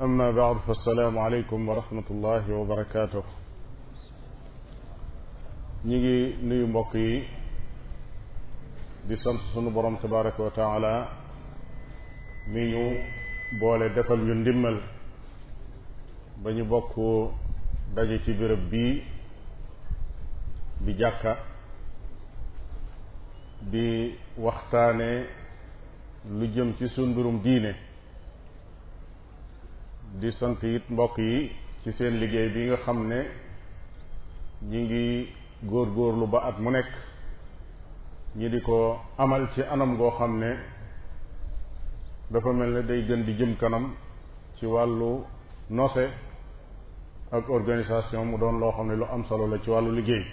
amma baad fa assalaamu aleykum wa rahmatullahi wa ngi nuyu mbokk yi di sant sunu borom tabaraka wa taala mi ñu boole defal ñu ndimmal ba ñu bokk daje ci béréb bii di jàkka di waxtaane lu jëm ci sunu mbirum diine di sant it mbokk yi ci seen liggéey bi nga xam ne ñu ngi góor góorlu ba at mu nekk ñi di ko amal ci anam goo xam ne dafa mel ne day gën di jëm kanam ci wàllu nose ak organisation mu doon loo xam ne lu am solo la ci wàllu liggéey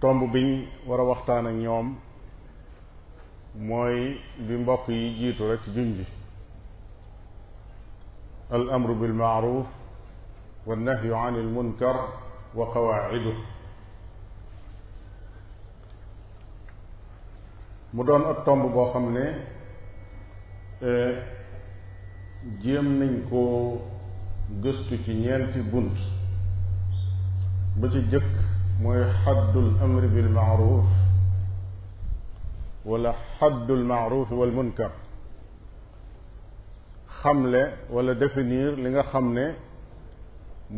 tomb biñ war a waxtaan ak ñoom mooy bi mbokk yi jiitu rekk rek junj al amru bil maaruf wa nahyu an il munkar wa qawaacidu mu doon ab tomb boo xam ne e, jéem nañ koo gëstu ci ñeenti bunt ba ci jëkk mooy xaddul amri bil maaruf wala xaddul maaruf wal munkar xamle wala définir li nga xam ne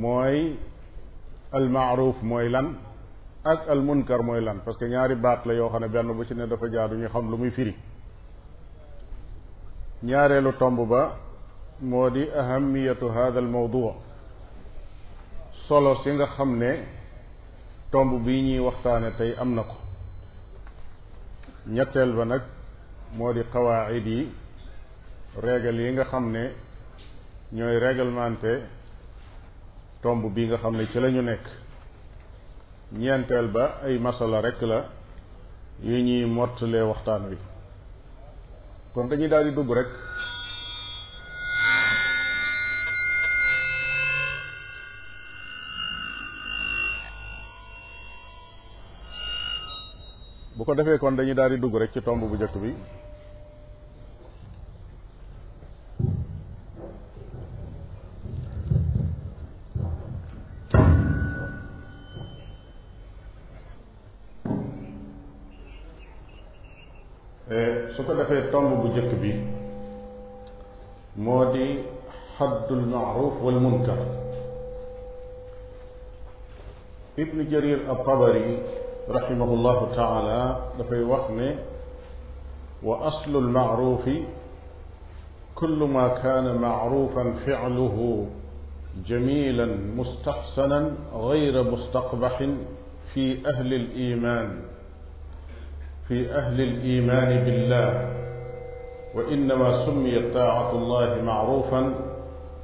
mooy almaaruf mooy lan ak almunkar mooy lan parce que ñaari baat la yoo xam ne benn bu ci ne dafa jaadu ñu xam lu muy firi ñaareelu tomb ba moo di ahamiyatu hada almawdu solo si nga xam ne tomb bi ñuy waxtaane tey am na ko ñetteel ba nag moo di qawaid yi règle yi nga xam ne ñooy réglementé tomb bi nga xam ne ci la ñu nekk ñenteel ba ay masala rek la yu ñuy mottalee waxtaan wi kon dañuy daal di dugg rek bu ko defee kon dañuy daal di dugg rek ci tomb bu njëkk bi ibnu jarir al tabari rahimahullahu taala dafay wax ne wa aslu lmaarufi kullu ma kaana maarufan filuhu jamilan mustaxsanan gayra mustaqbaxin fi ahli liman fi ahli limaani billah وإنما سميت طاعة الله معروفا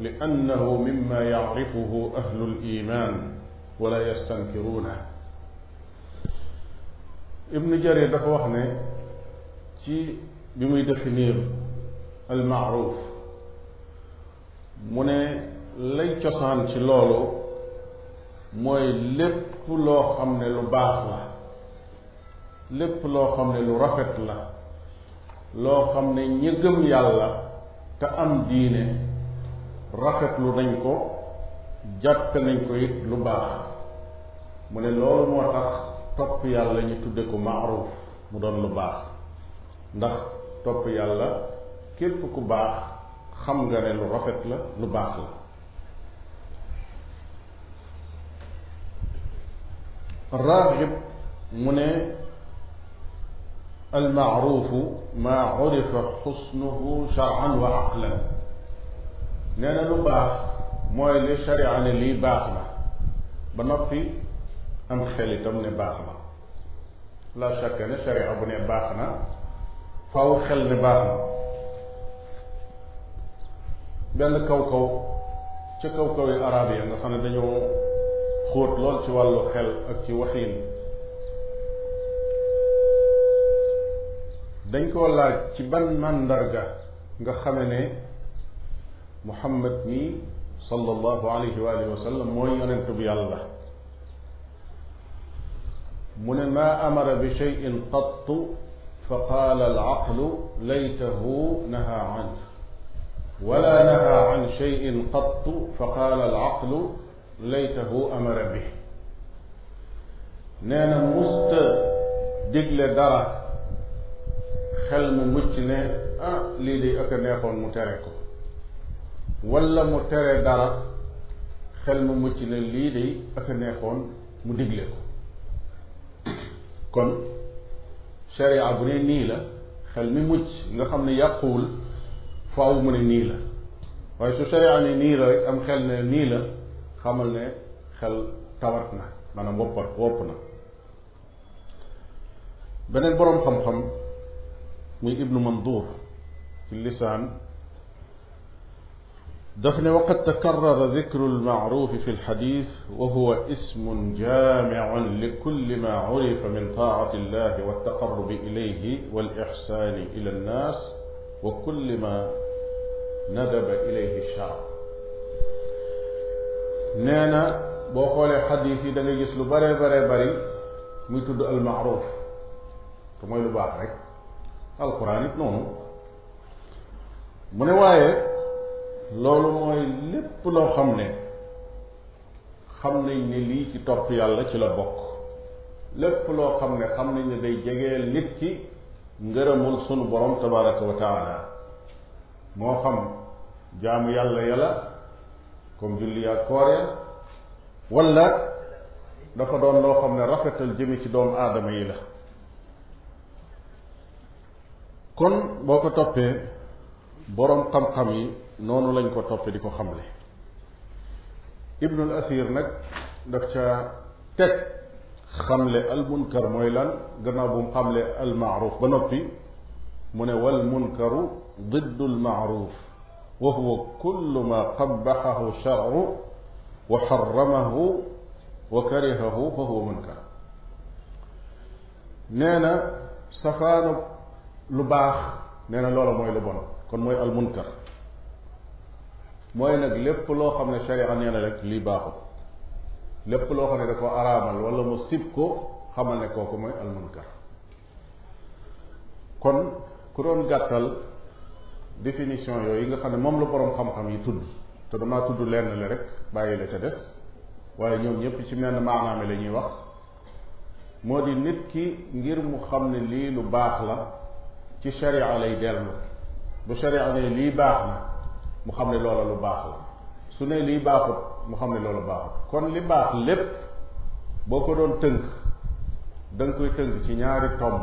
لأنه مما يعرفه أهل الإيمان wala yastankiruuna ibnu jarir dafa wax ne ci bi muy définir al maaruf mu ne lay cosaan ci loolu mooy lépp loo xam ne lu baax la lépp loo xam ne lu rafet la loo xam ne ñi gëm yàlla te am diine rafetlu nañ ko jàppe nañ ko it lu baax mu ne loolu moo tax topp yàlla ñu tudde ko maaruf mu doon lu baax ndax topp yàlla képp ku baax xam nga ne lu rafet la lu baax la raaxib mu ne almaarufu maa urifa xusnuhu charan wa aqlan nee na lu baax mooy li charia ne lii baax na ba noppi am xel itam ne baax na la chaque ne sharia bu ne baax na faaw xel ne baax na benn kaw kaw ca kaw kaw nga xam ne dañoo xóot lool ci wàllu xel ak ci waxiin dañ ko laaj ci ban màndarga nga xam ne muhammad nii sallallahu alayhi wa alihi wa sallam mooy yonent bi yàlla mu ne maa amara bi cheyin qattu fa qaala alaqlu laytahu naha an wala naha an cheyin qattu fa qaala alaqlu laytahu amara bi nee na musta digle dara xel mu mucc ne ah lii de ak a neexoon mu tere ko wala mu tere dara xel mu mucc ne lii de ak a neexoon mu digle ko kon sharia bu ne nii la xel mi mucc nga xam ne yàquwul faaw mu ne nii la waaye su sharia ne nii la rek am xel ne nii la xamal ne xel tawat na maanaam woppar wopp na beneen boroom xam-xam muy ibnu mandur ci lisaan daf ne waqad takarrara dikru lmaarufi fi lxadis wa huwa ismun jaamiun li kulli maa urifa min taati illahi waltaqarrubi ilayhi walixsaani ila annaas wa kulli maa nadaba ilayhi shar nee na boo xoolee xadis yi da ngay gis lu bëree baree bëri muy tudd almaaruf te mooy lu baax rek alquran it noonu mu ne waaye loolu mooy lépp loo xam ne xam nañ ne lii ci topp yàlla ci la bokk lépp loo xam ne xam nañ ne day jegeel nit ki ngërëmul sunu borom tabaraka wa taala moo xam jaamu yàlla yàlla comme julli ak koore wala dafa doon loo xam ne rafetal jëme ci doomu aadama yi la kon boo ko toppee boroom xam-xam yi noonu lañ ko toppe di ko xamle ibnul asir nag daf ca xamle al munkar mooy lan gannaaw bu mu xamle al maaruf ba noppi mu ne wal munkaru diddu al maaruf wa huwa kullu ma qabaxahu na safaanu lu baax nee na loola mooy lu bon kon mooy al mooy nag lépp loo xam ne sharia nee na rek lii baaxut lépp loo xam ne da ko araamal wala mu sib ko xamal ne kooku mooy almunkar kon ku doon gàttal définition yooyu nga xam ne moom la boroom xam-xam yi tudd te damaa tudd lenn la rek bàyyi la ca des waaye ñoom ñëpp ci menn maanaame la ñuy wax moo di nit ki ngir mu xam ne lii lu baax la ci sharia lay dellu bu sharia ne lii baax na mu xam ne loola lu baax la su ne lii baaxut mu xam ne loola baaxut kon li baax lépp boo ko doon tënk da nga koy tënk ci ñaari tomb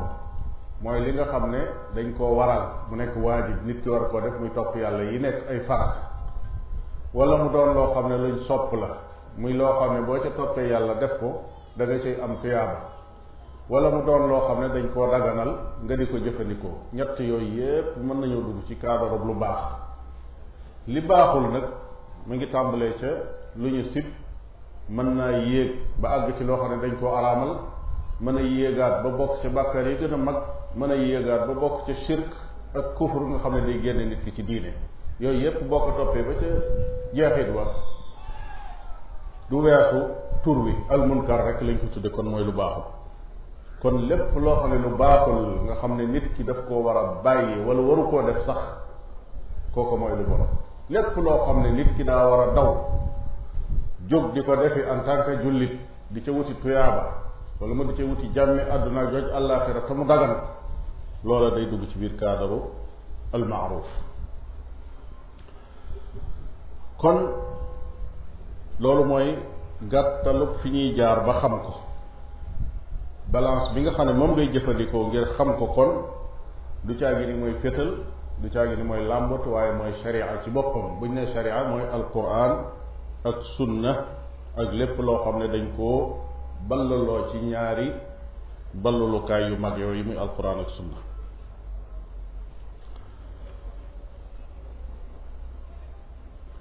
mooy li nga xam ne dañ koo waral mu nekk waajib nit ki war koo def muy topp yàlla yi nekk ay farat wala mu doon loo xam ne luñ sopp la muy loo xam ne boo ca toppee yàlla def ko da nga cay am tuyaaba wala mu doon loo xam ne dañ koo daganal nga di ko jëfandikoo ñett yooyu yépp mën nañoo dugg ci cadre lu baax li baaxul nag mu ngi tàmbalee ca lu ñu sib mën naa yéeg ba àgg ci loo xam ne dañ koo alaamal mën a yéegaat ba bokk ca bàkkaar yi gën a mag mën a yéegaat ba bokk ca shirk ak kufur nga xam ne day génne nit ki ci diine yooyu yépp boo ko toppee ba ca jeexit wa du weesu tur wi al rek lañ ko tudde kon mooy lu baaxul kon lépp loo xam ne lu baaxul nga xam ne nit ki daf koo war a bàyyi wala waru koo def sax kooko mooy lu borom lépp loo xam ne nit ki daa war a daw jóg di ko defi en tant que jullit di ca wuti tuyaaba wala mu di ca wuti jàmmi àdduna ak joj àllaaxira te mu day dugg ci biir kaadaru almaaruf kon loolu mooy gàttalu fi ñuy jaar ba xam ko balance bi nga xam ne moom ngay jëfandikoo ngir xam ko kon du caagi ni mooy fétal du caagi ni mooy làmbatu waaye mooy sharia ci boppam buñ ne sharia mooy alquran ak sunna ak lépp loo xam ne dañ koo ballaloo ci ñaari ballulukaay yu mag yooyu muy alquran ak sunna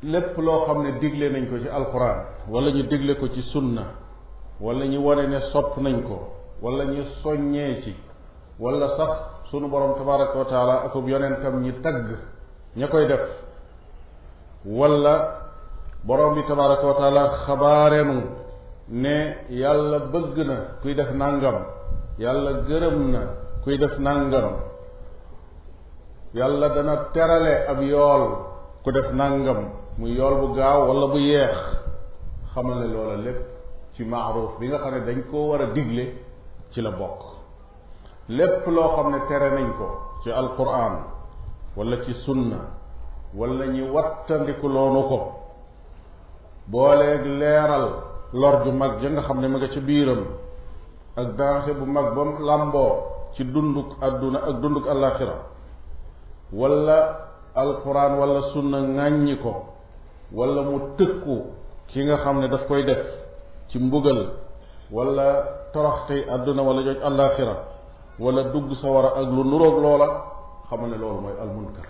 lépp loo xam ne digle nañ ko ci alquran wala ñu digle ko ci sunna wala ñu wane ne sopp nañ ko wala ñu soññee ci wala sax sunu borom tabaraka wa taala akub yonentam ñi tagg ña koy def walla borom bi tabaraka wa taala ne yàlla bëgg na kuy def nàngam yàlla gërëm na kuy def nàngam yàlla dana terale ab yool ku def nàngam muy yool bu gaaw wala bu yeex xamal ne loola lépp ci maaruf bi nga xam ne dañ koo war a digle ci la bokk lépp loo xam ne tere nañ ko ci alquran walla ci sunna wala ñu wattandiku loonu ko booleeg leeral lor ju mag ja nga xam ne ma nga ca biiram ak danger bu mag ba làmboo ci dunduk àdduna ak dunduk alaxira wala alquran wala sunna ŋàññi ko walla mu tëkku ki nga xam ne daf koy def ci mbugal wala toroxtey àdduna walla jooj alaxira wala dugg sawara ak lu nuroog loola xamal ne loolu mooy almunkar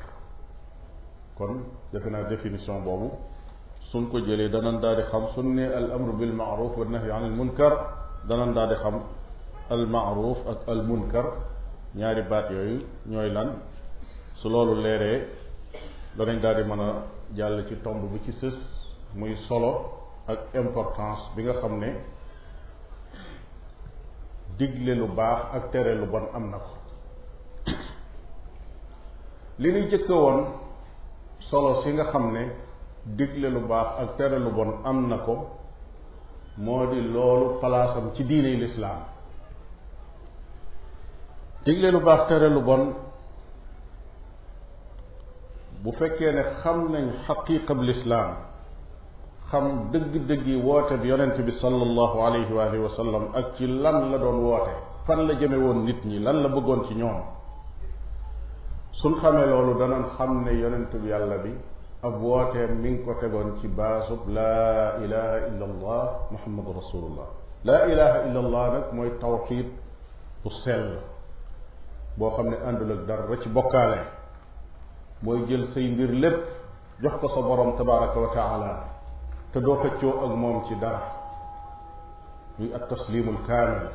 kon defe naa définition boobu suñ ko jëlee danan daal di xam suñ ne al amru bil maaruf wa nahi an daal di xam al maaruf ak al ñaari baat yooyu ñooy lan su loolu leeree danañ daal di mën a jàll ci tomb bi ci sës muy solo ak importance bi nga xam ne digle lu baax ak tere lu bon am na ko li ñu jëkk woon solo si nga xam ne digle lu baax ak tere lu bon am na ko moo di loolu palaasam ci diine lislaam digle lu baax tere lu bon bu fekkee ne xam nañ xaqiiqab lislaam xam dëgg-dëggi woote bi yonent bi sallallahu alayhi wa alihi wa sallam ak ci lan la doon woote fan la jëme woon nit ñi lan la bëggoon ci ñoom suñ xamee loolu danañ xam ne yonent bi yàlla bi ab wooteem mi ngi ko tegoon ci baasub laa ilaha illa allah muhammadu rasulullah laa ilaha illa nag mooy tawxid bu sell boo xam ne àndul ak dara ci bokkaale mooy jël say mbir lépp jox ko sa borom tabaraka wa taala te doo xëccoo ak moom ci dara muy ak taslimul kaamil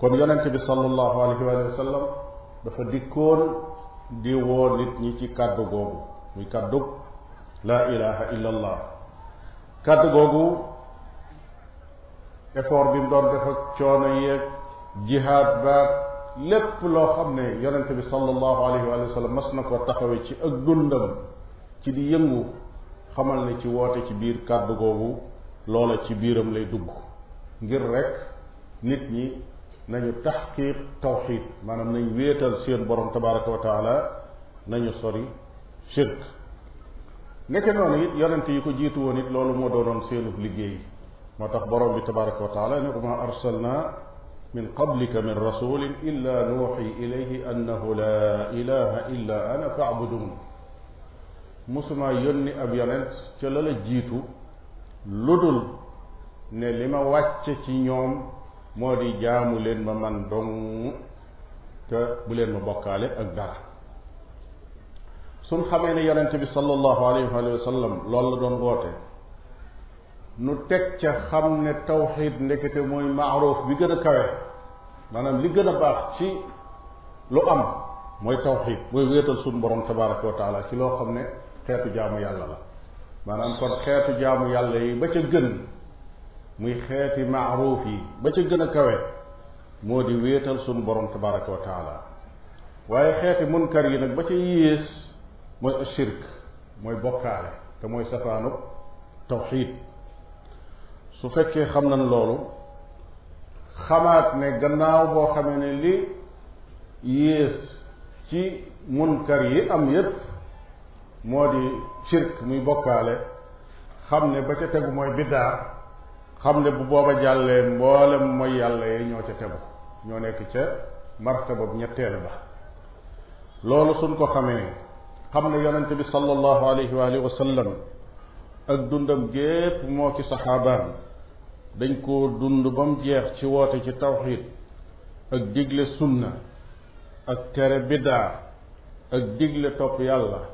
kon yonente bi sallallahu alayhi wa sallam dafa dikkoon di nit ñi ci kàddu googu muy kàddu laa ilaha illa kàddu googu effort bi mu doon def ak coono yeeg jihaad baag lépp loo xam ne yonente bi sallallahu alayhi wa sallam mas na ko taxawee ci ak dundam ci di yëngu xamal ne ci woote ci biir kàddu googu loola ci biiram lay dugg ngir rek nit ñi nañu taxqiq tawxid maanaam nañ wéetal seen borom tabaraka wa taala nañu sori shirk nekk noonu yonent yi ko jiitu woon it loolu moo doonoon seenu liggéey moo tax borom bi tabaraka wa taala ne ko ma arsalna min qablika min rasulin illa nuuxi ilayhi annahu la ilaha illa ana faabudun mosuma yónni ab yonent ca lala jiitu lu dul ne li ma wàcce ci ñoom moo di jaamu leen ma man dong te bu leen ma bokkaale ak dara suñ xamee ne yonent bi sallallahu alayhi wa sallam loolu la doon woote nu teg ca xam ne tawxid ndekete mooy maaruuf bi gën a kawe maanaam li gën a baax ci lu am mooy tawxid mooy wéetal suñ borom tabaraka wa ci loo xam ne xeetu jaamu yàlla la maanaam kon xeetu jaamu yàlla yi ba ca gën muy xeeti maaruuf yi ba ca gën a kawe moo di wéetal sunu borom tabaraka wa taala waaye xeeti munkar yi nag ba ca yées mooy shirk mooy bokkaale te mooy safaanub tawxiid su fekkee xam nañ loolu xamaat ne gannaaw boo xam ne li yées ci munkar yi am yépp moo di shirk muy bokkaale xam ne ba ca tegu mooy biddaa xam ne bu booba jàllee mboolem mooy yàlla yi ñoo ca tegu ñoo nekk ca martaba bu ñetteel ba loolu suñ ko xamee xam ne yonente bi sallallahu alayhi wa alihi ak dundam gépp moo ci saxaabaan dañ ko dund ba mu jeex ci woote ci tawxid ak digle sunna ak tere biddaa ak digle topp yàlla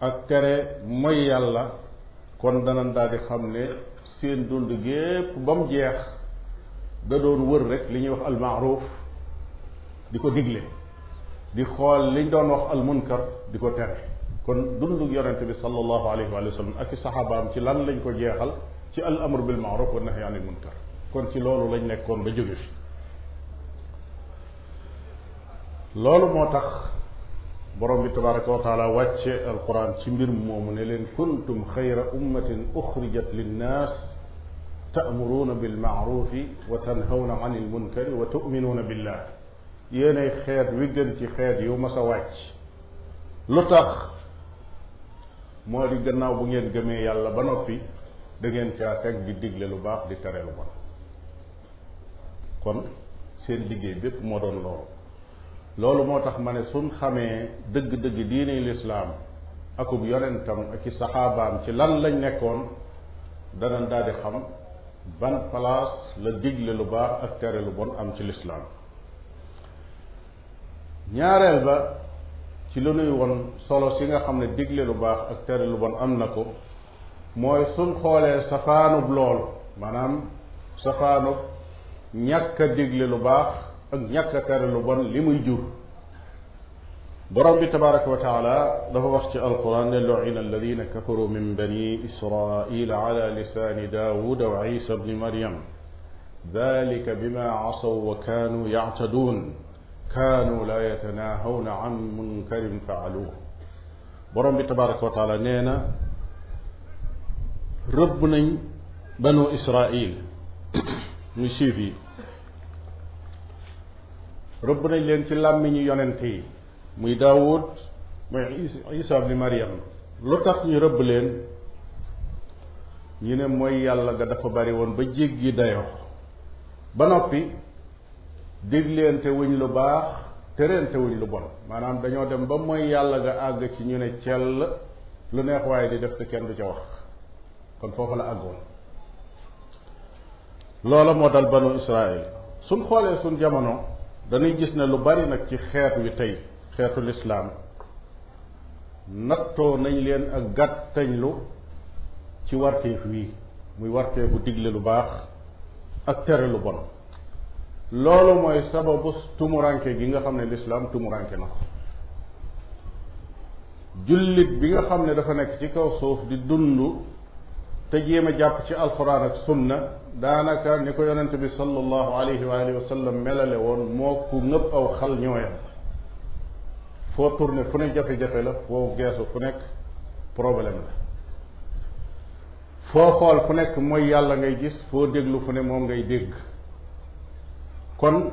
ak tere mooy yàlla kon danañ daal di xam ne seen dund gépp ba mu jeex da doon wër rek li ñuy wax almaaruf di ko digle di xool liñ doon wax almunkar di ko tere kon dundu yonente bi sallallahu alayhi wa sallam ak i saxaabaam ci lan lañ ko jeexal ci al amru bil maaruf wa nahyi anil munkar kon ci loolu lañ nekkoon ba jóge fi loolu moo tax borom bi tabaraka wa taala wàcce alquran ci mbir moomu ne leen kuntum xayra ummatin uxrijat linnaas taamuruuna bilmaarufi wa tanhawna an ilmunkari wa tuminuuna billah yéenay xeet wi gën ci xeet yu mas a wàcc lu tax moo di gannaaw bu ngeen gëmee yàlla ba noppi da ngeen caa teg di digle lu baax di tere lu bon kon seen liggéey bépp moo doon loolu loolu moo tax ma ne suñ xamee dëgg-dëgg diine lislaam akub yonentam ak i saxaabaam ci lan lañ nekkoon danañ daal di xam ban place la digle lu baax ak tere lu bon am ci lislaam ñaareel ba ci lu nuy won solo si nga xam ne digle lu baax ak tere lu bon am na ko mooy suñ xoolee safaanub lool maanaam safaanub ñàkk a digle lu baax ak ñàkk a tere lu bon li muy jur borom bi tabaraka wa taala dafa wax ci alquran ne lu'ina alladina kafaru min bani israila ala lisani daawuda wa isa bni maryam dalika bima asaw wa kaanu yactaduun kaanu laa yatanaahawna an munkarin faaluuh borom bi tabaraka wa taala nee na rëbb nañ banu israil muy suivi rëbb nañ leen ci làmmiñu yonent yi muy daawud muy isa ibn mariam lu tax ñu rëbb leen ñu ne mooy yàlla ga dafa bari woon ba jéggi dayoo ba noppi digleente wuñ lu baax tereente wuñ lu bon maanaam dañoo dem ba mooy yàlla ga àgg ci ñu ne cell lu neex waaye di def te kenn du ca wax kon foofu la àggoon loola moo dal banu israel suñ xoolee suñ jamono dañuy gis ne lu bari nag ci xeet wi tey xeetu lislaam nattoo nañ leen ak gàttañlu ci warteef wii muy bu digle lu baax ak tere lu bon loolu mooy sababu tumuranke gi nga xam ne lislaam tumuranke na ko jullit bi nga xam ne dafa nekk ci kaw suuf di dund te jéem a jàpp ci alquran ak sunna daanaka ni ko yonente bi sallallahu alayhi wa alihi wa sallam melale woon moo ku ngëpp aw xal ñooyam foo tourné fu ne jafe-jafe la foo geesu fu nekk problème la foo xool fu nekk mooy yàlla ngay gis foo déglu fu ne moom ngay dégg kon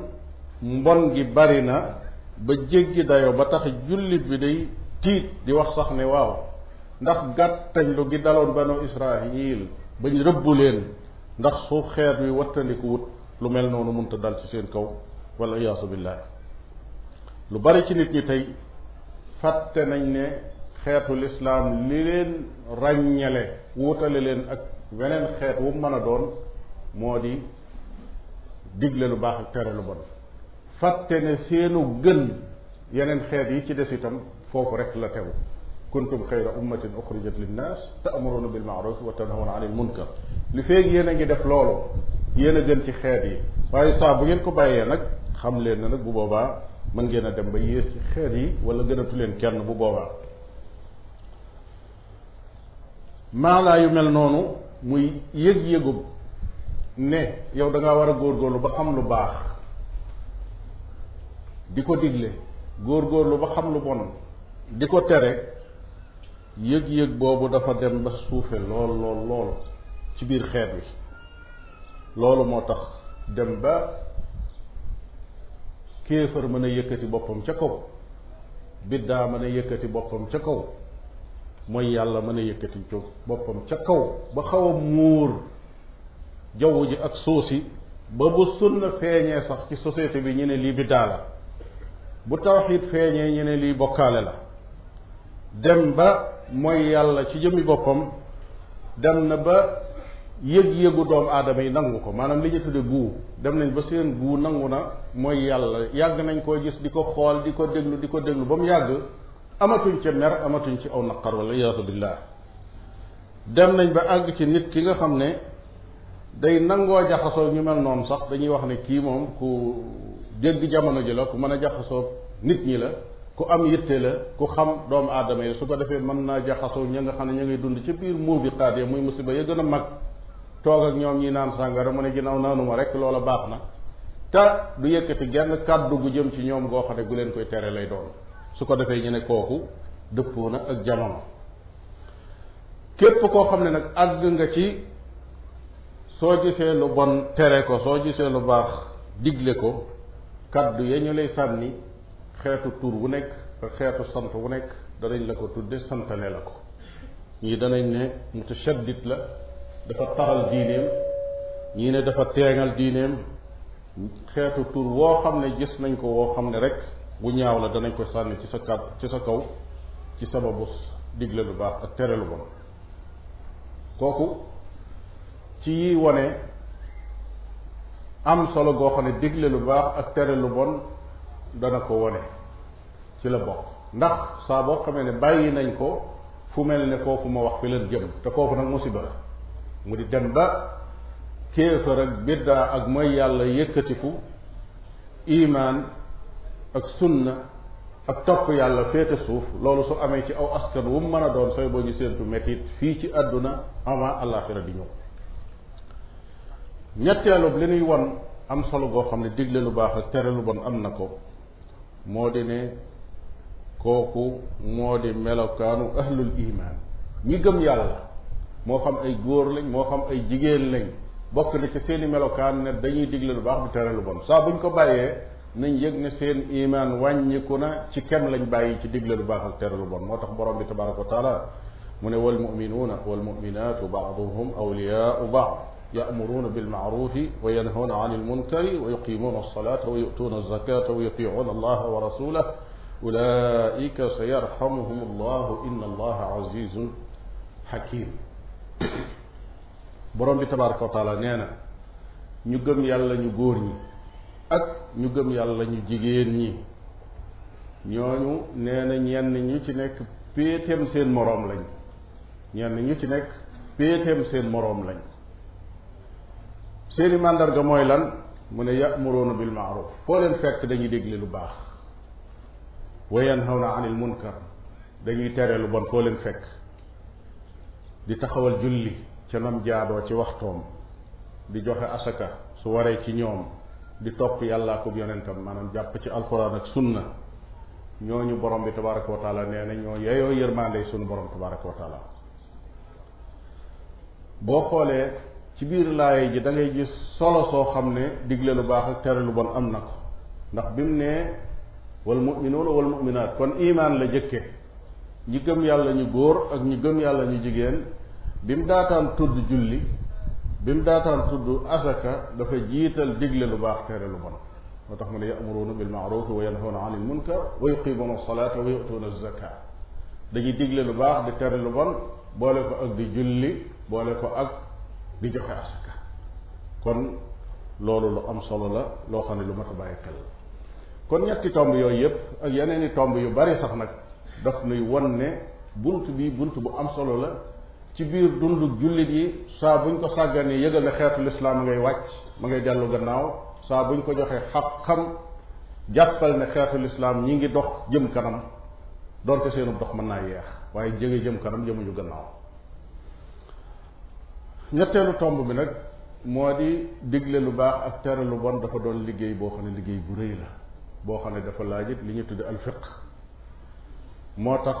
mbon gi bari na ba jéggi dayo ba tax jullit bi day tiit di wax sax ne waaw ndax gàttañlu gi daloon banu israil bañ rëbbu leen ndax su xeet wi wattandiku lu mel noonu munta dal ci seen kaw wala iyaasu billah lu bari ci nit ñi tey fàtte nañ ne xeetu lislaam li leen ràññale wuutale leen ak weneen xeet wu mën a doon moo di digle lu baax ak tere lu bon fàtte ne seenu gën yeneen xeet yi ci des itam foofu rek la tegu kuntum xayra ummatin uxrijat linnaas ta'muruna bil ma'ruf wa tanhawna anil munkar li feeg yéen a ngi def loolu yéen a gën ci xeet yi waaye saa bu ngeen ko bàyyee nag xam leen ne nag bu boobaa mën ngeen a dem ba yées ci xeet yi wala gënatu leen kenn bu boobaa maanaa yu mel noonu muy yëg-yëgub ne yow da ngaa war a góorgóorlu ba xam lu baax di ko digle góorgóorlu ba xam lu bon di ko tere yëg-yëg boobu dafa dem ba suufe lool lool lool ci biir xeet wi loolu moo tax dem ba kéefër mën a yëkkati boppam ca kaw biddaa mën a yëkkati boppam ca kaw mooy yàlla mën a yëkkati ci boppam ca kaw ba xaw a muur jaww ji ak suusi ba bu sunna feeñee sax ci société bi ñu ne lii biddaa la bu tawxiit feeñee ñu lii bokkaale la dem ba mooy yàlla ci jëmmi boppam dem na ba yëg-yëgu doomu aadama yi nangu ko maanaam li ñu tudde guu dem nañ ba seen guu nangu na mooy yàlla yàgg nañ koo gis di ko xool di ko déglu di ko déglu ba mu yàgg amatuñ ca mer amatuñ ci aw naqar wala iyaatu billah dem nañ ba àgg ci nit ki nga xam ne day nangoo jaxasoo ñu mel noonu sax dañuy wax ne kii moom ku dégg jamono ji la ku mën a jaxasoo nit ñi la ku am yitte la ku xam doomu aadama yi su ko defee mën naa jaxasoo ña nga xam ne ña ngay dund ci biir muubiqaat ya muy musiba ya gën a mag toog ak ñoom ñi naan sàngara mu ne ginnaaw naanuma rek loola baax na te du yëkkati genn kàddu gu jëm ci ñoom goo xam ne gu leen koy tere lay doon su ko defee ñu kooku dëppoo na ak jamono képp koo xam ne nag àgg nga ci soo gisee lu bon tere ko soo gisee lu baax digle ko kàddu ya ñu lay sànni xeetu tur wu nekk ak xeetu sant wu nekk danañ la ko tudde santane la ko ñii danañ ne mutashaddid la dafa taral diineem ñii ne dafa teeŋal diineem xeetu tur woo xam ne gis nañ ko woo xam ne rek bu ñaaw la danañ ko sànni ci sa kàddu ci sa kaw ci sababu digle lu baax ak tere lu bon kooku ci yi wone am solo goo xam ne digle lu baax ak tere lu bon dana ko wone ci la bokk ndax saa boo xamee ne bàyyi nañ ko fu mel ni foofu ma wax fi leen jëm te foofu nag mu si la mu di dem ba kéefër ak biddaa ak mooy yàlla yëkkatiku imaan ak sunna ak topp yàlla féete suuf loolu su amee ci aw askan wu mu mën a doon sooy boo séentu métit fii ci àdduna avant àllaaxira di ñëw ñetteelub li nuy won am solo goo xam ne digle lu baax ak tere lu bon am na ko moo di ne kooku moo di melokaanu ahlul iman ñi gëm yàlla moo xam ay góor lañ moo xam ay jigéen lañ bokk na ci seen i melokaan ne dañuy digle lu baax di tere lu bon saa buñ ko bàyyee nañ yëg ne seen iman wàññiku na ci kem lañ bàyyi ci digle lu baax ak tere lu bon moo tax borom bi tabaraka wa taala mu ne wal muminuuna wal muminaatu baaduhum awliyaau baad ya'muruuna bil ma'ruufi wa yanhawna 'anil munkari wa yuqiimuuna as-salaata wa yu'tuuna az-zakaata wa yutii'uuna allaha wa rasuulahu ulaa'ika sayarhamuhum allahu inna allaha 'aziizun hakiim borom bi tabaaraka wa taala nee na ñu gëm yàlla ñu góor ñi ak ñu gëm yàlla ñu jigéen ñi ñooñu nee na ñenn ñu ci nekk péeteem seen moroom lañ ñenn ñu ci nekk péeteem seen moroom lañ seeni màndarga mooy lan mu ne yamuruuna bil maaruf foo leen fekk dañuy dégle lu baax wa yanhawna anil munkar dañuy tere lu bon foo leen fekk di taxawal julli ca nam jaadoo ci waxtoom di joxe asaka su waree ci ñoom di topp yàllaa ko yonentam maanaam jàpp ci alquran ak sunna ñooñu borom bi tabaraka wa taala nee na ñoo yeyoo yërmaande sunu borom tabaraka wa taala boo xoolee ci biir laaya ji dangay gis solo soo xam ne digle lu baax ak tere lu bon am na ko ndax bi mu nee wal muminuuna wal muminaat kon imaan la jëkke ñi gëm yàlla ñu góor ak ñi gëm yàlla ñu jigéen bi mu daataan tudd julli bi mu daataan tudd asaka dafa jiital digle lu baax tere lu bon moo tax mu ne yamuruuna bil maaruf wa yanhawna anil munkar wa yuqimuuna salaata wa yu'tuuna zaka dañuy digle lu baax di tere lu bon boole ko ak di julli boole ko ak di joxe asaka kon loolu lu am solo la loo xam ne lu mat a bàyyi xel kon ñetti tomb yooyu yëpp ak yeneen i tomb yu bari sax nag daf nuy won ne bunt bi bunt bu am solo la ci biir dundu jullit yi saa buñ ko sàgganee yëgal ne xeetu lislaam ngay wàcc ma ngay dellu gannaaw saa buñ ko joxee xam-xam jàppal ne xeetu lislaam ñi ngi dox jëm kanam donte seenu dox mën naa yeex waaye jege jëm kanam jëmuñu gannaaw ñetteelu tomb bi nag moo di digle lu baax ak tere lu bon dafa doon liggéey boo xam ne liggéey bu rëy la boo xam ne dafa laajit li ñu tudd al moo tax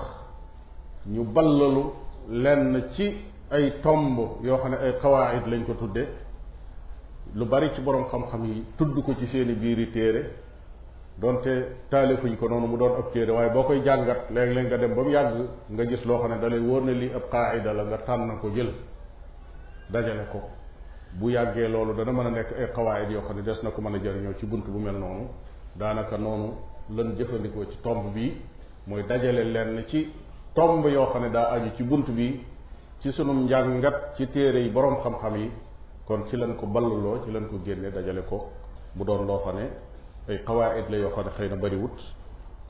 ñu ballalu lenn ci ay tomb yoo xam ne ay qawaid lañ ko tuddee lu bari ci borom xam-xam yi tudd ko ci seeni yi téere donte taalifuñ ko noonu mu doon ab téere waaye boo koy jàngat léeg-léeg nga dem ba mu yàgg nga gis loo xam ne dalay wóor na lii ab qaida la nga tànn ko jël dajale ko bu yàggee loolu dana mën a nekk ay xawaayit yoo xam ne des na ko mën a jëriñoo ci bunt bu mel noonu daanaka noonu lan jëfandikoo ci tomb bi mooy dajale lenn ci tomb yoo xam ne daa aju ci bunt bi ci sunum njàngat ci téere yi boroom xam-xam yi kon ci lañ ko ballaloo ci lañ ko génne dajale ko mu doon loo xam ne ay xawaayit la yoo xam ne xëy na bariwut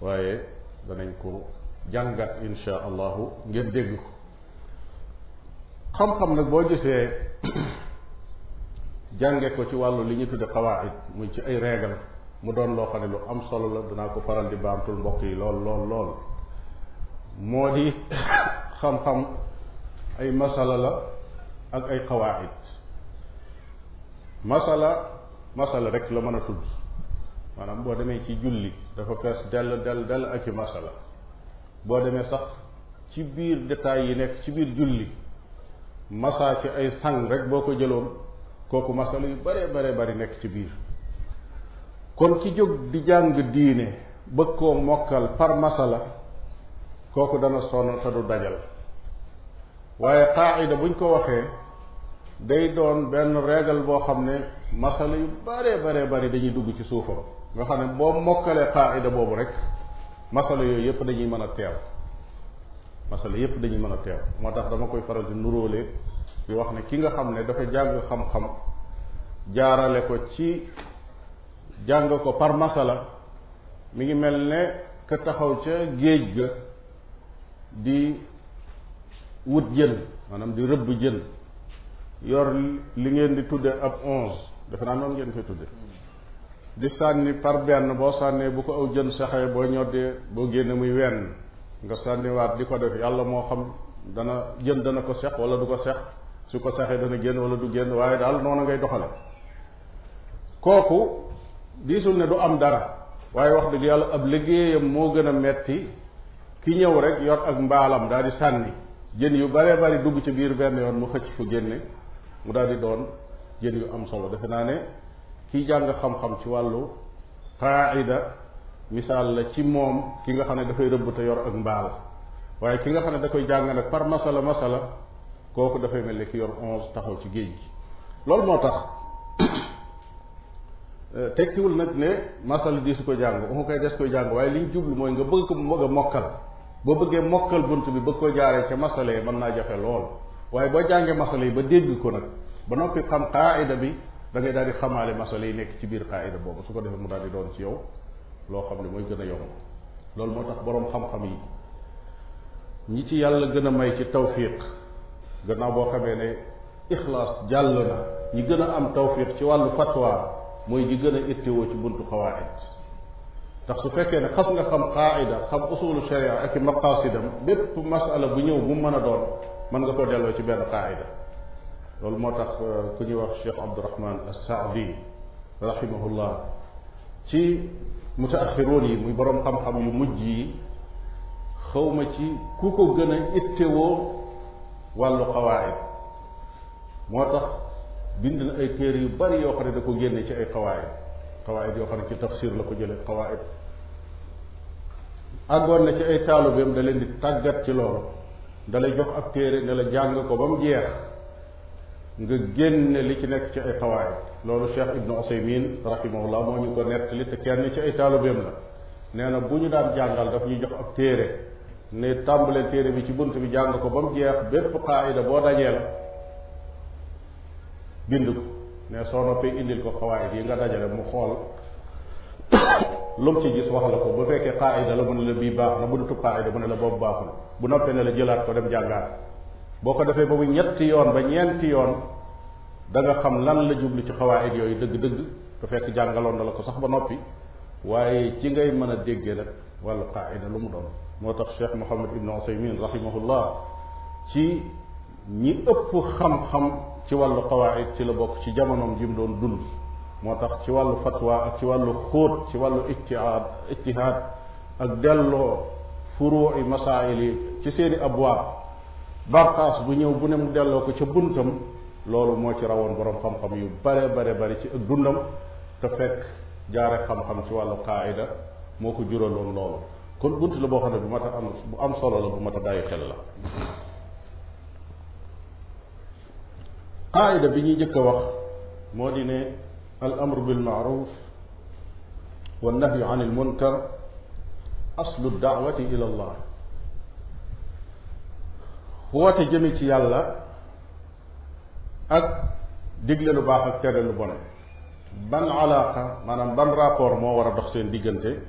waaye danañ ko jàngat insha allahu ngeen dégg ko xam-xam nag boo gisee jànge ko ci wàllu li ñuy tudde xawaid muy ci ay règle mu doon loo ne lu am solo la danaa ko faral di baamtul mbokk yi lool lool lool moo di xam-xam ay masala la ak ay xawaid masala masala rek la mën tudd maanaam boo demee ci julli dafa fees dell dell ak i masala boo demee sax ci biir détails yi nekk ci biir julli masaa ci ay sang rek boo ko jëloon kooku masala yu bare bare bari nekk ci biir kon ci jóg di jàng diine bëgg koo mokkal par masala kooku dana sonn te du dajal waaye qaacida buñ ko waxee day doon benn régal boo xam ne masala yu bare bare bari dañuy dugg ci suufam nga xam ne boo mokkalee qaacida boobu rek masala yooyu yépp dañuy mën a teel masala yépp dañuy mën a teew moo tax dama koy faral di nuróole di wax ne ki nga xam ne dafa jàng xam-xam jaarale ko ci jàng ko par masala mi ngi mel ne ka taxaw ca géej ga di wut jën maanaam di rëbb jën yor li ngeen di tudde ab onze dafa naa noonu ngeen koy tudde di sànni par benn boo sànnee bu ko aw jën saxee boo ñoddee boo génne muy wenn nga sànniwaat di ko def yàlla moo xam dana jën dana ko seq wala du ko seq su ko saxee dana génn wala du génn waaye daal noonu ngay doxale kooku diisul ne du am dara waaye wax dëgg yàlla ab liggéeyam moo gën a metti ki ñëw rek yor ak mbaalam daal di sànni jën yu baree bari dugg ci biir benn yoon mu xëcc fu génne mu daal di doon jën yu am solo defe naa ne kiy jàng xam-xam ci wàllu qaida misaal la ci moom ki nga xam ne dafay rëbb te yor ak mbaal waaye ki nga xam ne da koy jàng nag par masala masala kooku dafay mel ni ki yor onze taxaw ci géej gi loolu moo tax tekkiwul nag ne masala di su ko jàng umu koy des koy jàng waaye li ñu jublu mooy nga bëgg ko bëgg a mokkal boo bëggee mokkal bunt bi bëgg ko jaaree ca masala yi mën naa joxe lool waaye boo jàngee masala yi ba dégg ko nag ba noppi xam qaida bi da ngay daal di xamaale masala yi nekk ci biir qaida boobu su ko defee mu daal doon ci yow loo xam ne mooy gën a yomb loolu moo tax boroom xam-xam yi ñi ci yàlla gën a may ci tawfiq gannaaw boo xamee ne ixlaas jàll na ñi gën a am tawfiq ci wàllu fatwa mooy ñi gën a ittewoo ci buntu xawaid ndax su fekkee ne xas nga xam qaida xam usulu sharia ak i maqasidam bépp masala bu ñëw bu mën a doon mën nga ko delloo ci benn qaida loolu moo tax euh, ku ñuy wax cheikh abdurahman as saadi rahimahullah ci mutaaxiroon yi muy boroom xam-xam yu mujj yi xawma ci ku ko gën a ittewoo wàllu xawaayid moo tax bind na ay téere yu bari yoo xam ne da ko génne ci ay xawaayid xawaayid yoo xam ne ci tafsir la ko jële xawaayid àggoon na ci ay taalibeem da leen di tàggat ci loolu da lay jox ab téere ne la jàng ko ba mu jeex nga génne li ci nekk ci ay xawaayid loolu cheikh ibnu usaymin rahimahullah moo ñu ko nettali te kenn ci ay taalibeem la nee na bu ñu daan jàngal daf ñuy jox ab téere ne tàmbalee téere bi ci bunt bi jàng ko ba mu jeex bépp qaayida boo dajee la bind ko ne soo noppee indil ko qawaayid yi nga dajale mu xool lu mu ci gis wax la ko bu fekkee xaa qaayida la mu ne la bii baax na bu dutu qaayida mu ne la boobu baaxul bu noppee ne la jëlaat ko dem jàngaat boo ko defee ba mu ñetti yoon ba ñeenti yoon da xam lan la jublu ci xawaayit yooyu dëgg-dëgg te fekk jàngaloon na la ko sax ba noppi waaye ci ngay mën a déggee nag wàllu qaida lu mu doon moo tax cheikh mohamad ibnu usaymin rahimahullah ci ñi ëpp xam-xam ci wàllu xawaayit ci la bokk ci jamonoom ji mu doon dund moo tax ci wàllu fatwa ak ci wàllu xóot ci wàllu ijtihaad ijtihaad ak delloo furuu'i masaayil yi ci seeni abwaab barqaas bu ñëw bu ne mu delloo ko ca buntam loolu moo ci rawoon borom xam-xam yu bare bare bari ci ak dundam te fekk jaare xam-xam ci wàllu qaayida moo ko juraloon loolu kon bunt la boo xam ne bu mat a am bu am solo la a bàyyi xel la qaayida bi ñuy njëkk wax moo di ne al amru bil maaruf wa nahyu an il munkar aslu daawati ila allah woote jëme ci yàlla ak digle lu baax ak tere lu bon ban alaaqa maanaam ban rapport moo war a dox seen diggante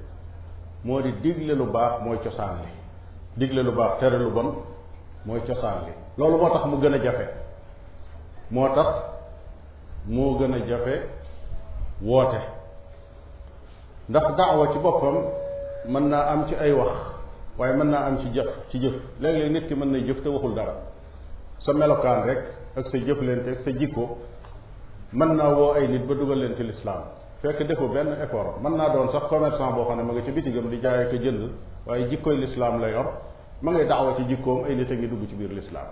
moo di digle lu baax mooy cosaan li digle lu baax tere lu bon mooy cosaan li loolu moo tax mu gën a jafe moo tax moo gën a jafe woote ndax daawa ci boppam mën naa am ci ay wax waaye mën naa am ci jëf ci jëf léeg nit ki mën na jëf te waxul dara sa melokaan rek ak sa jëflante ak sa jikko mën naa woo ay nit ba dugal leen ci lislaam fekk defu benn effort mën naa doon sax commerçant boo xam ne ma nga ci bitigam di jaay ak jënd waaye jikkoy lislaam la yor ma ngay daawa ci jikkoom ay nit a ngi dugg ci biir lislaam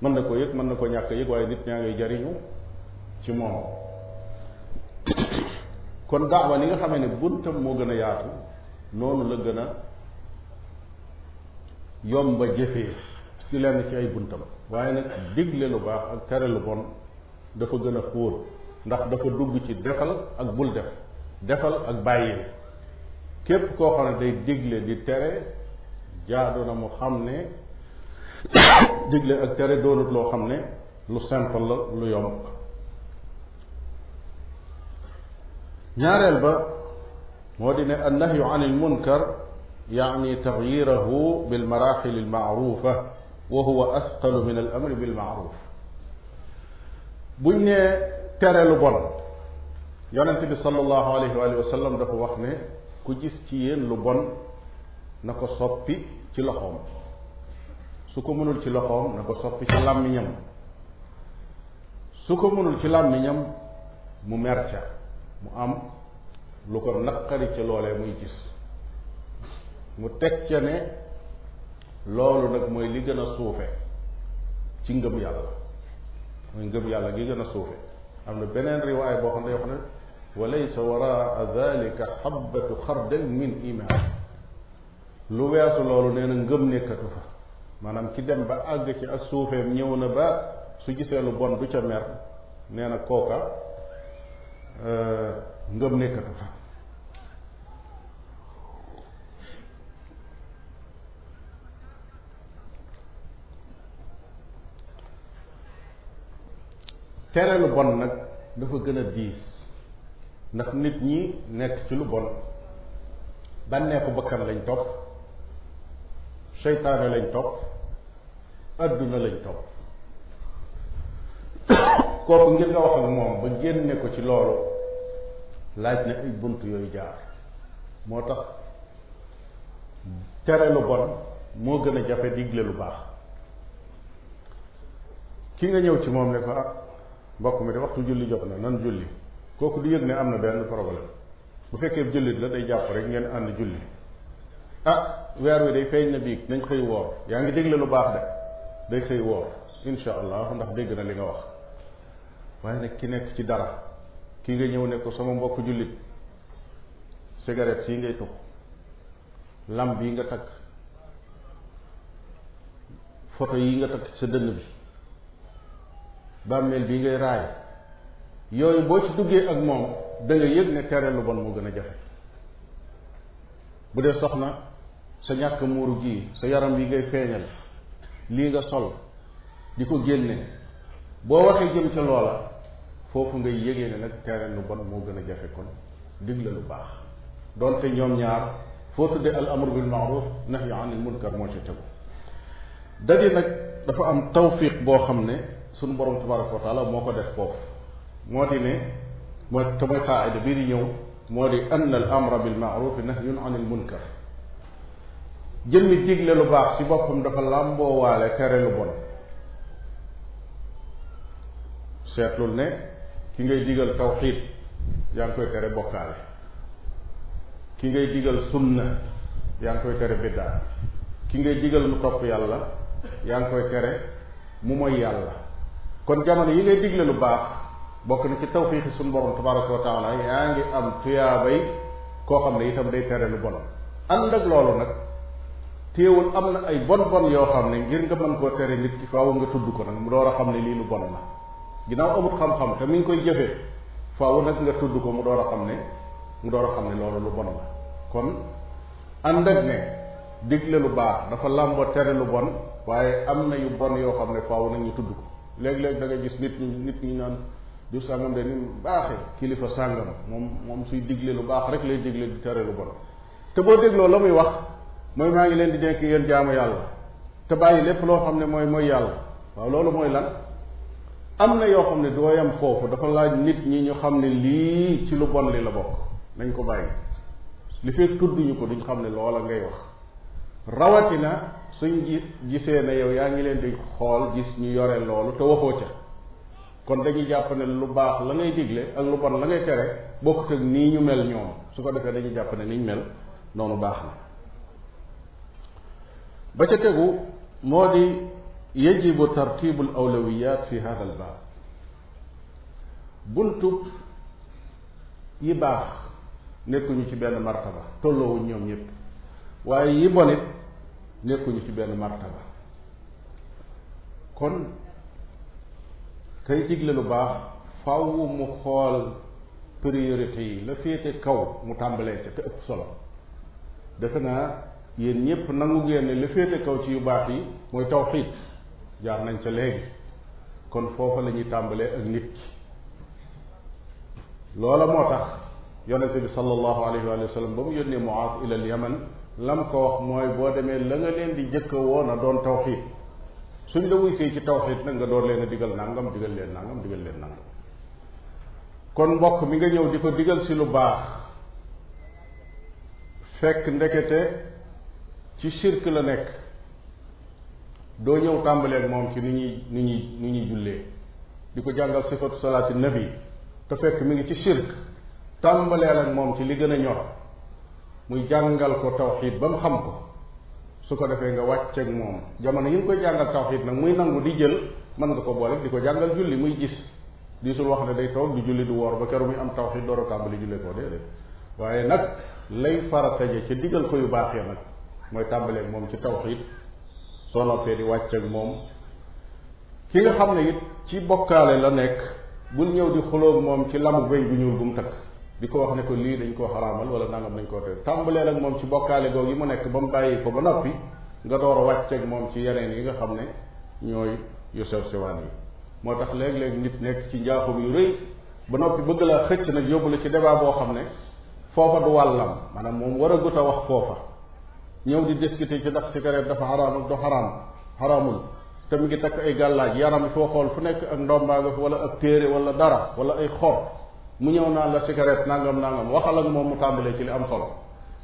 mën na ko yëg mën na ko ñàkk yëg waaye nit ñaa ngay jariñu ci moom kon daawa ni nga xamee ne buntam moo gën a yaatu noonu la gën a yomba jëfee ci lenn ci ay buntam waaye nag digle lu baax ak tere lu bon dafa gën a xóor ndax dafa dugg ci defal ak bul def defal ak bàyyi képp koo xam ne day digle di tere jaadu na mu xam ne digle ak tere doonut loo xam ne lu simple lu yomb ñaareel ba moo di ne annahyu an il munkar yaani taxyirahu bilmaraxil almaarufa wa huwa asqalu min al amri bil maaruf buñ nee tere lu bon yonente bi sallallahu alayhi wa alihi wa sallam dafa wax ne ku gis ci yéen lu bon na ko soppi ci loxoom su ko mënul ci loxoom na ko soppi ci làmmiñam su ko mënul ci làmmiñam mu mer mu am lu ko naqari ca loolee muy gis mu teg ca ne loolu nag mooy li gën a suufe ci ngëm yàlla mooy ngëm yàlla gi gën a suufe am na beneen riwaay boo xam ne yoo xam ne wa laysa waraa dalika xabbatu min iman lu weesu loolu nee na ngëm nekkatu fa maanaam ki dem ba àgg ci ak suufeem ñëw na ba su gisee lu bon du ca mer nee na kooka euh, ngëm nekkatu fa tere lu bon nag dafa gën a diis ndax nit ñi nekk ci lu bon bànneexu bakkan lañ topp seytaane lañ topp adduna lañ topp kooku ngir nga wax ak moom ba génne ko ci loolu laaj ne ay bunt yooyu jaar moo tax tere lu bon moo gën a jafe digle lu baax ki nga ñëw ci moom ne ko ah mbokk mi de waxtu julli jot na nan julli kooku du yëg ne am na benn problème bu fekkee jullit la day jàpp rek ngeen ànd julli ah weer wi day feeñ na biig nañ xëy woor yaa ngi dégle lu baax de day xëy woor insha allah ndax dégg na li nga wax waaye nag ki nekk ci dara ki nga ñëw ne ko sama mbokk jullit cigarette si ngay tux lam bii nga takk photo yi nga takk sa dënn bi bàmmeel bii ngay raay yooyu boo ci duggee ak moom da nga yëg ne tere lu bon moo gën a jafe bu dee soxna sa ñàkk muuru gii sa yaram yi ngay feeñal lii nga sol di ko génne boo waxee jëm ca loola foofu ngay yëgee ne nag tere lu bon moo gën a jafe kon digle lu baax donte ñoom ñaar foo de al amru bil maaruf nahyi anil munkar moo ca tegu daje nag dafa am tawfiq boo xam ne sunu borom tabaraka wa taala moo ko def foofu moo di ne moo te mooy qaida bii di ñëw moo di ann al amra bil maarufi nahyun anil munkar jëmmi digle lu baax ci boppam dafa làmboo waale tere lu bon seetlul ne ki ngay digal tawxiid yaa ngi koy tere bokkaale ki ngay digal sunna yaa ngi koy tere biddaa ki ngay digal mu topp yàlla yaa ngi koy tere mu mooy yàlla kon jamono yi ngay digle lu baax bokk na ci tawfiixi suñu borom tabaraka wa taala yaa ngi am tuyaabay koo xam ne itam day tere lu bon ànd ak loolu nag téewul am na ay bon bon yoo xam ne ngir nga mën koo tere nit ki faaw nga tudd ko nag mu door a xam ne lii lu bon la ginnaaw amut xam-xam koy jëfee faaw nag nga tudd ko mu door a xam ne a xam ne loolu lu bon la kon ànd ak ne digle lu baax dafa làmboo tere lu bon waaye am na yu bon yoo xam ne faaw nag ñu tudd ko léeg-léeg da nga gis nit ñi nit ñi naan diw sàngam de ni mu baaxee kilifa sàngam moom moom suy digle lu baax rek lay digle di tere lu bon te boo dégloo la muy wax mooy maa ngi leen di denk yéen jaamu yàlla te bàyyi lépp loo xam ne mooy mooy yàlla waaw loolu mooy lan am na yoo xam ne doo yam foofu dafa laaj nit ñi ñu xam ne lii ci lu bon li la bokk nañ ko bàyyi li fekk tudd ko duñ xam ne loola ngay wax rawatina suñ gi gisee ne yow yaa ngi leen di xool gis ñu yore loolu te waxoo ca kon dañuy jàpp ne lu baax la ngay digle ak lu bon la ngay tere bokkut ak nii ñu mel ñoom su ko defee dañuy jàpp ne niñ mel noonu baax na ba ca tegu moo di yajibu tartibu l awlawiyat fi hada al baab buntub yi baax nekkuñu ci benn martaba tolloowuñ ñoom ñëpp waaye yi bonit nekkuñu ci benn martaba kon kay digle lu baax faaw mu xool priorité yi la kaw mu tàmbalee ca te ëpp solo defe naa yéen ñëpp nangu ngeen ne la kaw ci yu baax yi mooy tawxiid jaar nañ ca léegi kon foofa la ñuy tàmbalee ak nit ki loola moo tax yonente bi sallallahu alayhi wa sallam ba mu yónnee Muaaz ila al Yaman lam ko wax mooy boo demee la nga leen di jëkka woon a doon tawxiid suñ la wuysee ci tawxiid nag nga door leen a digal nangam digal leen nangam digal leen nangam kon mbokk mi nga ñëw di ko digal si lu baax fekk ndekete ci sirk la nekk doo ñëw tàmbaleeg moom ci ni ñuy nu ñuy ni ñuy jullee di ko jàngal sifatu salaati nabi te fekk mi ngi ci sirk tàmbalee ak moom ci li gën a ñor muy jàngal ko tawxid ba mu xam ko su ko defee nga wàcc ak moom jamono yi nga koy jàngal tawxid nag muy nangu di jël mën nga ko boole di ko jàngal julli muy gis diisul wax ne day toog di julli du woor ba keru muy am tawxid door a tàmbali jullee koo déedéet waaye nag lay farata ja ca digal ko yu baax ya nag mooy tàmbalee moom ci tawxid soo noppee di wàcc ak moom ki nga xam ne it ci bokkaale la nekk bul ñëw di xulóog moom ci lamu béy bu ñuul bu mu takk di ko wax ne ko lii dañ koo xaraamal wala nangam dañ koo tere tàmbaleel ak moom ci bokkaale googu yi mu nekk ba mu bàyyi ko ba noppi nga door a wàcceeg moom ci yeneen yi nga xam ne ñooy yu sew sewaan yi moo tax léeg-léeg nit nekk ci njaaxum yu rëy ba noppi bëgg laa xëcc nag yóbbu la ci débat boo xam ne foofa du wàllam maanaam moom war a gut a wax foofa ñëw di discuter ci ndax cigarette dafa xaraam ak du xaraam xaraamul te mu ngi takk ay gàllaaj yaram foo xool fu nekk ak ndombaanga wala ak téere wala dara wala ay xor mu ñëw naan la cigarette nangam nangam waxal ak moom mu tàmbalee ci li am solo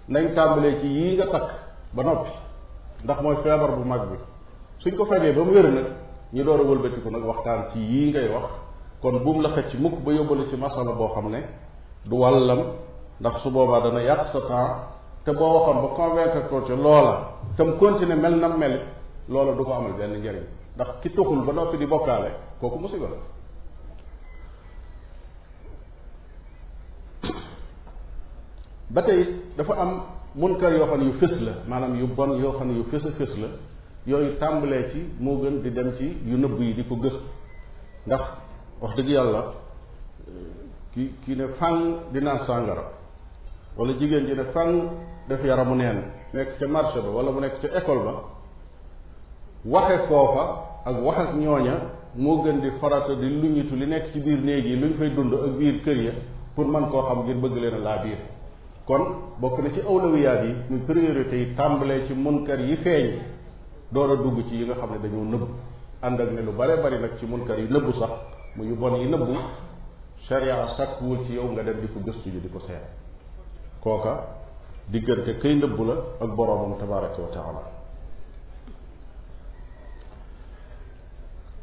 nañ tàmbalee ci yii nga takk ba noppi ndax mooy feebar bu mag bi suñ ko fajee ba mu wér nag ñu door a wëlbatiku nag waxtaan ci yii ngay wax kon buum la ci mukk ba yóbbale ci masala boo xam ne du wàllam ndax su boobaa dana yàq sa temps te boo waxoon ba convaincre ko ci loola tam continuer mel na mel loola du ko amal benn njëriñ ndax ki tuxul ba noppi di bokkaale kooku musiba la ba tey dafa am munkar yoo xam ne yu fës la maanaam yu bon yoo xam ne yu fës a fës la yooyu tàmbalee ci moo gën di dem ci yu nëbb yi di ko gëstu ndax wax dëgg yàlla ki ki ne fang di naan sàngara wala jigéen ji ne fang def mu neen nekk ca marché ba wala mu nekk ca école ba waxe foofa ak wax ak ñooña moo gën di farata di luñitu li nekk ci biir néeg yi lu ñu fay dund ak biir kër ya pour man koo xam ngir bëgg leen laa biir kon bokk na ci awlawiyaat yi muy priorité yi tàmbalee ci munkar yi feeñ door a dugg ci yi nga xam ne dañoo nëbb ànd ak ne lu bare bari nag ci munkar yi nëbbu sax mu yu bon yi nëbbu sharia sàkkuwul yow nga dem di ko di ko seet kooka diggante kay nëbbu la ak boroomam tabaraka wa taala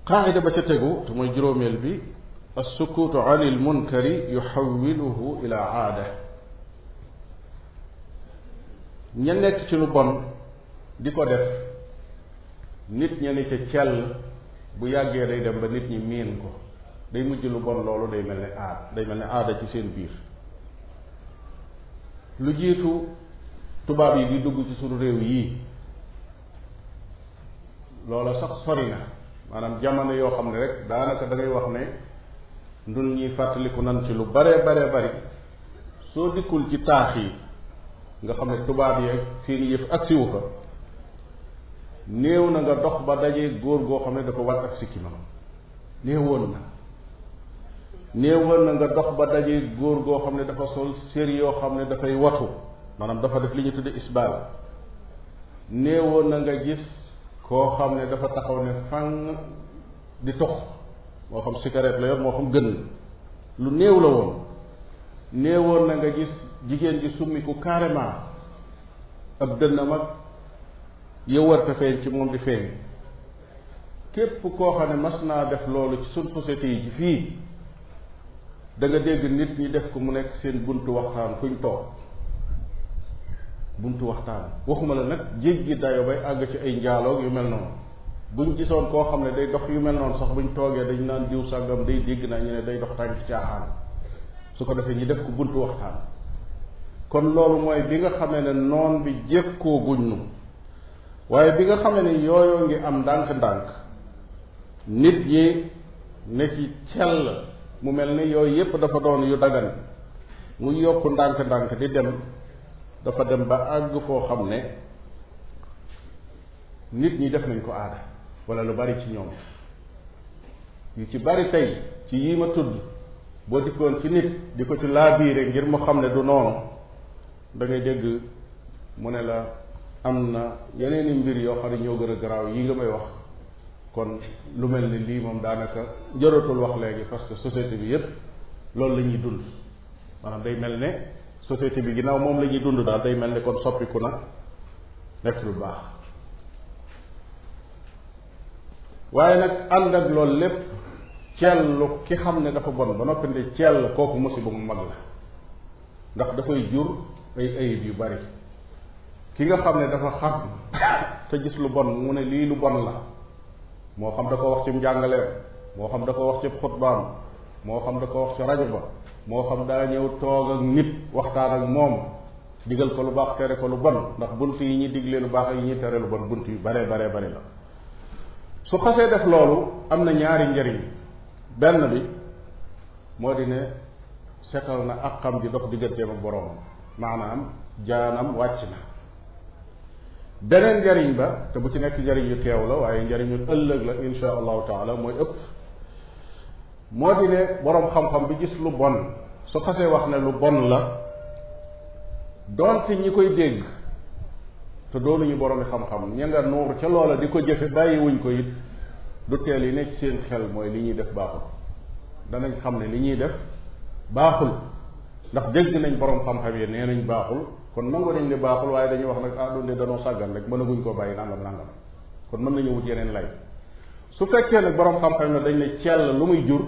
qaayida ba ca tegu te mooy juróomeel bi assukuutu an il yu yuxawiluhu ila aada ña nekk ci lu bon di ko def nit ña ne ca cell bu yàggee day dem ba nit ñi miin ko day mujj lu bon loolu day mel ni aad day mel ni aada ci seen biir lu jiitu tubaab yi di dugg ci sunu réew yii loola sax sori na maanaam jamono yoo xam ne rek daanaka dangay ngay wax ne ndun ñuy fàttaliku nan ci lu bare bare bari soo dikkul ci taax yi nga xam ne tubaab yeeg seen yëf ak siwu ko néew na nga dox ba daje góor goo xam ne dafa wàcc ak sikkimam néewoon na néewoon na nga dox ba dajee góor goo xam ne dafa sol sér yoo xam ne dafay watu maanaam dafa def li ñu tudde isbaal néewoon na nga gis koo xam ne dafa taxaw ne fànn di tox moo xam cigarette la yor moo xam gën lu néew la woon néewoon na nga gis jigéen ji summiku carrément ab dënna mag ya warta feeñ ci moom di feeñ képp koo xam ne mas naa def loolu ci suñ société yi ci fii da nga dégg nit ñi def ko mu nekk seen buntu waxtaan fuñ toog buntu waxtaan waxuma la nag jéggi dayo bay àgg ci ay njaaloog yu mel noonu buñ gisoon koo xam ne day dox yu mel noonu sax ñu toogee dañu naan diw sàngam day dégg naa ñu ne day dox tànk caaxaan su ko defee ñu def ko buntu waxtaan kon loolu mooy bi nga xamee ne noon bi jékkoo guñ nu waaye bi nga xamee ne yooyoo ngi am ndànk-ndànk nit yi ne ci cell mu mel ni yooyu yépp dafa doon yu dagan mu yokk ndànk-ndànk di dem dafa dem ba àgg foo xam ne nit ñi def nañ ko aada wala lu bari ci ñoom yu ci bari tey ci yii ma tudd boo dikkoon ci nit di ko ci laabiire ngir mu xam ne du noonu da ngay dégg mu ne la am na yeneeni mbir yoo xam ne ñoo gën a garaaw yi nga may wax kon lu mel ni lii moom daanaka jaratul wax léegi parce que société bi yépp loolu la ñuy dund maanaam day mel ne société bi ginnaaw moom la ñuy dund daal day mel ne kon soppiku na nekk lu baax waaye nag ànd ak loolu lépp cellu ki xam ne dafa bon ba noppi ne cell kooku musiba mu mag la ndax dafay jur ay ayib yu bari ki nga xam ne dafa xam te gis lu bon mu ne lii lu bon la moo xam da ko wax ci njàngaleem moo xam da ko wax ci xutbaam moo xam da ko wax ci rajo ba moo xam daa ñëw toog ak nit waxtaan ak moom digal ko lu baax tere ko lu bon ndax bunt yi ñuy digle lu baax yi ñuy tere lu bon bunt yu baree baree bari la su xasee def loolu am na ñaari njëriñ benn bi moo di ne setal na ak xam di dox digganteem ak boroomam maanaam jaanam wàcc na beneen njariñ ba te bu ci nekk njariñ yu teew la waaye njariñu ëllëg la insha allahu taala mooy ëpp moo di ne boroom xam-xam bi gis lu bon su xasee wax ne lu bon la doon doonte ñi koy dégg te doonuñu boroomi xam-xam ña nga nuur ca loola di ko jëfe bàyyiwuñ ko it du teel yi nekk seen xel mooy li ñuy def baaxul danañ xam ne li ñuy def baaxul ndax dégg nañ borom xam-xam yi nee nañ baaxul kon nangu nañ ne baaxul waaye dañuy wax nag ah doonde danoo sàggan rek mënaguñ koo bàyyi nangam nangam kon mën nañu wut yeneen lay su fekkee nag borom xam-xam ne dañ ne cell lu muy jur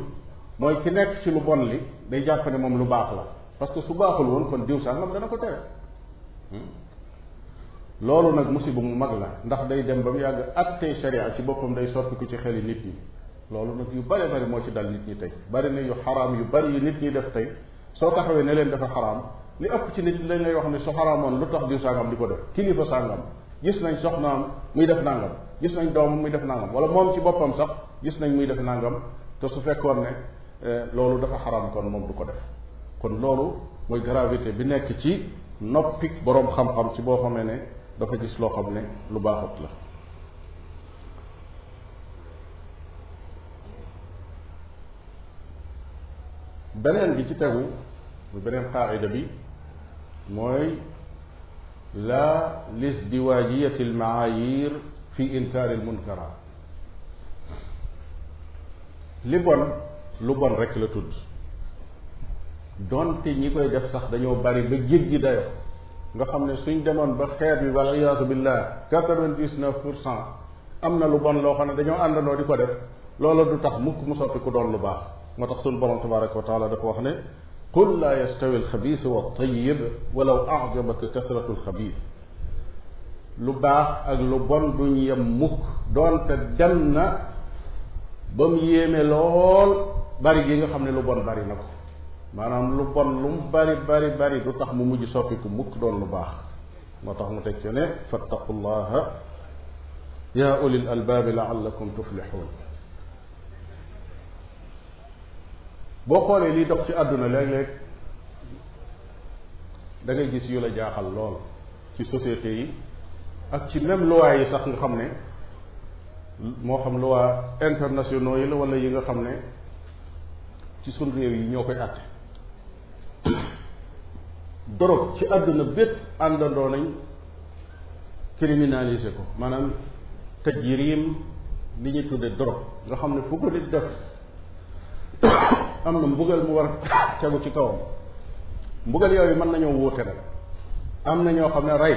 mooy ki nekk ci lu bon li day jàpp ne moom lu baax la parce que su baaxul woon kon diw sàngam dana ko tere hmm? loolu nag musiba mu mag la ndax day dem ba mu yàgg attey sharia ci boppam day soppiku ci xeli nit ñi loolu nag yu bari bari moo ci dal nit ñi tey bari na yu xaraam yu bari yu nit ñi def tey soo taxawee ne leen dafa xaraam li ëpp ci nit dañ lay wax ne su xaraamoon lu tax diw sàngam di ko def kilifa sàngam gis nañ soxnaam muy def nangam gis nañ doomam muy def nangam wala moom ci boppam sax gis nañ muy def nangam te su fekkoon ne eh, loolu dafa xaraam kon moom du ko def kon loolu mooy gravité bi nekk ci noppik boroom xam-xam ci boo xamee ne dafa gis loo xam ne lu baaxut la beneen bi ci tegu muy beneen qaayida bi mooy la lisdiwaajiyati almaayir fi inkaari almunkaraat li bon lu bon rek la tudd donte ñi koy def sax dañoo bari ba jéggi dayo nga xam ne suñ demoon ba xeet bi wala iyaasu billah quatre vingt pour cent am na lu bon loo xam ne dañoo àndandoo di ko def loola du tax mukk mu soppi ku doon lu baax moo tax sunu borom tabaraka wa taala dafa wax ne qul laa yastawi alxabiis wa tayib walaw ajabaka kasratu alxabiis lu baax ak lu bon duñ yem mukk doonte dem na ba mu yéeme lool bari gi nga xam ne lu bon bari na ko maanaam lu bon lu mu bari bari bari du tax mu mujj soppiku mukk doon lu baax moo tax mu teg ci ne fattaqullaha yaa ulil albaabi laallakum tuflixuun boo xoolee liy dox ci àdduna léeg-léeg dangay gis yu la jaaxal lool ci société yi ak ci même loi yi sax nga xam ne moo xam loi internationaux yi la yi nga xam ne ci sunu réew yi ñoo koy àtte dorog ci àdduna bépp àndandoo nañ criminaliser ko maanaam tajrim li ñuy tudde dorog nga xam ne fu ko nit def am na mbugal mu war a tegu ci kawam mbugal yooyu mën nañoo wuute nag am na ñoo xam ne rey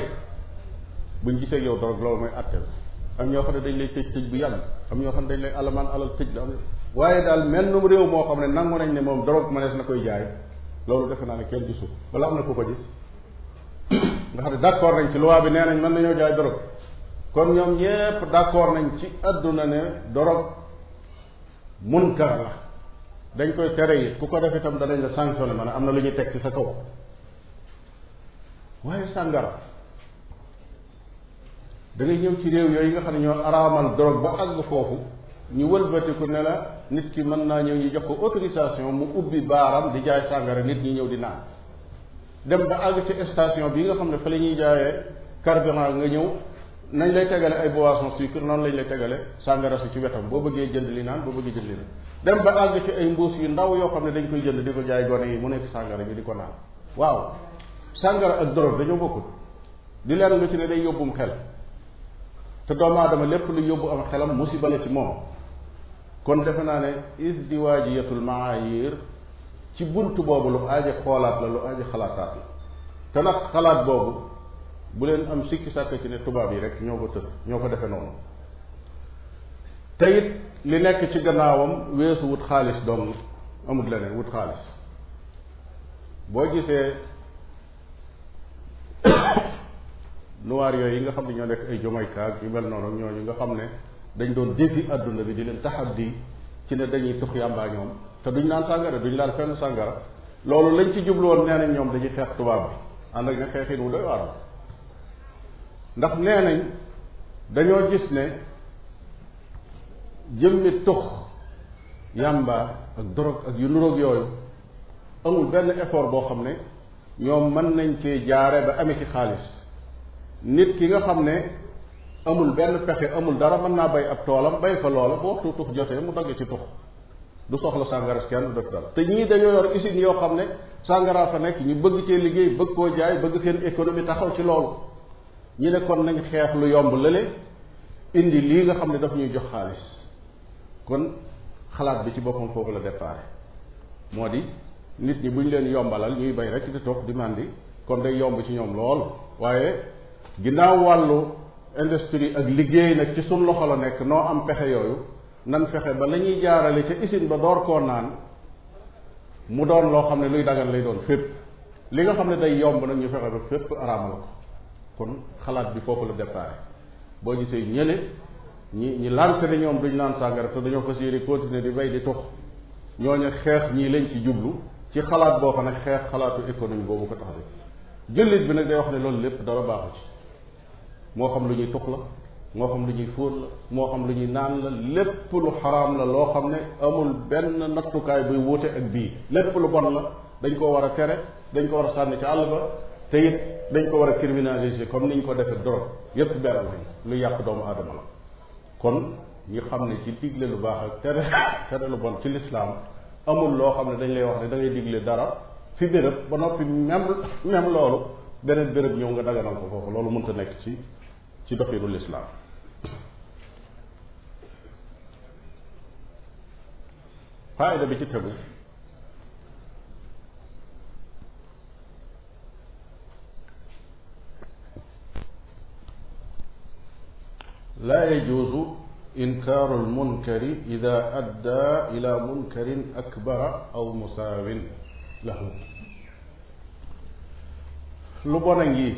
buñ gisee yow drogue loolu mooy àtte la am ñoo xam ne dañ lay tëj tëj bu yàgg am ñoo xam ne dañ lay alamaan alal tëj la am daal mel num réew moo ne nangu nañ ne moom drogue mënees na koy jaay loolu defe naa ne kenn gisul wala am na ku ko gis nga xam ne d'accord nañ ci loi bi nee nañ mën nañoo jaay drogue kon ñoom ñépp d'accord nañ ci àdduna ne drogue munkar la dañ koy tere it ku ko def itam danañ la sanctionné man ne am na lu ñuy teg ci sa kaw waaye sàngara da ñëw ci réew yooyu nga xam ne ñoo araamal drogue ba àgg foofu ñu wëlbatiku ne la nit ki mën naa ñëw ñu jox ko autorisation mu ubbi baaram di jaay sàngara nit ñi ñëw di naan dem ba àgg ci station bi nga xam ne fa la ñuy jaayee carburant nga ñëw nañ lay tegale ay boisson sucre noonu lañ lay tegale sàngara si ci wetam boo bëggee jënd li naan boo bëggee jënd li naan dem ba àgg ci ay mbuus yu ndaw yoo xam ne dañ koy jënd di ko jaay gone yi mu nekk sàngara bi di ko naan waaw sàngara ak drogue dañoo bokkul di leen lu ci ne day yóbbum xel te doomu aadama lépp lu yóbbu am xelam musiba la ci moom kon defe naa ne isdiwaajiyatul maayir ci bunt boobu lu aaje xoolaat la lu aaje xalaataat la bu leen am sikki sàkk ci ne tubaab yi rek ñoo ko tëdd ñoo ko defe noonu te li nekk ci gannaawam weesu wut xaalis doon amut leneen wut xaalis boo gisee noir yooyu yi nga xam ne ñoo nekk ay yu mel noonu ñooñu nga xam ne dañ doon défi àdduna bi di leen di ci ne dañuy tux yàmbaa ñoom te duñ naan sàngara duñ naan fenn sàngara loolu lañ ci jublu woon ñoom dañuy xeex tubaab bi ànd ak ne xeexin wu doy waar ndax nee nañ dañoo gis ne jëmmi tux yàmba ak drogue ak yu nuroog yooyu amul benn effort boo xam ne ñoom mën nañ cee jaare ba amee ci xaalis nit ki nga xam ne amul benn pexe amul dara mën naa bay ab toolam bay fa loola bu waxtu tux jotee mu dagg ci tux du soxla sàngara si kenn du def dara te ñii dañoo yor usine yoo xam ne sàngara fa nekk ñu bëgg cee liggéey bëgg koo jaay bëgg seen économie taxaw ci loolu ñu ne kon nañ xeex lu yomb lële indi lii nga xam ne dafa ñuy jox xaalis kon xalaat bi ci boppam foofu la départ moo di nit ñi bu ñu leen yombalal ñuy bay rek di toog di màndi kon day yomb ci ñoom lool waaye ginnaaw wàllu industrie ak liggéey nag ci suñ loxo la nekk noo am pexe yooyu nan fexe ba lañuy jaarale ca usine ba door koo naan mu doon loo xam ne luy dagan lay doon fépp li nga xam ne day yomb nag ñu fexe ba fépp araamal ko xalaat bi foofu la départ boo gisee ñële ñi ñi lancé ne ñoom duñ naan sàngara te dañoo fas yéene continuer di bay di tux ñooñu xeex ñii lañ ci jublu ci xalaat boo ko nag xeex xalaatu économie boobu ko tax de jullit bi nag day wax ne loolu lépp dara baaxu ci moo xam lu ñuy tux la moo xam lu ñuy fóot la moo xam lu ñuy naan la lépp lu xaraam la loo xam ne amul benn nattukaay buy wuute ak bii lépp lu bon la dañ ko war a tere dañ ko war a sànni ci àll ba te dañ ko war a criminaliser comme niñ ko defee drogue yépp benn lu yàq doomu aadama la kon ñu xam ne ci digle lu baax ak tere tere lu bon ci lislaam amul loo xam ne dañ lay wax ne da ngay digle dara fi béréb ba noppi même même loolu beneen béréb ñëw nga daganal ko foofu loolu mënta nekk ci ci doxinu lislaam faayda bi ci tegu laa yajuusu inkaaru almunkari ida addaa ila munkarin akbara aw musaawin lahu lu bon a ngi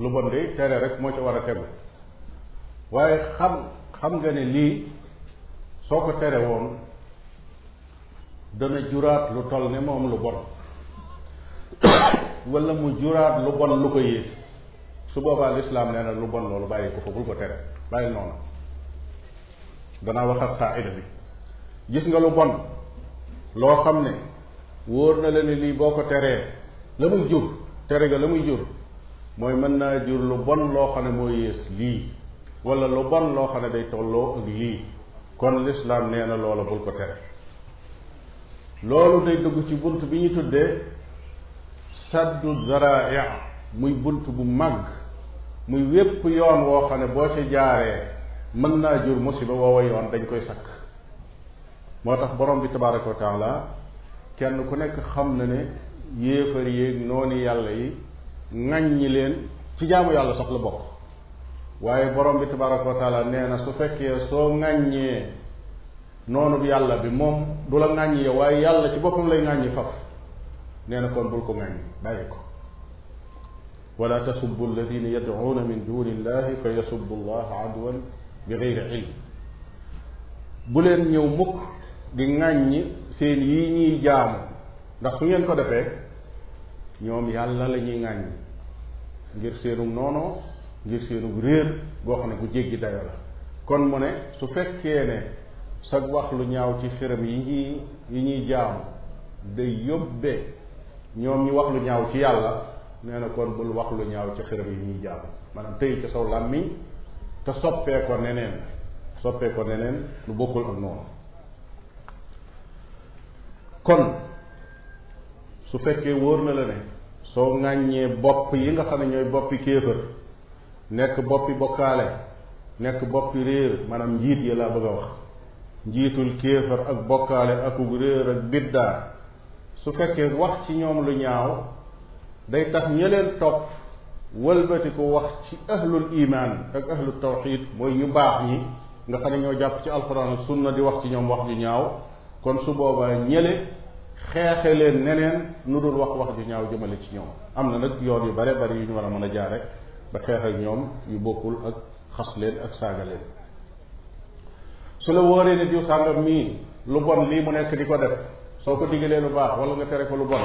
lu bon de tere rek moo ci war a tegu waaye xam xam nga ni lii soo ko tere woon dana juraat lu toll ne moom lu bon wala mu juraat lu bon lu ko yées su boobaa lislaam nee na lu bon loolu bàyyi ko fa bul ko tere bàyyi noonu danaa wax ak qaida bi gis nga lu bon loo xam ne wóor na la ne lii boo ko teree la muy jur tere ga la muy jur mooy mën naa jur lu bon loo xam ne moo yées lii wala lu bon loo xam ne day tolloo ak lii kon lislaam nee na loola bul ko tere loolu day dugg ci bunt bi ñu tuddee saddu zaraa muy bunt bu màgg muy wépp yoon woo xam ne boo ci jaaree mën naa jur musiba woowa yoon dañ koy sakk moo tax borom bi tabaraka wa taala kenn ku nekk xam na ne yéefar yéeg noonu yàlla yi ŋàññi leen ci jaamu yàlla sax la bokk waaye borom bi tabaraka wa nee na su fekkee soo ŋàññee noonu yàlla bi moom du la ŋàññi yow waaye yàlla ci boppam lay ŋàññi faf nee na kon bul ko ŋàññi bàyyi ko wala tasubbu alladina yadcuuna min duni illahi bi gayri ilm bu leen ñëw mukk di ŋàññ seen yi ñuy jaamu ndax su ngeen ko defee ñoom yàlla la ñuy ŋàññ ngir seenug noonoo ngir seenug réer goo xam ne bu jéggi la kon mu ne su fekkee ne sag wax lu ñaaw ci xërëm yi ñuy yi ñuy jaamu day yóbbee ñoom ñi wax lu ñaaw ci yàlla nee na kon bul wax lu ñaaw ci xërëm yi ñuy jàpp maanaam tëy ci saw làmmiñ te soppee ko neneen soppee ko neneen lu bokkul ak noonu kon su fekkee wóor na la ne soo ŋàññee bopp yi nga xam ne ñooy boppi kéefër nekk boppi bokkaale nekk boppi réer maanaam njiit yi laa bëgg a wax njiitul kéefër ak bokkaale akub réer ak biddaa su fekkee wax ci ñoom lu ñaaw day tax ñeneen topp wëlbatiku wax ci ahlul iman ak ahlul tawxid mooy ñu baax ñi nga xam ne ñoo jàpp ci alquran ak sunna di wax ci ñoom wax ju ñaaw kon su boobaa ñële xeexe leen neneen nu dul wax wax ju ñaaw jëmale ci ñoom am na nag yoon yu bare bari yu ñu war a mën a jaar rek ba xeex ak ñoom yu bokkul ak xas leen ak saaga leen su la wóoree ne diw sàngam mii lu bon lii mu nekk di ko def soo ko digalee lu baax wala nga tere ko lu bon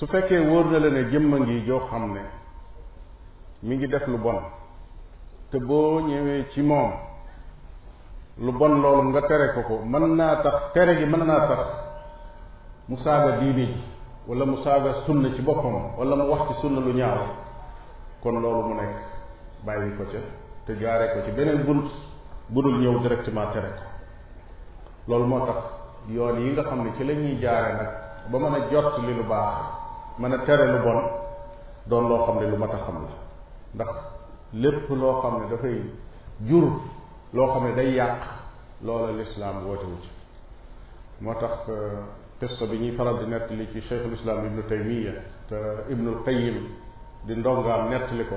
su fekkee wóor na la ne jëmm a ngi joo xam ne mi ngi def lu bon te boo ñëwee ci moom lu bon loolu nga tere ko ko mën naa tax tere gi mën naa tax mu saaga diine ji wala mu saaga sunna ci boppam walla mu wax ci sunna lu ñaaw kon loolu mu nekk bàyyi ko ca te jaaree ko ci beneen bu dul ñëw directement tere ko loolu moo tax yoon yi nga xam ne ci lañuy ñuy jaare nag ba mën a jot li lu baax mën a tere lu bon doon loo xam ne lu mat a la ndax lépp loo xam ne dafay jur loo xam ne day yàq loola lislaam wootewu moo tax qissa euh, bi ñuy faral di nettali ci cheikhul islam ibnu taymiya te ibnul qayim di ndongaam nettali ko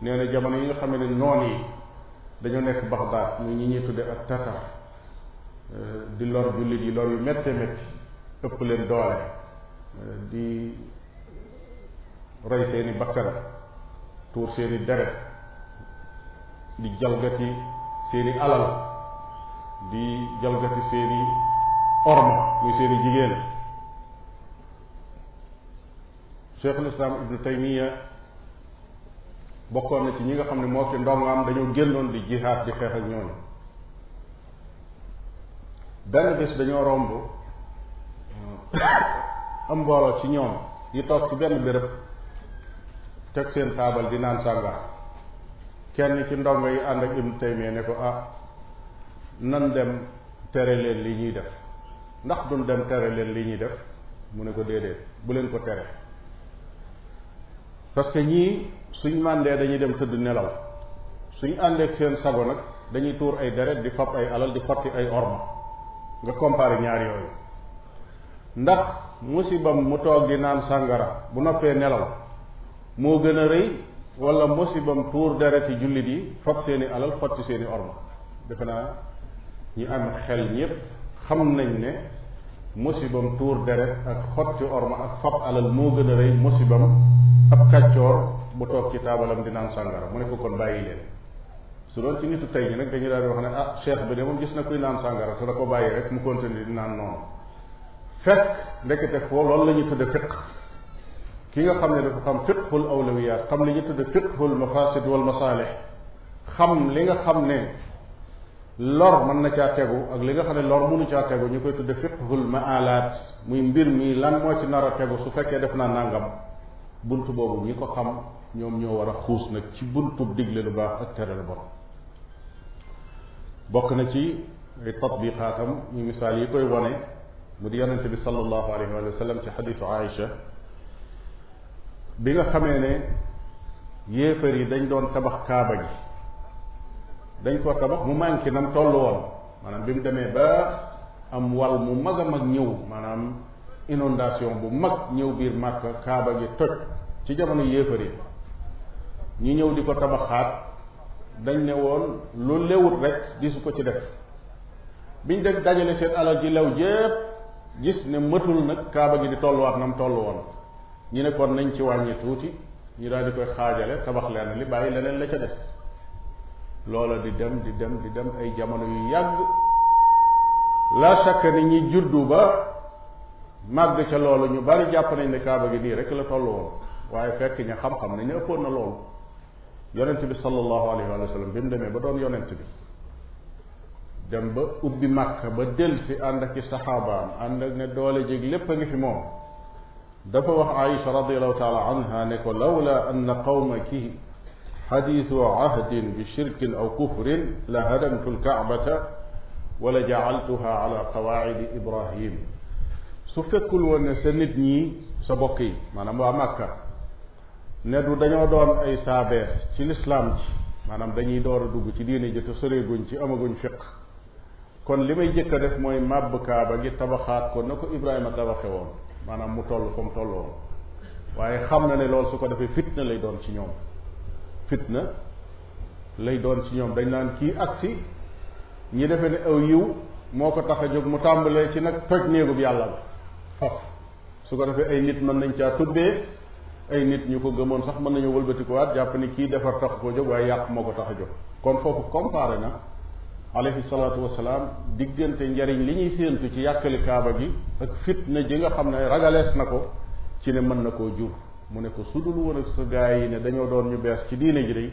nee na jamono yi nga xam ne noon yi dañoo nekk Baxdaad ñu ñi ñuy tudde ak tatar euh, di lor jullit yi lor yu méttee métti ëpp leen doole di rey seeni bakkan tuur seeni deret di jalgati seeni alal di jalgati seeni orma muy seeni jigéen cheikhul islam ibnu taymiya bokkoon na ci ñi nga xam ne moo ki ndongaam dañoo génnoon di jihaad di xeex ak ñooñu benn bés dañoo romb am mbooloo ci ñoom yi toog ci benn béréb teg seen taabal di naan sàngar kenn ci ndongo yi ànd ak Ibnu Taymiya ne ko ah nan dem tere leen li ñuy def ndax duñ dem tere leen li ñuy def mu ne ko déedéet bu leen ko tere parce que ñii suñ màndee dañuy dem tëdd nelaw suñ àndeek seen sago nag dañuy tuur ay deret di fab ay alal di xotti ay orma nga comparé ñaar yooyu ndax musibam mu toog di naan sàngara bu noppee nelaw moo gën a rëy walla musibam tuur dereti jullit yi fab seeni alal xotti seeni orma defe naa ñi am xel ñépp xam nañ ne musibam tuur deret ak xotti orma ak fab alal moo gën a rëy musibam ab kàccoor bu toog ci taabalam di naan sàngara mu ne ko kon bàyyi leen su doon ci nitu tey ñi nag dañu daal di wax ne ah cheikh bi de moom gis na kuy naan sàngara te da ko bàyyi rek mu continue di naan noonu fekk ndekete foo loolu la ñuy tudde fiq ki nga xam ne dafa xam fiqhul awlawiyaat xam li ñu tudde fiqhul mafasid wal masaalih xam li nga xam ne lor mën na caa tegu ak li nga xam ne lor mënu caa tegu ñu koy tëdd tudde fiqhul maalaat muy mbir mi lan moo ci nar a tegu su fekkee def naa nàngam bunt boobu ñi ko xam ñoom ñoo war a xuus nag ci buntub digle lu baax ak tere lu bon bokk na ci ay tatbiqaatam ñu misaal yi koy wone mu di yonente bi sallallahu alayhi wa sallam ci xadisu Aïcha bi nga xamee ne yéefar yi dañ doon tabax kaaba gi dañ ko tabax mu manqué nam toll woon maanaam bi mu demee ba am wal mu mag a mag ñëw maanaam inondation bu mag ñëw biir Makka kaaba gi toj ci jamono yéefar yi ñu ñëw di ko tabaxaat dañ ne woon lu lewut rek di su ko ci def biñ def dajale seen alal ji lew jépp gis ne mëtul nag kaaba gi di tolluwaat na mu toll woon ñu nekkoon nañ ci wàññi tuuti ñu daal di koy xaajale tabax leen li bàyyi leneen la ca des loola di dem di dem di dem ay jamono yu yàgg la sakka ni ñi juddu ba màgg ca loolu ñu bari jàpp nañ ne kaaba gi nii rek la toll woon waaye fekk ña xam-xam ne ñu ëppoon na loolu yonent bi sallallahu alayhi wa sallam bi mu demee ba doon yonent bi dem ba ubbi makka ba del si ànd ak i saxaabaam ànd ne doole jéeg lépp a ngi fi moom dafa wax Aïcha radiallahu taala anha ne ko lawla anna qawmaki xadiisu ahdin bi shirkin a kufrin la hadamtu lkaabata wala jacaltuha ala qawaacidi ibrahim su fekkul woon ne sa nit ñi sa bokk yi maanaam waa màkka ne du dañoo doon ay saabees ci lislaam ci maanaam dañuy door a dugg ci diine ji te soreeguñ ci amaguñ fiq kon li may jëkk a def mooy màbb kaaba gi tabaxaat ko na ko Ibrahima tabaxe woon maanaam mu toll fa mu waaye xam na ne lool su ko defee fitna lay doon ci ñoom fitna lay doon ci ñoom dañ naan kii agsi ñi defee ne aw yiw moo ko tax a jóg mu tàmbalee ci nag toj néegub yàlla la faf su ko defee ay nit mën nañ caa tuddee ay nit ñu ko gëmoon sax mën nañu wëlbatikuwaat jàpp ni kii defar tax koo jóg waaye yàq moo ko tax a jóg kon foofu comparé na alayhi salaatu wasalaam diggante njariñ li ñuy séentu ci yàkkali kaaba gi ak fitna ji nga xam ne ragalees na ko ci ne mën na koo jur mu ne ko sudul woon ak sa gaa yi ne dañoo doon ñu bees ci diine ji day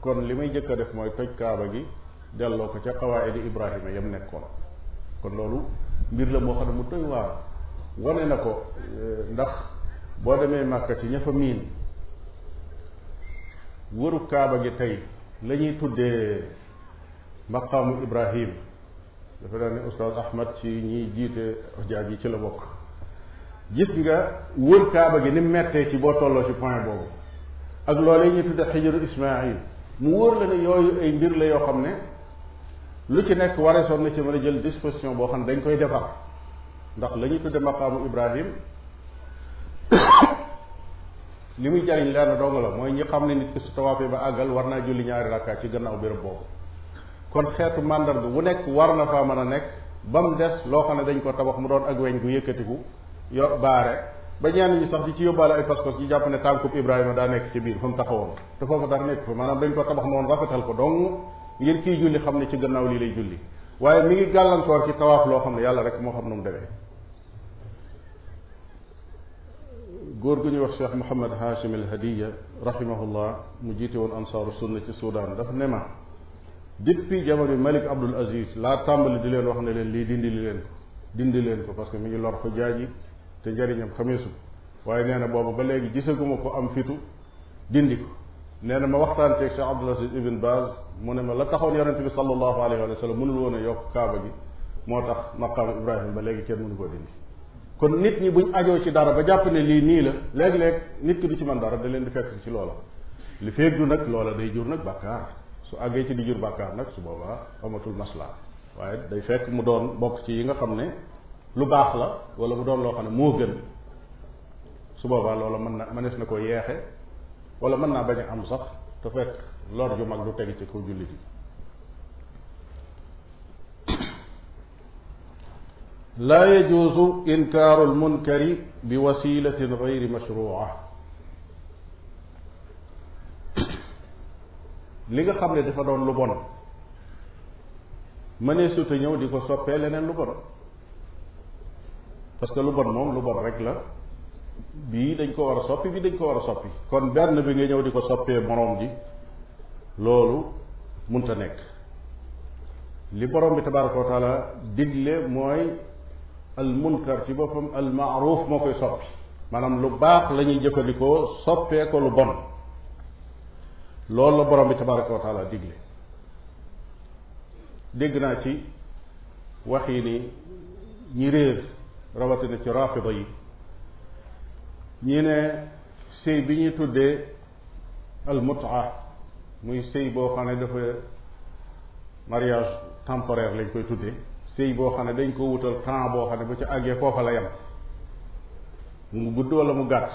kon li may jëkk def mooy toj kaaba gi delloo ko ca xawaaidi ibrahima yam nekkoon kon loolu mbir la moo xam ne mu doy waar wone na ko eh, ndax boo demee màkka ci ña fa miin wëru kaaba gi tey lañuy tuddee maqaamu Ibrahim dafa daan ne ustaaz Ahmad ci ñiy jiite jaaj yi ci la bokk gis nga wër kaaba gi ni mettee ci boo tolloo ci point boobu ak loolee ñu tudde xijaru Ismail mu wóor la ne yooyu ay mbir la yoo xam ne lu ci nekk wareesoon na ci mën a jël disposition boo xam ne dañ koy defar ndax la ñu tudde maqaamu Ibrahim li muy jariñ lenn dong la mooy ñi xam ne nit ki su tawaafee ba àggal war naa julli ñaari rakkaat ci gannaaw béréb boobu kon xeetu màndarga bu nekk war na faa mën a nekk ba mu des loo xam ne dañ ko tabax mu doon ak weñ gu yëkkatiku yor baare ba ñaan ñi sax di ci yóbbaale ay pas-pas yi jàpp ne tànkub Ibrahima daa nekk ci biir fa mu taxawoon te foofu dara nekk fa maanaam dañ ko tabax noonu rafetal ko dong ngir kii julli xam ne ci gannaaw lii lay julli waaye mi ngi gàllankoor ci tawaaf loo xam ne yàlla rek moo xam nu mu demee góor gu ñuy wax Cheikh Mouhamad Hashim al Hadiya rahimahullah mu jiite woon ansaaru sunna ci Soudan daf ne ma depuis jamono bi Malik Abdul Aziz laa tàmbali di leen wax ne leen lii dindi leen ko dindi leen ko parce que mi ngi lor ko jaaji te njariñam xameesu waaye nee na booba ba léegi gisaguma ko am fitu dindi ko nee na ma waxtaan ceeg Cheikh Abdul Aziz Ibn Baz mu ne ma la taxoon yonente bi sallallahu alayhi wa sallam mënul woon a yokk kaaba gi moo tax maqaam Ibrahima ba léegi kenn mënu ko dindi kon nit ñi buñ ajoo ci dara ba jàpp ne lii nii la léeg-léeg nit ki du ci mën dara da leen di fekk ci loola li feeg du nag loola day jur nag bàkkaar su àggee ci di jur bàkkaar nag su boobaa amatul maslaa waaye day fekk mu doon bokk ci yi nga xam ne lu baax la wala mu doon loo xam ne moo gën su boobaa loola mën na mënees na ko yeexe wala mën naa bañ a am sax te fekk lor ju mag du teg ci kaw jullit yi laa yajuusu inkaaru lmunkari bi wasilatin gayri mashrua li nga xam ne dafa doon lu bon mënee suta ñëw di ko soppee leneen lu bon parce que lu bon moom lu bon rek la bii dañ ko war a soppi bi dañ ko war a soppi kon benn bi nga ñëw di ko soppee moroom ji loolu munta nekk li borom bi tabaraka wa taala digle mooy al munkar ci boppam al moo koy soppi maanaam lu baax lañuy ñuy jëfandikoo soppee ko lu bon loolu la borom bi tabaraka wa digle dégg naa ci wax yi ni ñi réer rawatina ci rafida yi ñi ne sëy bi ñuy tuddee al mutaa muy sëy boo xam ne dafa mariage temporaire lañ koy tuddee séy boo xam ne dañ ko wutal temps boo xam ne bu ci àggee foofa la yem mu gudd wala mu gàtt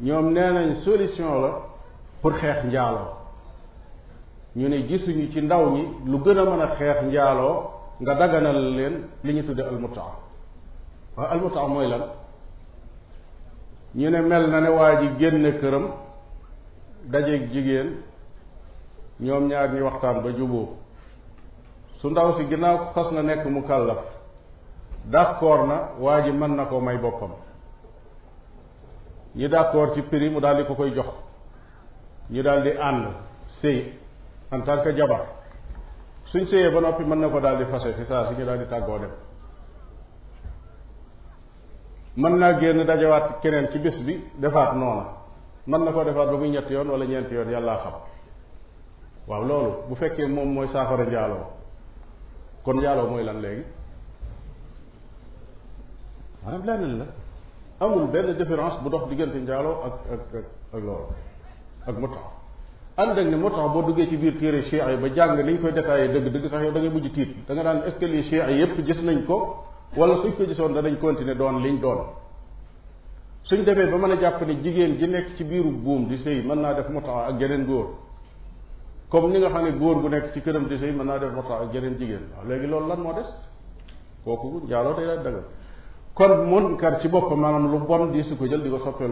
ñoom nee nañ solution la pour xeex njaaloo ñu ne gisuñu ci ndaw ñi lu gën a mën a xeex njaaloo nga daganal leen li ñu tudde almutaa waaw almutaa mooy lan ñu ne mel na ne waa ji génne këram daje jigéen ñoom ñaar ñi waxtaan ba juboo su ndaw si ginnaaw xas na nekk mu kàllaf d'accord na waa ji mën na ko may boppam ñi d'accord ci prix mu daal di ko koy jox ñu daal di ànd sëy en tant que jabar suñ sëyee ba noppi mën na ko daal di fase fi saa si ñu daal di tàggoo dem mën naa génn dajawaat keneen ci bis bi defaat noona mën na koo defaat ba muy ñetti yoon wala ñeenti yoon yàllaa xam waaw loolu bu fekkee moom mooy saafara njaaloo kon njaaloo mooy lan léegi maanaam leneen amul benn différence bu dox diggante njaaloo ak ak ak ak loolu ak moto ànd ak ne moto boo duggee ci biir téere chia ay ba jàng ni ñu koy détaillé dëgg-dëgg sax yow da ngay mujj tiit da nga daan est-ce que lii chia yépp gis nañ ko wala suñ ko gisoon danañ continuer doon liñ doon suñ demee ba mën a jàpp ne jigéen ji nekk ci biiru buum di sëy mën naa def motaa ak geneen góor comme ni nga xam ne góor bu nekk ci këram di sëy mën naa def motaa ak geneen jigéen waaw léegi loolu lan moo des kooku njaaloo day daal dagal kon munkar ci boppam maanaam lu bon di ko jël di ko soppee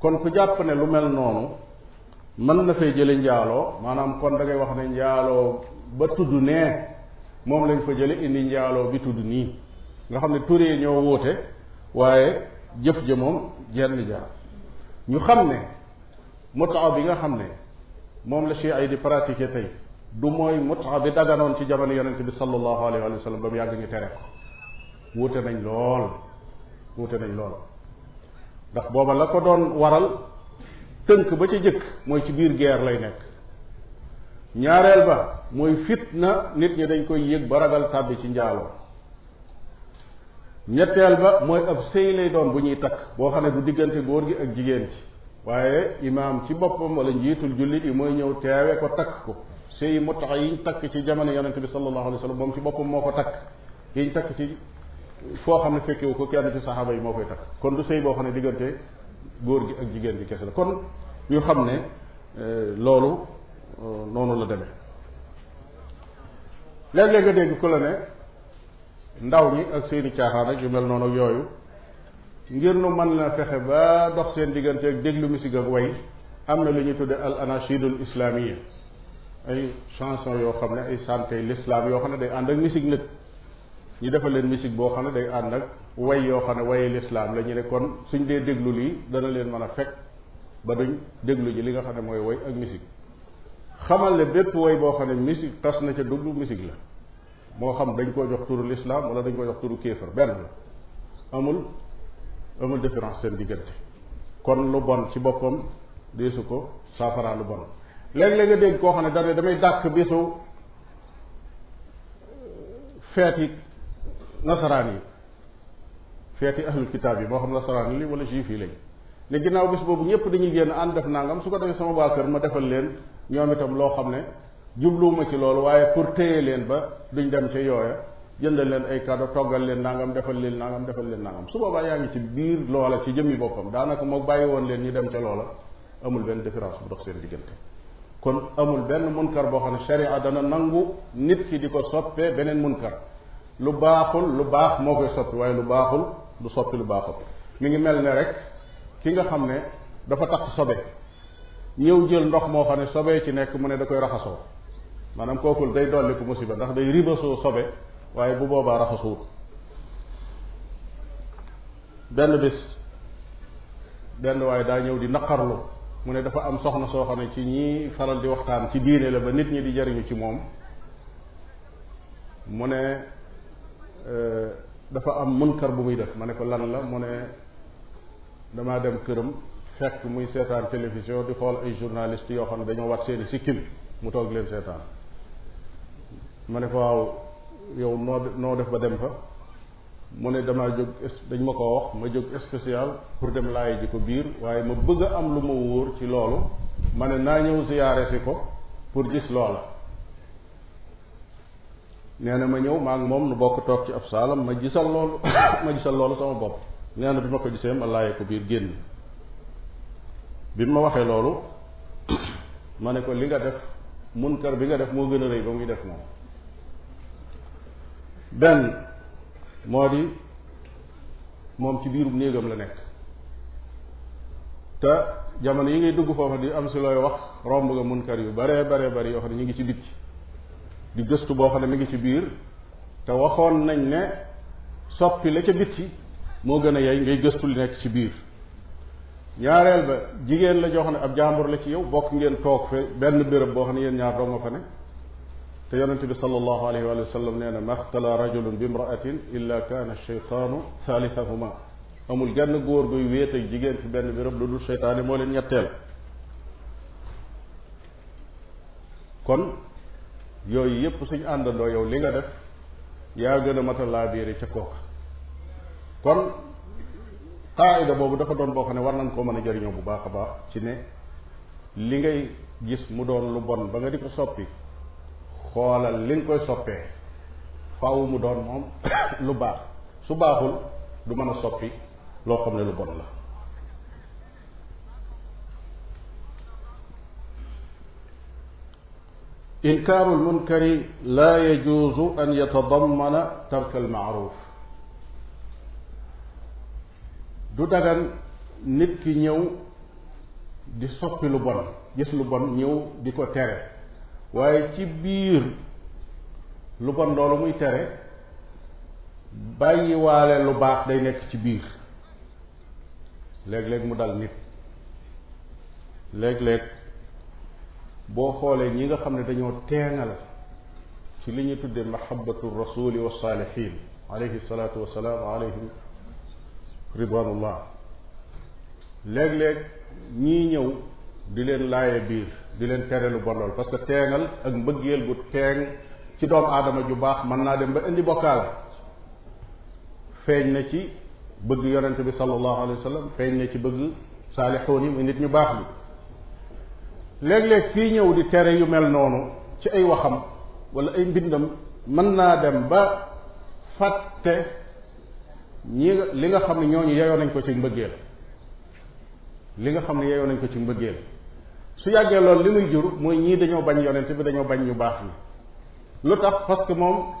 kon ku jàpp ne lu mel noonu mën na fay jële njaaloo maanaam kon da wax ne njaaloo ba tudd nee moom lañ fa jële indi njaaloo bi tudd nii nga xam ne tur yi ñoo wuute waaye jëf ja moom jenn jaar ñu xam ne mutaa bi nga xam ne moom la si ay di pratiqué tey du mooy mutaa bi daganoon ci jamono yonente bi sallallahu alayhi wa sallam ba mu yàgg ñu tere ko wuute nañ lool wuute nañ lool ndax booba la ko doon waral tënk ba ci jëkk mooy ci biir geer lay nekk ñaareel ba mooy fit na nit ñi dañ koy yëg ba ragal tàbbi ci njaaloo ñetteel ba mooy ab sëy lay doon bu ñuy takk boo xam ne du diggante góor gi ak jigéen ci waaye imaam ci boppam wala njiitul jullit yi mooy ñëw teewe ko takk ko sëy mutax ñu takk ci jamono yonente bi sallallahu alayhi wa sallam moom ci boppam moo ko takk yiñ takk ci foo xam ne fekkewu ko kenn ci saxaaba yi moo koy takk kon du sëy boo xam ne diggante góor gi ak jigéen gi kese la kon ñu xam ne euh, loolu euh, noonu la deme léeg-léeg nga dégg ku la ne ndaw ñi ak seeni caaxaan ak yu mel noonu ak yooyu ngir nu mën na fexe ba dox seen diggante ak déglu musique ak way am na lu ñu tudde al anachidul yi ay chanson yoo xam ne ay santé l'islam yoo xam ne day ànd ak musique nag ñu defal leen musique boo xam ne day ànd ak way yoo xam ne wayee l'islam la ñu ne kon suñ dee déglu lii dana leen mën a fekk ba duñ déglu ji li nga xam ne mooy woy ak musique xamal ne bépp woy boo xam ne musique tas na ca dugg misik la moo xam dañ koo jox turu lislaam wala dañ koo jox turu kéefar benn la amul amul différence seen diggante kon lu bon ci boppam deesu ko saafaraa lu bon léeg-léeg nga dégg koo xam ne dane damay dàkk bisu yi nasaraan yi feet feeti ahlul kitaab yi moo xam nasaraan li wala juif yi lañ ne ginnaaw bis boobu ñëpp dañuy génn ànd def nangam su ko defee sama waa kër ma defal leen ñoom itam loo xam ne jubluwuma ci loolu waaye pour téye leen ba duñ dem ca yooya jëndal leen ay cadeau toggal leen nangam defal leen nangam defal leen nangam su boobaa yaa ngi ci biir loola ci jëmmi boppam daanaka moo bàyyi woon leen ñu dem ca loola amul benn différence bu dox seen diggante kon amul benn munkar boo xam ne sharia dana nangu nit ki di ko soppee beneen munkar lu baaxul lu baax moo koy soppi waaye lu baaxul du soppi lu baaxul mi ngi mel ne rek ki nga xam ne dafa takk sobe ñëw jël ndox moo xam ne sobe ci nekk mu ne da koy raxasoo maanaam kookul day dolli ko musiba ndax day ribasoo sobe waaye bu boobaa raxasuwut benn bis benn waaye daa ñëw di naqarlu mu ne dafa am soxna soo xam ne ci ñi faral di waxtaan ci diine la ba nit ñi di jariñu ci moom mu ne euh, dafa am munkar bu muy def ma ne ko lan la mu ne damaa dem këram fekk muy seetaan télévision di xool ay journaliste yoo xam ne dañoo wat seeni sikkim mu toog leen seetaan ma ne ko waaw yow noo noo def ba dem fa mu ne damaa jóg dañ ma ko wax ma jóg spécial pour dem laaye ji ko biir waaye ma bëgg a am lu ma wóor ci loolu ma ne naa ñëw ziyaare si ko pour gis loola nee na ma ñëw maa ngi moom nu bokk toog ci ab saalam ma gisal loolu ma gisal loolu sama bopp nee bi ma ko gisee ma laaye ko biir génn bi ma waxee loolu ma ne ko li nga def munkar bi nga def moo gën a rëy ba muy def moom benn moo di moom ci biirum néegam la nekk te jamono yi ngay dugg foofa di am si looy wax romb nga munkar yu bare bare bari yoo xam ne ñu ngi ci bitti di gëstu boo xam ne mi ngi ci biir te waxoon nañ ne soppi la ca bitti moo gën a yey ngay gëstu li nekk ci biir ñaareel ba jigéen la joo xam ne ab jaambur la ci yow bokk ngeen toog fe benn béréb boo xam ne yéen ñaar doo nga fa ne te yonente bi sallallahu alayhi wa sallam nee na maxtala rajulun bi imraatin illa kaana cheytaanu thalithahuma amul genn góor guy wéet jigéen fi benn béréb lu dul cheytaane moo leen ñetteel kon yooyu yépp suñ àndandoo yow li nga def yaa gën a mat a laabiire ca kooka kon qaayida boobu dafa doon boo xam ne war nañ koo mën a jariñoo bu baax a baax ci ne li ngay gis mu doon lu bon ba nga di ko soppi xoolal li nga koy soppee faaw mu doon moom lu baax su baaxul du mën a soppi loo xam ne lu bon la inkaaru lmunkari la yajuuzu an yatadammana tark almaaruf du dagan nit ki ñëw di soppi lu bon gis lu bon ñëw di ko tere waaye ci biir lu bon loolu muy tere bàyyiwaale lu baax day nekk ci biir léeg-léeg mu dal nit léeg-léeg boo xoolee ñi nga xam ne dañoo teengal ci li ñu tuddee mahabatu rasuli wa saalihin alayhi salaatu wa salaam alayhim ridwanullah léeg-léeg ñii ñëw di leen laaye biir di leen tere lu bon lool parce que teengal ak mbëggeel bu teeng ci doomu aadama ju baax mën naa dem ba indi bokkaale feeñ na ci bëgg yonente bi sallallahu alayhi wa feeñ na ci bëgg saalixoon muy nit ñu baax bi léeg-léeg kii ñëw di tere yu mel noonu ci ay waxam wala ay mbindam mën naa dem ba fàtte ñi li nga xam ne ñooñu yeyoo nañ ko ci mbëggeel li nga xam ne yeyoo nañ ko ci mbëggeel su yàggee loolu li muy jur mooy ñii dañoo bañ yonent bi dañoo bañ ñu baax ni lu tax parce que moom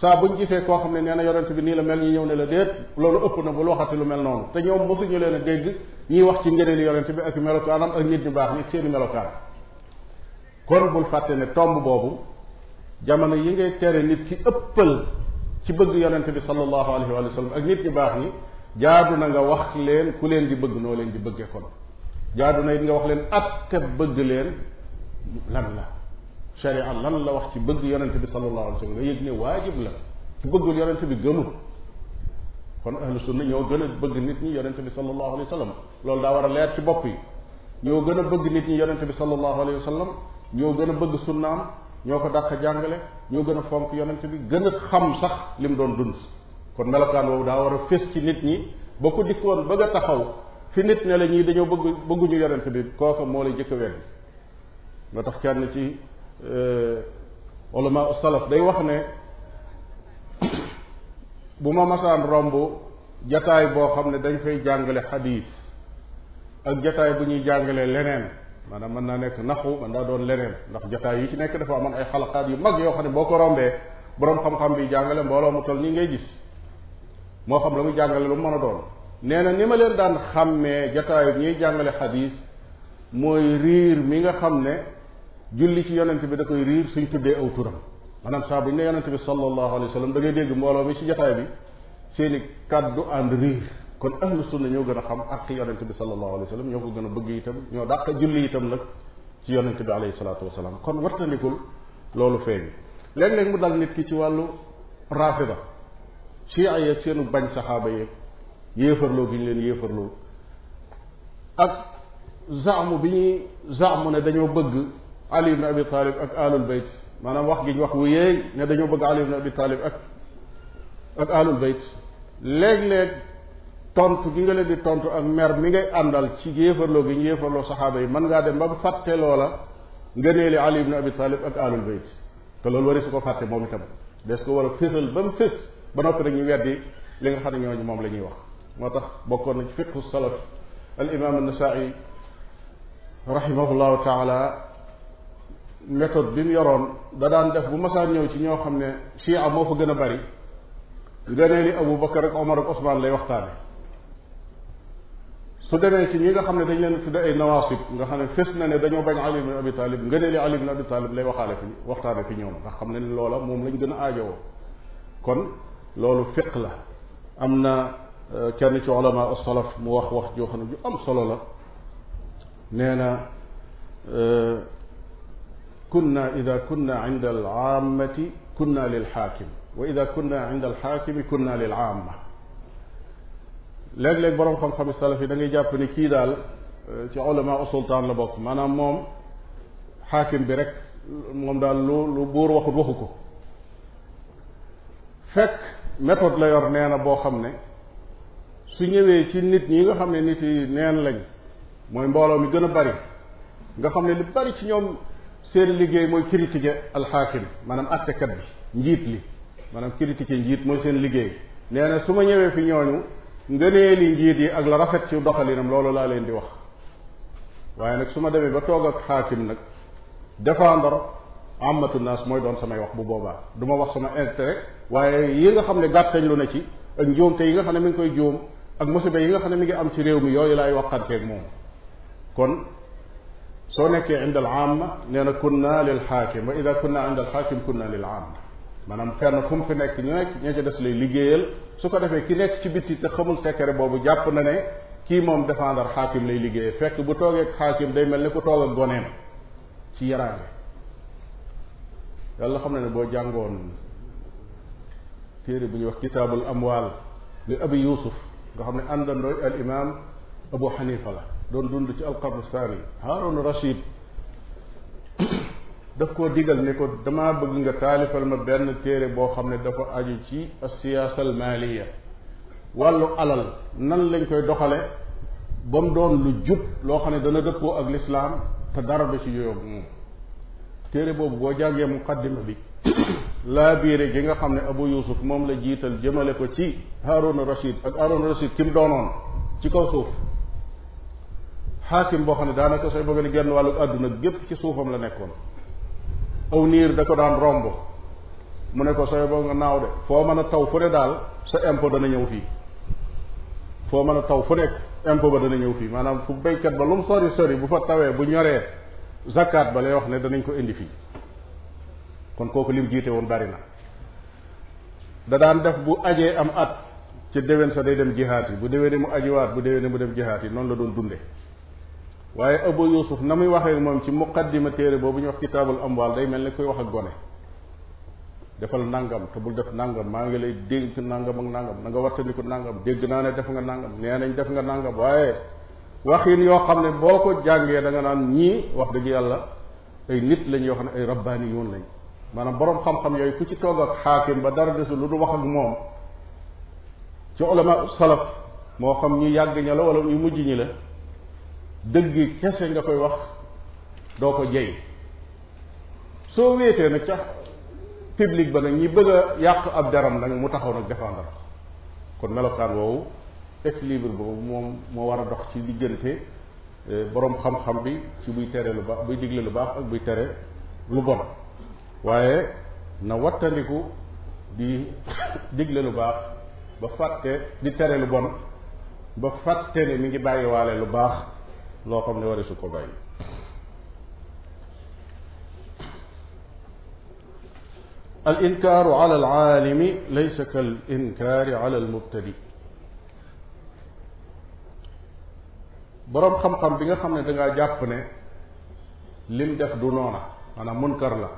saa buñ gisee koo xam ne nee na yonent bi nii la mel ñu ñëw ne la déet loolu ëpp na bul waxati lu mel noonu te ñoom mosuñu leen a dégg ñiy wax ci ngëneeli yonent bi ak melokaanam ak nit ñu baax ni seeni melokaan kon bul fàtte ne tomb boobu jamono yi ngay tere nit ki ëppal ci bëgg yonente bi sallallahu alayhi wa sallam ak nit ñu baax ñi jaadu na nga wax leen ku leen di bëgg noo leen di bëggee kon jaadu na it nga wax leen atte bëgg leen lan la sharia lan la wax ci bëgg yonente bi sallallahu alayhi wa sallam nga yëg ne waajib la ku bëggul yonente bi gëmul kon ahlu sunna ñoo gën a bëgg nit ñi yonente bi sallallahu alayhi wa sallam loolu daa war a leer ci bopp yi ñoo gën a bëgg nit ñi yonente bi sallallahu alayhi wa sallam ñoo gën a bëgg sunnaam ñoo ko dàq jàngale ñoo gën a fonk yonente bi gën a xam sax li mu doon dund kon melokaan woowu daa war a fés ci nit ñi ba ko dikkoon bëgg a taxaw fi nit ñi la ñii dañoo bëgg bëgguñu yonente bi kooka moo lay jëkk a wedd nga tax kenn ci eh, ulama salaf day wax ne bu ma masaan romb jataay boo xam ne dañ fay jàngale xadiis ak jataay bu ñuy jàngalee leneen maanaam mën naa nekk naxu mën naa doon leneen ndax jotaay yu ci nekk dafa amoon ay xalaqaat yu mag yoo xam ne boo ko rombee boroom xam-xam bi jàngale mbooloo mu toll nii ngay gis moo xam la mu jàngale lu mu mën a doon nee na ni ma leen daan xàmmee jotaayu ñuy jàngale xadiis mooy riir mi nga xam ne julli ci yonent bi da koy riir suñ tuddee aw turam maanaam saa bu ñu ne yonent bi sallallahu alayhi wa sallam da ngay dégg mbooloo mi ci jotaay bi seeni kàddu ànd riir kon ahlu sunna ñoo gën a xam ak yonent bi sallallahu alayhi wa sallam ñoo ko gën a bëgg itam ñoo dàq julli itam nag ci yonent bi alayhi salaatu wasalaam kon wartanikul loolu feeñ léeg-léeg mu dal nit ki ci wàllu rafida chia yeeg seenu bañ saxaaba yeeg yéefarloo gi ñu leen yéefarloo ak zaamu bi ñuy zaamu ne dañoo bëgg ali ibn abi talib ak alul bayt maanaam wax gi ñu wax wu yeey ne dañoo bëgg ali ibn abi talib ak ak alul bayt léeg-léeg tont gi nga leen di tontu ak mer mi ngay àndal ci yéefarloo gi ñu yéefarloo saxaaba yi mën ngaa dem ba fàtte loola ngëneeli ali ibn abi talib ak alul bayt te loolu wari ko fàtte moom itam des ko war a fésal ba ba noppi rek ñu weddi li nga xam ne ñooñu moom la ñuy wax moo tax bokkoon na ci fiqhu salaf al imam an-nasa'i rahimahullahu taala méthode bi mu yoroon da def bu masaan ñëw ci ñoo xam ne chia moo fa gën a bari ngëneeli abou bakar ak omar ak osman lay waxtaane su demee ci ñi nga xam ne dañ leen tudde ay nawaasib nga xam ne fes na ne dañoo bañ Ali ibn Abi Talib nga ne li Ali ibn Abi Talib lay waxaale fi waxtaane fi ñoom ndax xam ne ne loola moom lañ gën a aajowoo kon loolu fiq la am na euh, kenn ci ulama as-salaf mu wax wax joo xam ne ju am solo la nee na euh, kunna ida kunna inda al aamati kunna lil xaakim wa ida kunna inda al xaakimi kunna lil aama léeg-léeg borom xam-xam salaf yi da ngay jàpp ni kii daal euh, ci ulama u sultaan la bokk maanaam moom xaakim bi rek moom daal lu lu buur waxut waxu ko fekk méthode la yor nee na boo xam ne su ñëwee ci nit ñi nga xam ne nit yi neen lañ mooy mbooloo mi gën a bari nga xam ne lu bari ci ñoom seen liggéey mooy critiquer alxaakim maanaam attekat bi njiit li maanaam critiquer njiit mooy seen liggéey nee su ma ñëwee fi ñooñu ngëneeli njiit yi ak la rafet ci doxalinam loolu laa leen di wax waaye nag su ma demee ba toog ak xaakim nag défendre amatu naas mooy doon samay wax bu boobaa du ma wax sama intérêt waaye yi nga xam ne gàttañ lu na ci ak njuumte yi nga xam ne mi ngi koy juum ak musiba yi nga xam ne mi ngi am ci réew mi yooyu laay waxanteeg moom kon soo nekkee ind al amma nee na kunna lil xaakim wa ida kunna ind al xaakim kunna lil amma maanaam fenn fu mu fi nekk ñu nekk ña ca des lay liggéeyal su ko defee ki nekk ci bitti te xamul secret boobu jàpp na ne kii moom défendre xaakim lay liggéeyee fekk bu toogee ak xaakim day mel ni ku toog ak goneem ci yaraange yàlla xam na ne boo jàngoon téere bu ñuy wax kitaabul amwaal li abi yusuf nga xam ne àndandooy al imam abu xanifa la doon dund ci alqarnu saani haarun rachid daf ko digal ne ko damaa bëgg nga taalifal ma benn téere boo xam ne dafa aju ci asiyaasal maaliya wàllu alal nan lañ koy doxale ba mu doon lu jub loo xam ne dana dëppoo ak lislaam te dara du ci yooyu moom téere boobu boo jàngee muqaddima bi laa biire gi nga xam ne Abu Yusuf moom la jiital jëmale ko ci Haaruna Rashid ak Haaruna Rashid ki mu doonoon ci kaw suuf xaakim boo xam ne daanaka sooy bëgg ne genn wàllu àdduna gépp ci suufam la nekkoon aw niir da ko daan romb mu ne ko sooy boo nga naaw de foo mën a taw fu ne daal sa impôt dana ñëw fii foo mën a taw fu nekk impôt ba dana ñëw fii maanaam fu béykat ba lu mu sori sori bu fa tawee bu ñoree zakat ba lay wax ne danañ ko indi fii kon kooku lim jiite woon bari na da daan def bu ajee am at ci déwén sa day dem jihaat yi bu déwénee mu ajiwaat bu déwénee mu dem jihaat yi noonu la doon dunde waaye Abu Yusuf na muy waxee moom ci muqaddima téere boobu ñu wax kitaabul amwaal day mel ni koy wax ak gone defal nangam te bul def nangam maa ngi lay dégg nàngam ak nangam na nga wattandiku nangam dégg naa ne def nga nangam nee nañ def nga nangam waaye waxin yoo xam ne boo ko jàngee da nga naan ñii wax dëgg yàlla ay nit lañu yoo xam ne ay rabbaani yoon lañ maanaam borom xam-xam yooyu ku ci toog ak xaakim ba dara desul lu du wax ak moom ci ulama xam ñu yàgg ña la mujj ñi dëgg kese nga koy wax doo ko jey soo wéetee na ca public ba nag ñi bëgg a yàq ab daram nag mu taxaw nag défendre kon melokaan woowu équilibre boobu moom moo war a dox ci diggante euh, boroom xam-xam bi ci buy tere lu baax buy digle lu baax ak buy tere lu bon waaye na wattandiku di digle lu baax ba fàtte di tere lu bon ba fàtte ne mi ngi bàyyiwaale lu baax loo xam ne warisu ko bàyyi al inkaaru ala al aalimi laysa kal boroom xam-xam bi nga xam ne danga jàpp ne lim def du noona maanaam munkar la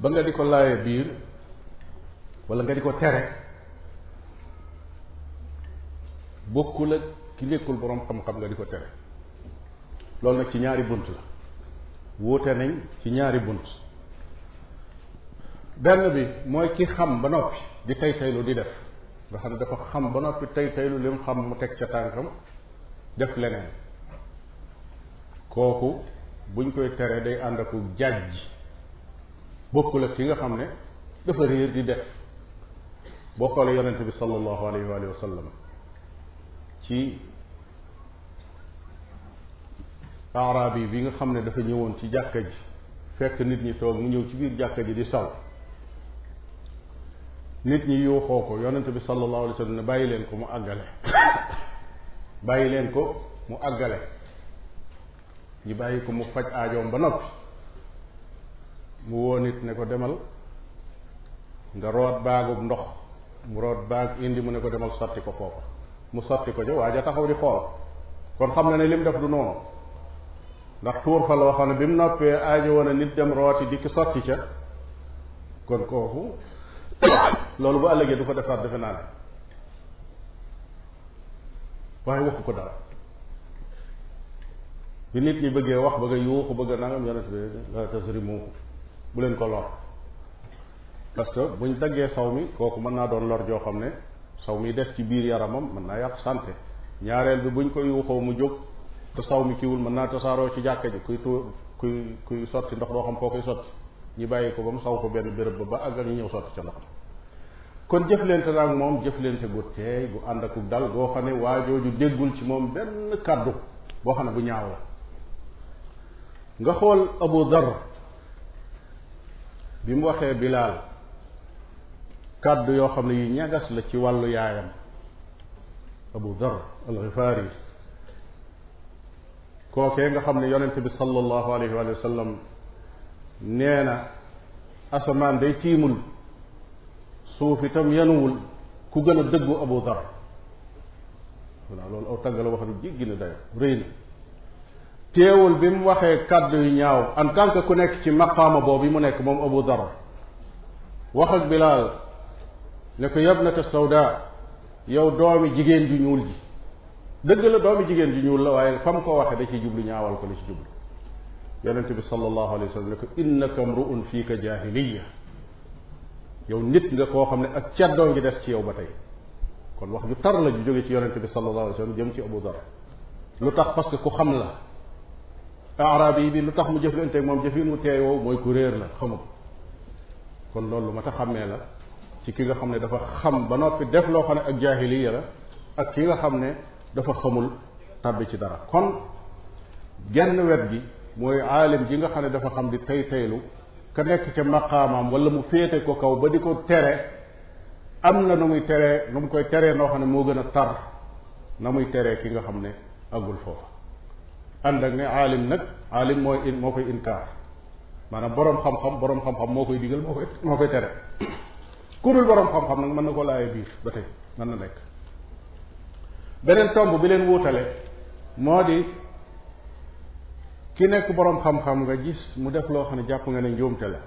ba nga di ko laaye biir walla nga di ko tere bokkul ak ki nekkul boroom xam-xam nga di ko tere loolu nag ci ñaari bunt la wuute nañ ci ñaari bunt benn bi mooy ki xam ba noppi di tay taylu di def nga xam ne dafa xam ba noppi tay taylu li xam mu teg ca tànkam def leneen kooku buñ koy tere day ànd ak jàjj bokkul ak ki nga xam ne dafa réer di def boo xoolee yonente bi sallallahu alayhi wa sallam ci arab yi bi nga xam ne dafa ñëwoon ci jàkka ji fekk nit ñi toog mu ñëw ci biir jàkka ji di saw nit ñi yuuxoo ko yonente bi sallallahu alayhi wa sallam ne bàyyi leen ko mu àggale bàyyi leen ko mu àggale ñi bàyyi ko mu faj aajoom ba noppi mu woo nit ne ko demal nga root baagub ndox mu root baag indi mu ne ko demal sotti ko foofa mu sotti ko ca waa ja taxaw di xool kon xam na ne lim def du noonu ndax tuur fa loo xam ne bi mu noppee aajo woon a nit dem rooti dikki sotti ca kon kooku loolu bu ëllëgee du ko defaat defe naa ne waaye waxu ko dara bi nit ñi bëggee wax bëgg a yuuxu bëgg a nangam yonent bi la tasrimu bu leen ko lor parce que buñ daggee saw mi kooku mën naa doon lor joo xam ne saw mi des ci biir yaramam mën naa yàq santé ñaareel bi buñ ko yuuxoo mu jóg te saw mi kiwul mën naa tasaaroo ci jàkka ji kuy tuur kuy sotti ndox doo xam foo koy sotti ñu bàyyi ko ba mu saw ko benn béréb ba ba àgg ak ñu ñëw sotti ca ndox kon jëflante naa moom jëflante gu teey gu ànd ak dal goo xam ne waa jooju déggul ci moom benn kàddu boo xam ne bu ñaaw la nga xool Abu Dar bi mu waxee Bilaal kàddu yoo xam ne yu ñagas la ci wàllu yaayam abu dar alxifaari kookee nga xam ne yonente bi sallallahu alayhi wa sallam nee na asamaan day tiimul suuf itam yanuwul ku gën a dëggu abu dar wala loolu aw tàgg la wax ne jéggi na dayo rëy na teewul bi mu waxee kàddu yu ñaaw en tant ku nekk ci maqaama boobu mu nekk moom abu dar wax bilaal ne ko yabnata sawda yow doomi jigéen ju ñuul ji dëgg la doomi jigéen ju ñuul la waaye fam ko waxe da ciy jublu ñaawal ko la ci jublu yonente bi sallallahu alayhi wa sallam ne ko innaka mru'un fiika jahiliya yow nit nga koo xam ne ak caddoo ngi def ci yow ba tey kon wax ju tar la ju jóge ci yonente bi sallallahu alayhi wa jëm ci Abu Dar lu tax parce que ku xam la arabi bi lu tax mu jëflanteeg moom jëfin mu teeyoo mooy ku réer la xamul kon loolu ma ta la ci ki nga xam ne dafa xam ba noppi def loo xam ne ak jaahiliya la ak ki nga xam ne dafa xamul tàbbi ci dara kon genn wet gi mooy aalim gi nga xam ne dafa xam di tey teylu ka nekk ca maqaamaam wala mu féete ko kaw ba di ko tere am na nu muy teree na mu koy teree noo xam ne moo gën a tar na muy teree ki nga xam ne agul foofu ànd ak ne aalim nag aalim mooy in moo koy inkaar maanaam boroom xam-xam boroom xam-xam moo koy digal moo koy tere ku boroom borom xam-xam nag mën na ko laaya biir ba tey mën na nekk beneen tomb bi leen wuutale moo di ki nekk borom xam-xam nga gis mu def loo xam ne jàpp nga ne njuumte la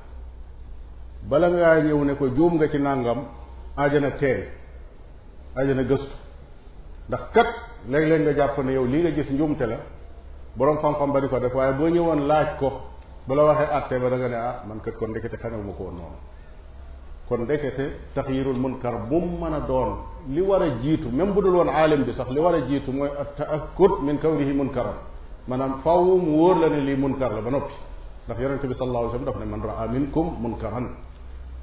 bala ngaa ñëw ne ko juum nga ci nàngam ajana teey ajana gëstu ndax kat léeg-léeg nga jàpp ne yow lii nga gis njuumte la borom xam-xam ba di ko def waaye boo ñëwoon laaj ko bala la waxee àtte ba da nga ne ah man kat kon ndekete xamewuma ko noonu kon ndekete taxyirul munkar bu mu mën a doon li war a jiitu même bu dul woon aalim bi sax li war a jiitu mooy at taakkut min kawnihi munkaran maanaam faw mu wóor la ne lii munkar la ba noppi ndax yonente bi sallallahu alayhi wasallam daf ne man raa minkum munkaran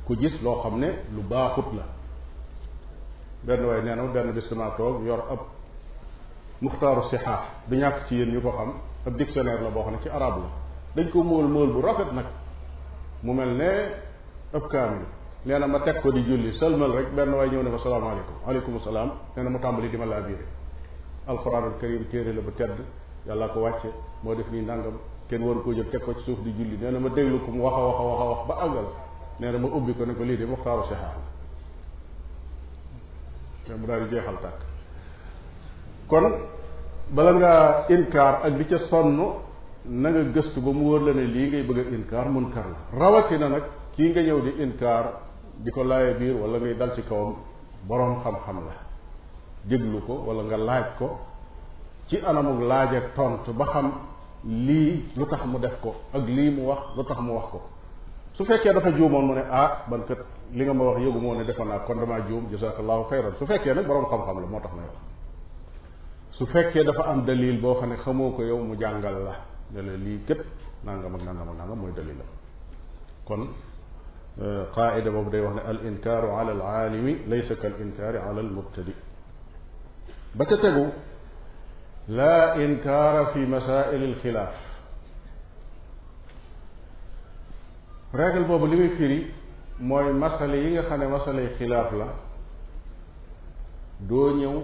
ku gis loo xam ne lu baaxut la benn waay nee na benn bis damaa yor ab muxtaaru sixaax du ñàkk ci yéen ñu ko xam ab dictionnaire la boo xam ne ci arabe la dañ ko móol móol bu rafet nag mu mel ne ab nee ma teg ko di julli sëlmal rek benn waay ñëw ne ma salaamaaleykum aleykum salaam nee mu tàmbali di ma laa biire alquranul karim téere la bu tedd yàlla ko wàcce moo def nii nangam kenn waru koo jël teg ko ci suuf di julli nee ma déglu ko mu wax a wax a wax ba àggal nee ma ubbi ko ne ko lii de muxtaaru sixaar te mu daal di jeexal tàkk kon bala ngaa inkaar ak di ca sonn na gëstu ba mu wóor la ne lii ngay bëgg a inkaar munkar la rawatina nga ñëw di di ko laaye biir wala ngay dal ci kawam boroom xam-xam la déglu ko wala nga laaj ko ci anamuk laaj ak tontu ba xam lii lu tax mu def ko ak lii mu wax lu tax mu wax ko su fekkee dafa juumoon mu ne ah man li nga ma wax yëgu moo ne defoon naa kon damaa juum jazakallahu xayran su fekkee nag boroom xam-xam la moo tax may wax su fekkee dafa am dalil boo xam ne xamoo ko yow mu jàngal la ne la lii kët nangam ak nangam ak nangam mooy dalil la qaida boobu day wax ne al inkaaru ala al aalimi laysa kal inkaari ala ba ca tegu laa inkaara fi masail al xilaaf boobu li muy firi mooy masale yi nga xam ne masale xilaaf la doo ñëw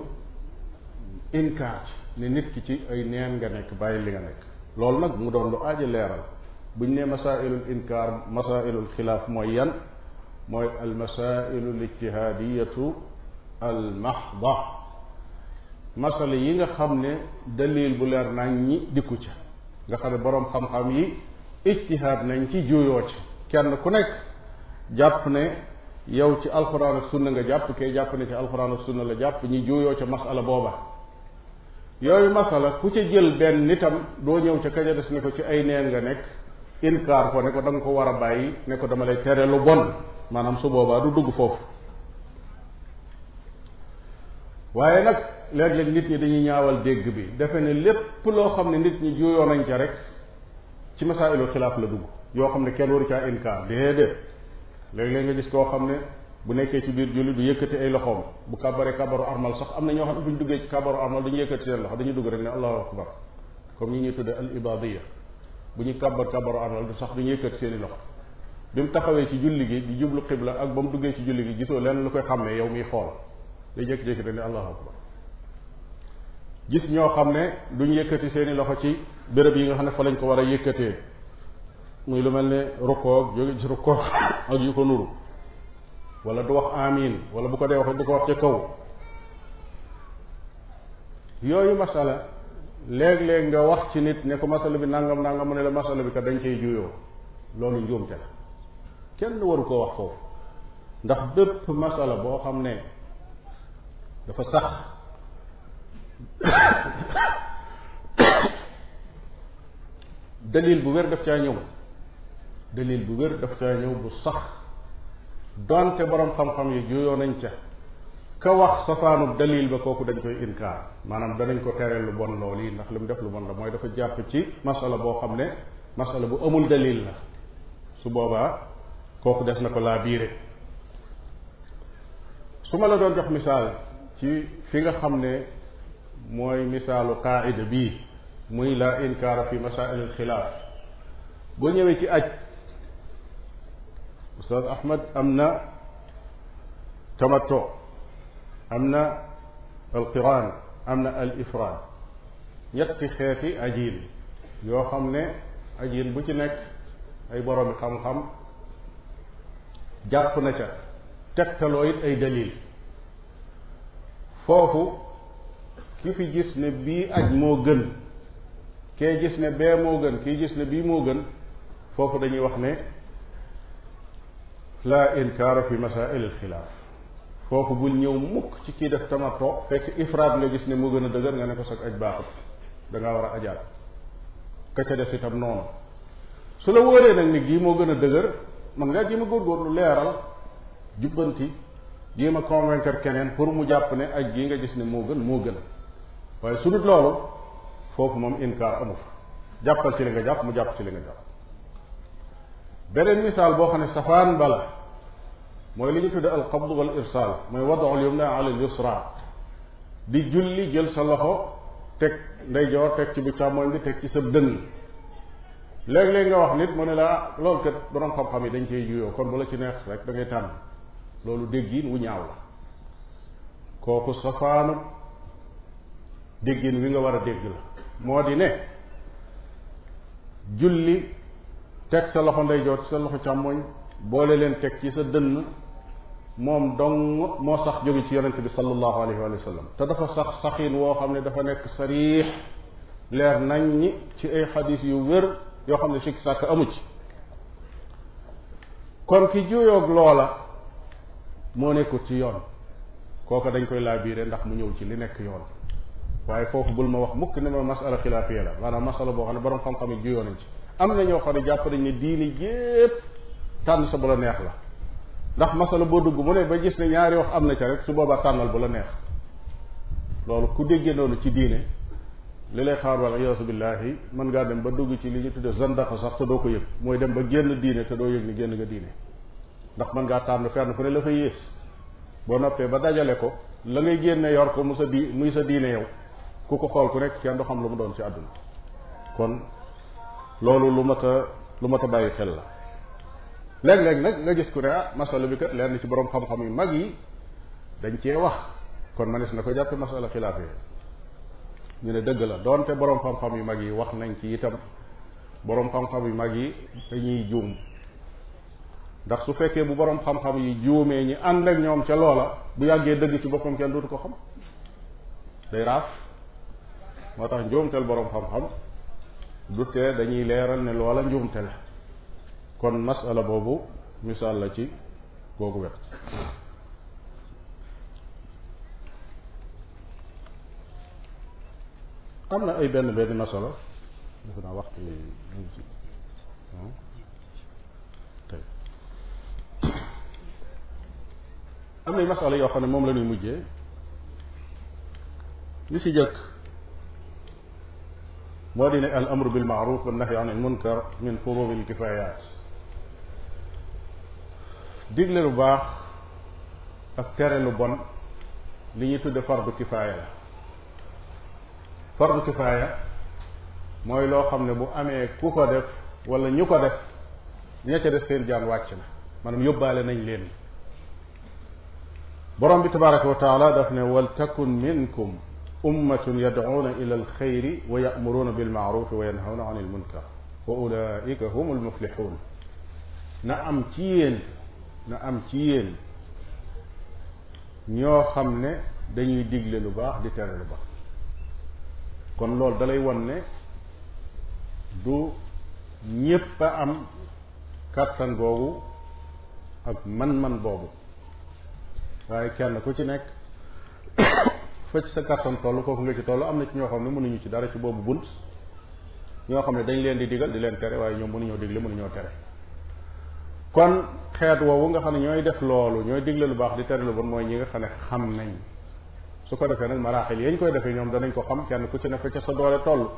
inkaar ci ne nit ki ci ay neen nga nekk bàyyi li nga nekk loolu nag mu doon lu aaja leeral buñ ne masailul inkaar masailul xilaaf mooy yan mooy al masailul ijtihaadiyatu al masala yi nga xam ne dalil bu leer nañ ñi dikku ca nga xam ne boroom xam-xam yi ijtihaad nañ ci juyoo ci kenn ku nekk jàpp ne yow ci alxuraan ak sunna nga jàpp kay jàpp ne ci alxuraan ak sunna la jàpp ñi juyoo ca masala booba yooyu masala ku ca jël benn nitam doo ñëw ca kaja des ne ko ci ay neen nga nekk inkaar ko ne ko danga ko war a bàyyi ne ko dama lay tere lu bon maanaam su boobaa du dugg foofu waaye nag léeg-léeg nit ñi dañuy ñaawal dégg bi defe ne lépp loo xam ne nit ñi juyoo nañ ca rek ci masaa'ilu xilaaf la dugg yoo xam ne kenn waru caa inkaar déedéet léeg-léeg nga gis koo xam ne bu nekkee ci biir julli du yëkkati ay loxoom bu kàbbaree kàbbaru armal sax am na ñoo xam ne bu ñu duggee ci kàbbaru armal dañu yëkkati seen loxo dañu dugg rek ne allahu akbar comme ñi ñuy tudde al bu ñu kàbbar kàbbaru armal du sax duñu yëkkat seeni loxo bi mu taxawee ci julli gi di jublu xibla ak ba mu duggee ci julli gi gisoo lenn lu koy xàmmee yow miy xool day jékki-jékki dañ ne allahu akbar gis ñoo xam ne duñ yëkkati seeni loxo ci béréb yi nga xam ne fa lañ ko war a yëkkatee muy lu mel ne rukkoo jóge ci rukkoo ak yu ko nuru wala du wax amin wala bu ko dee wax du ko wax ca kaw yooyu masala léeg-léeg nga wax ci nit ne ko masala bi nangam nangam mu ne la masala bi kat dañ cey juyoo loolu njuumte la kenn waru koo wax foofu ndax bépp masala boo xam ne dafa sax dalil bu wér daf caa ñëw dalil bu wér daf caa ñëw bu sax donte borom xam-xam yi juyoo nañ ca ka wax safaanub dalil ba kooku dañ koy inkaar maanaam danañ ko tere lu bon lool yi ndax li mu def lu bon la mooy dafa jàpp ci masala boo xam ne masala bu amul dalil la su boobaa kooku des na ko laa biire su ma la doon jox misaal ci fi nga xam ne mooy misaalu qaida bii muy laa inkaara fi masail al xilaaf boo ñëwee ci aj ustaz ahmad am na tamatto am na alqiraan am na al ifraad ñetti xeeti ajiin yoo xam ne ajiin bu ci nekk ay boroomi xam-xam jàpp na ca tegtaloo it ay dalil foofu ki fi gis ne bii aj moo gën kee gis ne bee moo gën kii gis ne bii moo gën foofu dañuy wax ne la a fi masail alxilaaf foofu bul ñëw mukk ci kii def tamatoo fekk ifraat nga gis ne moo gën a dëgër nga ne ko sag aj baaxut da war a ajaat ka ca def itam noonu su la wóoree nag ni gii moo gën a dëgër man ngaa jéem a lu leeral jubbanti jéem a convaincre keneen pour mu jàpp ne aj gii nga gis ne moo gën moo gën waaye su dut loolu foofu moom inkaar amul jàppal ci li nga jàpp mu jàpp ci li nga jàpp beneen misaal boo xam ne safaan bala mooy li ñu tudde al qabd wal irsaal mooy wadaul yumna ala al yusra di julli jël sa loxo teg ndeyjoor teg ci bu càmmoñ bi teg ci sa dënn léeg-léeg nga wax nit mu ne la ah loolu kat borom xam-xam yi dañ cey juyoo kon bu la ci neex rek da tànn loolu déggin wu ñaaw la kooku safaanu déggin wi nga war a dégg la moo di ne julli teg sa loxo ndeyjoor ci sa loxo càmmoñ boole leen teg ci sa dënn moom dong moo sax jóge ci yonente bi sallallahu alayhi wa sallam te dafa sax saxiin woo xam ne dafa nekk sariix leer nañ ñi ci ay xadis yu wér yoo xam ne sikki sàkk amu ci kon ki juyoog loola moo nekkut ci yoon kooka dañ koy laabiire ndax mu ñëw ci li nekk yoon waaye foofu bul ma wax mukk ne ma masala xilaafiya la maanaam masala boo xam ne borom xam-xam yi juyoo nañ ci am na ñoo xam ne jàpp nañ diini yépp tànn sa bu la neex la ndax masala boo dugg mu ne ba gis ne ñaari wax am na ca rek su boobaa tànnal bu la neex loolu ku déggee noonu ci diine li lay xaar wala iyaasu billaahi mën ngaa dem ba dugg ci li ñu tudde zandaxa sax te doo ko yëg mooy dem ba génn diine te doo yëg ni génn nga diine ndax mën ngaa tànn fenn fu ne la fa yées boo noppee ba dajale ko la ngay génne yor ko mu sa di muy sa diine yow ku ko xool ku nekk kenn du xam lu mu doon ci àdduna kon loolu lu mat lu mat a bàyyi xel la léeg-léeg nag nga gis ku ne ah masala bi kat leer na ci borom xam-xam yu mag yi dañ cee wax kon manis na ko jàppe masala xilaaf yi ñu ne dëgg la doonte borom xam-xam yu mag yi wax nañ ci itam borom xam yu mag yi dañuy juum ndax su fekkee bu borom xam-xam yi juumee ñi ànd ak ñoom ca loola bu yàggee dëgg ci boppam kenn dootu ko xam day raaf moo tax njuumteel boroom xam-xam du dañuy leeral ne loola njuumte kon masala boobu misaal la ci googu wet am na ay benn benn masala defe naa waxtu yi tey am na masala yoo xam ne moom la ñuy mujjee li si jëkk moo di ne al amru bil maaruf wa nahi an munkar min furudi al kifayat digle lu baax ak tere lu bon li ñuy tudde fardu kifaaya la fardu kifaaya mooy loo xam ne bu amee ku ko def wala ñu ko def ña def seen jaan wàcc na maanaam yóbbaale nañ leen borom bi tabaraka wa taala daf ne wal takun minkum ummatun yad'una ila alxayri wa ya'muruna bil ma'ruf wa yanhawna anil munkar wa ulaika humul muflixuun na am ci yéen na am ci yéen ñoo xam ne dañuy digle lu baax di tere lu baax kon loolu dalay won ne du ñépp a am kàttan boobu ak man-man boobu waaye kenn ku ci nekk fa ci sa kàttan toll kooku nga ci toll am na ci ñoo xam ne mënuñu ci dara ci boobu bunt ñoo xam ne dañ leen di digal di leen tere waaye ñoom mënuñoo digle mënuñoo tere kon xeet woowu nga xam ne ñooy def loolu ñooy digle lu baax di tere lu bon mooy ñi nga xam ne xam nañ su ko defee nag maraaxil yañ koy defee ñoom danañ ko xam kenn ku ci ne fa ca sa doole toll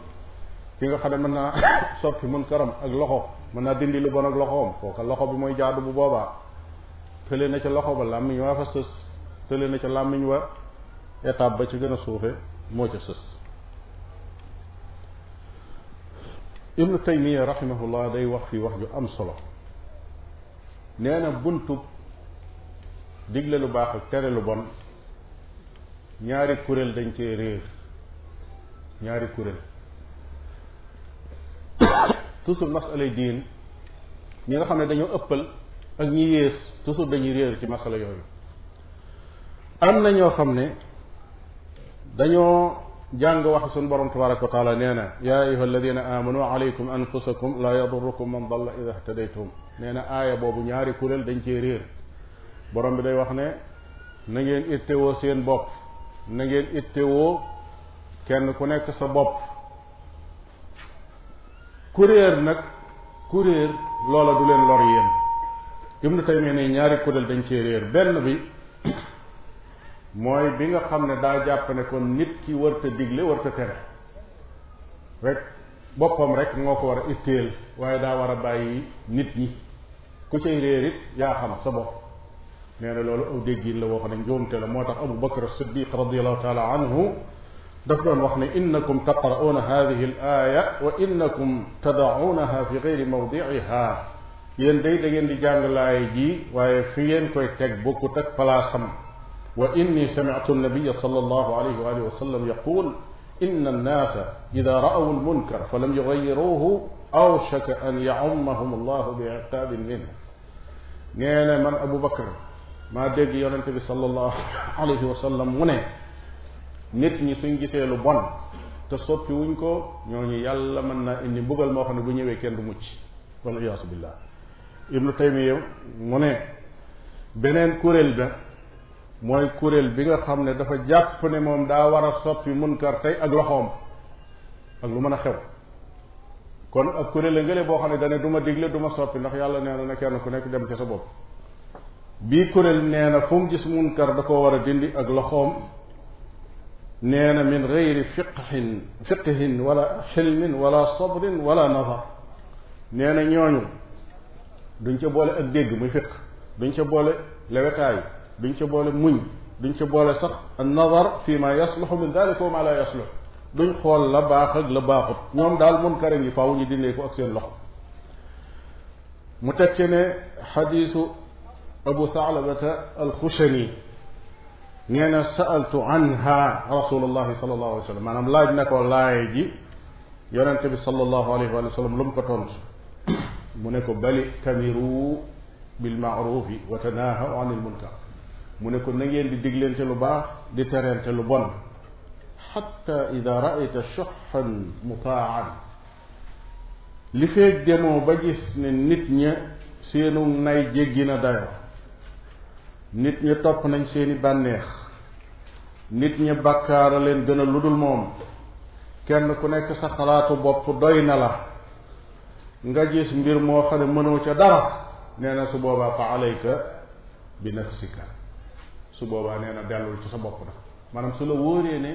ki nga xam ne mën naa soppi mun karam ak loxo mën naa dindi lu bon ak loxoom kooka loxo bi mooy jaadu bu boobaa tële na ca loxo ba làmmiñ waa fa sës tële na ca làmmiñ wa étape ba ci gën a suufe moo ca sës ibnu taymiya rahimahullah day wax fii wax ju am solo neena buntu buntub digle lu baax ak tere lu bon ñaari kuréel dañ cee réer ñaari kuréel toujours masalay diin ñi nga xam ne dañoo ëppal ak ñi yées toujours dañuy réer ci masala yooyu am na ñoo xam ne dañoo jàng wax suñu borom tabaraka wa taala nee na yaa ayuha alladina amanu alaykum anfusakum laa yadurukum man dalla ida htadaytum nee na aaya boobu ñaari kuréel dañ cee réer borom bi day wax ne na ngeen ittewoo seen bopp na ngeen ittewoo kenn ku nekk sa bopp kuréer nag kuréer loola du leen lor yéen ibnu taymiya ne ñaari kuréel dañ cee réer benn bi mooy bi nga xam ne daa jàpp ne kon nit ki warta digle warta tere rek boppam rek ngoo ko war a itteel waaye daa war a bàyyi nit ñi ku cay yaa xam sa bopp nee loolu aw déggin la woo xam ne njuumte la moo tax Abu Bakr as-Siddiq radiallahu taala anhu daf doon wax ne innakum taqra'uuna hadihi al aaya wa innakum tada'uunaha fi gayri mawdi'iha yéen day di jàng laay ji waaye fi ngeen koy teg bokkut ak palaasam wa inni sami'tu an-nabiyya sallallahu alayhi wa alihi wa sallam yaqul inna an-nasa idha ra'aw al-munkar falam yughayyiruhu awshaka an ya'ummahum Allah bi'iqabin minhu nee na man Abu Bakr maa dégg yonent bi sallallahu alayhi wa sallam mu ne nit ñi suñ gisee lu bon te soppi wuñ ko ñooñu yàlla mën naa indi mbugal moo xam ne bu ñëwee kenn du mucc wal iyaasu billah ibnu taymiya mu ne beneen kuréel ba mooy kuréel bi nga xam ne dafa jàpp ne moom daa war a soppi munkar tey ak loxoom ak lu mën a xew kon ak kuréel a ngële boo xam ne dane du ma digle duma ma soppi ndax yàlla nee na ne kenn ku nekk dem ci sa bopp bii kuréel nee na fu mu gis munkar da koo war a dindi ak loxoom nee na min geyri fiqhin fiqhin wala xilmin wala sabrin wala nazar nee na ñooñu duñ ci boole ak dégg muy fiq duñ ci boole lewetaay duñ ca boole muñ duñ ca boole sax an nazar fi ma yasluxu min dalika wa ma la yaslux duñ xool la baax ak la baaxut ñoom daal mun kare ngi faaw ñu dindee ko ak seen loxo mu teg ci ne xadiisu abu saalabata alxushani nee na saaltu anha rasulullahi sallallahu alayhi wa sallam maanaam laaj na ko laay ji yonente bi sallallahu alayhi wa sallam lu mu ko tontu mu ne ko bali tamiru bilmaarufi wa tanahaw an ilmunkar mu ne ko na ngeen di diglante lu baax di terente lu bon xatta ida raayta shoxan mutaan li feeg demoo ba gis ne nit ña seenu nay jéggi na dayo nit ña topp nañ seeni bànneex nit ña bàkkaara leen gën a ludul moom kenn ku nekk sa xalaatu bopp doy na la nga gis mbir moo xam ne mënoo ca dara nee su boobaa fa alayka bi nafsika su boobaa nee na dellul ci sa bopp nag maanaam su la wóoree ne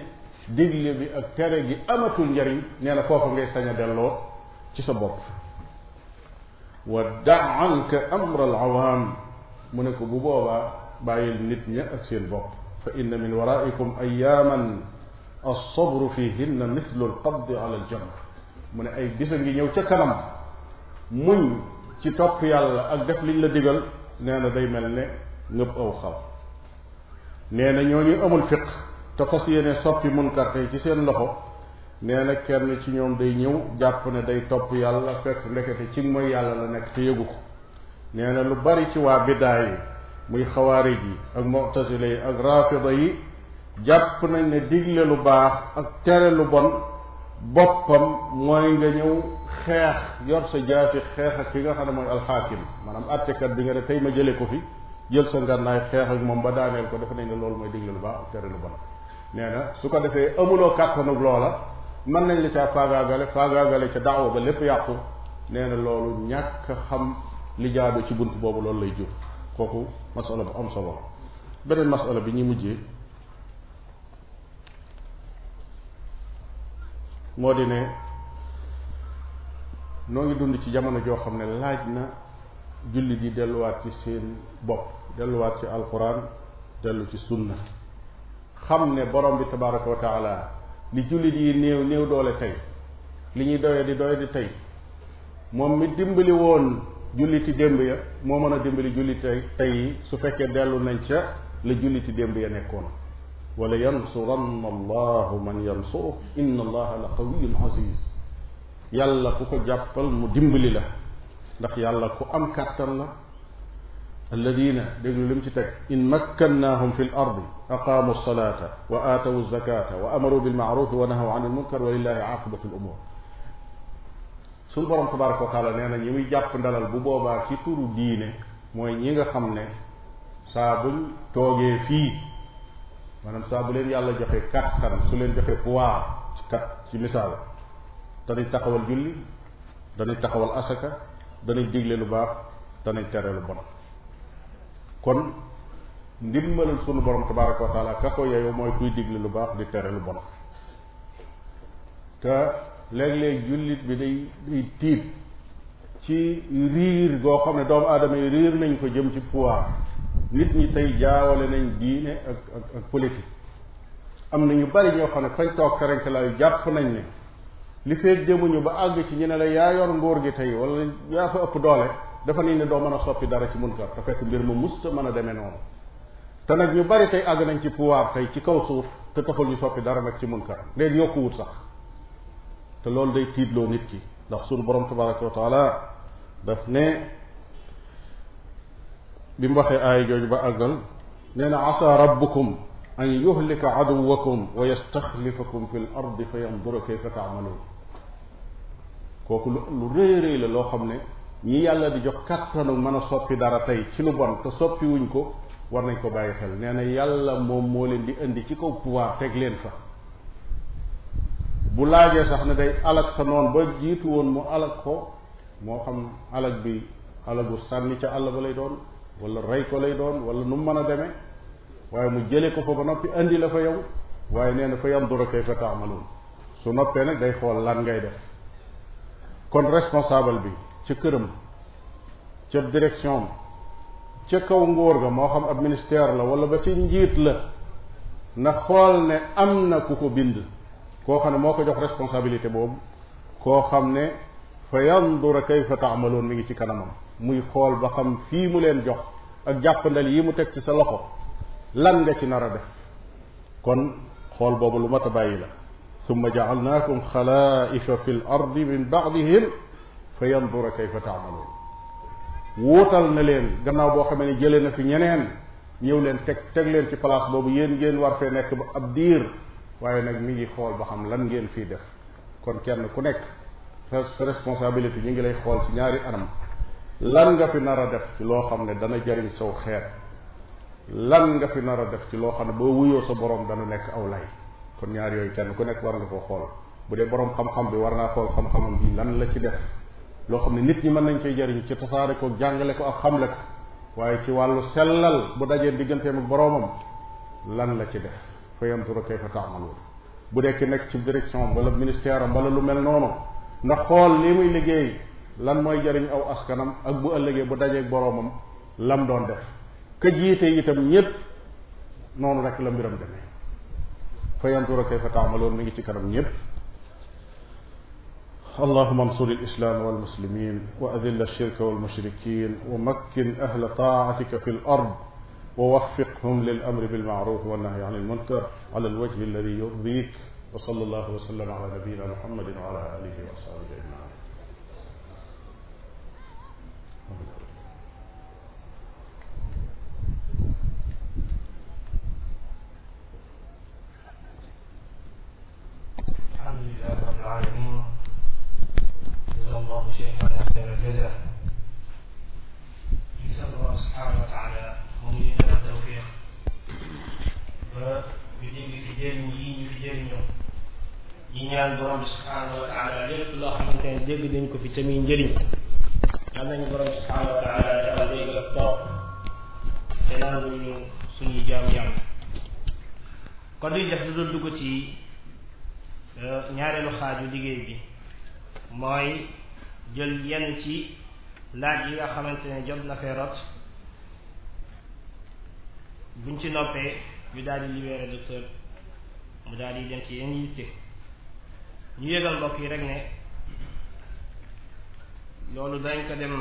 digle bi ak tere gi amatul njariñ nee na foofa ngay sañ a delloo ci sa bopp wa daanka amra al awaam mu ne ko bu boobaa bàyyil nit ña ak seen bopp fa inna min waraikum ayaaman alsabru fihinna mislu alqabdi ala mu ne ay bisa ngi ñëw ca ci topp yàlla ak def liñ la digal nee na day mel ne ngëpp aw xaw nee na ñooñu amul fiq te fas yéene soppi munkar tey ci seen loxo nee na kenn ci ñoom day ñëw jàpp ne day topp yàlla fekk ndekete ci mooy yàlla la nekk ci yëgu ko nee na lu bari ci waa biddaa yi muy xawaarij yi ak mu'tazila yi ak rafida yi jàpp nañ ne digle lu baax ak tere lu bon boppam mooy nga ñëw xeex yor sa jaasi xeex ak ki nga xam ne mooy alxaakim maanaam àttekat bi nga ne tey ma jële ko fi jël sa ngànnaay xeex ak moom ba daaneel ko dafa nañ ne loolu mooy digle lu baax ak tere lu bon nee na su ko defee amuloo kàttanug loola mën nañ la caa faagaagale faagaagale ca daawa ba lépp yàqu nee na loolu ñàkk xam li jaadu ci bunt boobu loolu lay jur kooku masala bu am solo beneen masala bi ñuy mujjee moo di ne noo ngi dund ci jamono joo xam ne laaj na julli yi delluwaat ci seen bopp delluwaat ci alquran dellu ci sunna xam ne borom bi tabaraka wa taala li jullit yi néew néew doole tey li ñuy doye di doye di tey moom mi dimbali woon julliti démb ya moo mën a dimbali julliti tey yi su fekkee dellu nañ ca la julliti démb ya nekkoon wala yansuranna allahu man yansuru inna allaha la qawiyun aziz yàlla ku ko jàppal mu dimbali la ndax yàlla ku am kàttan la alladina déglu lim ci teg in makkannahum fi l ardi aqaamu salata wa aatawu zakata wa amaru bilmaaruf wa nahaw an ilmunkar wa lillahi aqibatu l umur suñu borom tabaraka wa taala nee na ñi muy jàpp ndalal bu boobaa ci turu diine mooy ñi nga xam ne saa buñ toogee fii maanaam saa bu leen yàlla joxe kàttan su leen joxe pouvoir ci kat ci misaal dañuy taxawal julli dañuy taxawal asaka danañ digle lu baax danañ tere lu bon kon ndimbalal sunu borom tabaraka wa taala ka ko yeewu mooy kuy digle lu baax di tere lu bon te léeg-léeg jullit bi day day tiit ci riir goo xam ne doomu aadama yi riir nañ ko jëm ci pouvoir nit ñi tey jaawale nañ diine ak ak ak am na ñu bari ñoo xam ne fañ toog terenke laayu jàpp nañ ne li feeg jëmuñu ba àgg ci ñu ne la yaa yor nguur gi tey wala yaa fa ëpp doole dafa nii ne doo mën a soppi dara ci munkar te fekk mbir ma musta mën a demee noonu te nag ñu bari tey àgg nañ ci pouvoir tey ci kaw suuf te taxul ñu soppi dara nag ci munkar léegi yokkuwut sax te loolu day tiitloo nit ki ndax suñu borom tabaraka wa taala daf ne bi mu waxee aaya jooju ba àggal nee na asa rabbukum an yuhlika aduwakum wa yastaxlifakum fi l ardi fa yandura kayfa taamaluun kooku lu lu rëy la loo xam ne ñi yàlla di jox kattanu mën a soppi dara tey ci lu bon te soppiwuñ ko war nañ ko bàyyi xel nee na yàlla moom moo leen di indi ci kaw pouvoir teg leen fa bu laajee sax ne day alag sa noon ba jiitu woon mu alag ko moo xam alag bi alagu sànni ca àll ba lay doon wala rey ko lay doon wala nu mu mën a demee waaye mu jële ko fa ba noppi indi la fa yow waaye nee na fa yam dura kay fa taamaloon su noppee nag day xool lan ngay def kon responsable bi ca këram ca direction am ca kaw ngóor ga moo xam ab ministère la wala ba ci njiit la na xool ne am na ku ko bind koo xam ne moo ko jox responsabilité boobu koo xam ne fa yandura kayfa taamaloon mi ngi ci kanamam muy xool ba xam fii mu leen jox ak jàppandal yi mu teg ci sa loxo lan nga ci nar a def kon xool boobu lu mat a bàyyi la summa xalaa xalaa'ifa fi l ardi min bacdihim fa yandura kayfa taamaluun wuutal na leen gannaaw boo xamee ne jëlee na fi ñeneen ñëw leen teg teg leen ci place boobu yéen ngeen war fee nekk ba ab diir waaye nag mi ngi xool ba xam lan ngeen fii def kon kenn ku nekk sa responsabilité ñu ngi lay xool ci ñaari anam lan nga fi nar a def ci loo xam ne dana jariñ saw xeet lan nga fi nara def ci loo xam ne boo wuyoo sa borom dana nekk aw lay kon ñaar yooyu kenn ku nekk war nga koo xool bu dee boroom xam-xam bi war naa xool xam-xamam bi lan la ci def loo xam ne nit ñi mën nañ koy jariñ ci tasaare ko jàngale ko ak xamle ko waaye ci wàllu sellal bu dajee digganteem ak boroomam lan la ci def fa yanzura kayfa taamaluun bu dee ki nekk ci direction wala ministère am wala lu mel noonu ndax xool lii muy liggéey lan mooy jariñ aw askanam ak bu ëllëgee bu dajee ak boroomam lam doon def ka jiite itam noonu rek la mbiram fa yandura kayfa taamaloon mi ngi ci kanam ñëpp allahuma ansur alislaam walmuslimin wa adil alshirka walmushrikin wa makkin ahla taatika fi lard wa waffiqhum lilamri bilmaaruf wannahyi an almunkar ala alwajhi alladi yurdik wa sallallahu wa sallam ala nabiyina muhammadin wa ala alihi wa ashabihi ajmain الحمد لله رب العالمين جزا الله شيخنا خير الجزاء جزا الله سبحانه وتعالى moom ñu defal tawfiq ba ñu dégg fi jëriñ yi ñu fi jëriñoo ñi ñaan borom bi subhanahu wa taala lépp loo xamante ne dégg dañ ko fi tamit njëriñ am nañu borom bi subhanahu wa taala defal léegi ak toog te nanguñu suñuy jaam yàlla kon duñ def lu dul dugg ci ñaareelu xaaju liggéey bi mooy jël yenn ci laaj yi nga xamante ne jot na fee rot buñ ci noppee ñu daal di libéré mu daal di dem ci yenn yitte ñu yëgal mbokk yi rek ne loolu dañ ko dem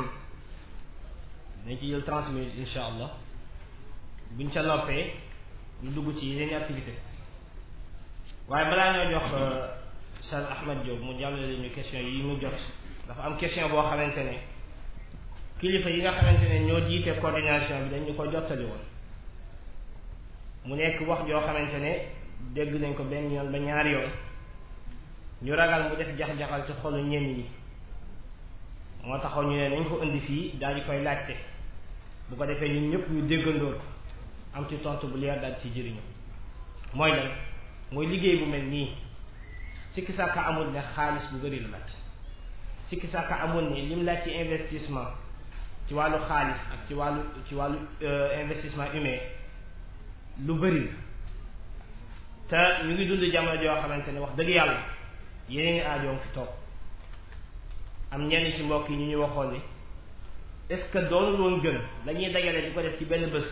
dañ ci jël trente insha allah buñ ca noppee ñu dugg ci yeneen activité waaye balaa ñoo jox euh, Sall Ahmed Diop mu jàllale ñu question yi mu jot dafa am question boo xamante ne kilifa yi nga xamante ne ñoo jiite coordination bi dañu ko jottali woon mu nekk wax joo xamante ne dégg nañ ko benn yoon ba ñaari yoon ñu ragal mu def jax-jaxal ci xolu ñenn ñi moo taxaw ñu ne nañ ko indi fii daal di koy laajte bu ko defee ñun ñëpp ñu déggandoo am ci tontu bu leer daal ci jëriñu mooy lan mooy liggéey bu mel nii sikki sàkka amul ne xaalis lu bëri la laaj sikki sàkka amul ne lim laaj ci investissement ci wàllu xaalis ak ci wàllu ci wàllu euh, investissement humain lu bëri la te ñu ngi dund jamono joo xamante ne wax dëgg yàlla yeneen i aajoom am ñenn ci mbokk yi ñu ñu waxoon ni est-ce que doonul woon gën lañuy dajale di ko def ci benn bés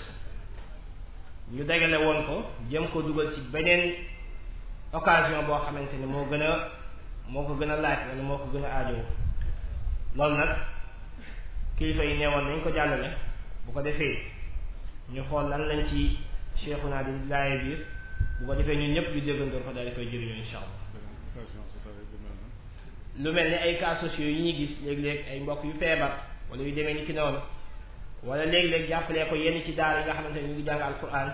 ñu dajale woon ko jëm ko dugal ci beneen occasion boo xamante ni moo gën a moo ko gën a laaj wala moo ko gën a aajoo loolu nag kilifa yi neewoon nañ ko jàllale bu ko defee ñu xool lan lañ ci cheikhu naa di laaye biir bu ko defee ñun ñëpp ñu déggandoor ko daal di koy jëriñoo insha allah lu mel ni ay cas sociaux yi ñuy gis léegi-léeg ay mbokk yu feebar wala yu demee ni ki noonu wala léegi-léeg jàppalee ko yenn ci daara yi nga xamante ne ñu ngi jàng alquran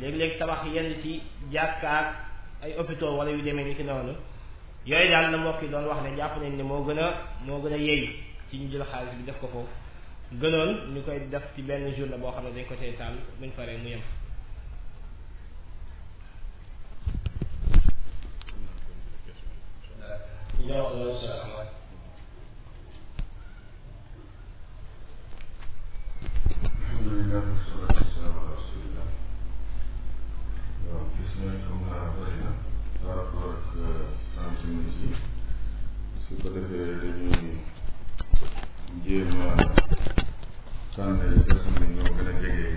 léegi-léeg tabax yenn ci jàkkaar ay hôpitaux wala yu demee ni ki noonu yooyu daal la mbokk yi doon wax ne jàpp nañ ne moo gën a moo gën a yey ci ñu jël xaalis bi def ko foofu gënoon ñu koy def ci benn journée boo xam ne dañ ko cay taal buñ par rapport ak euh, temps bi ñu ngi ci su ko defee dañuy jéem a tànn yi nga xam ne ñoo gën a jege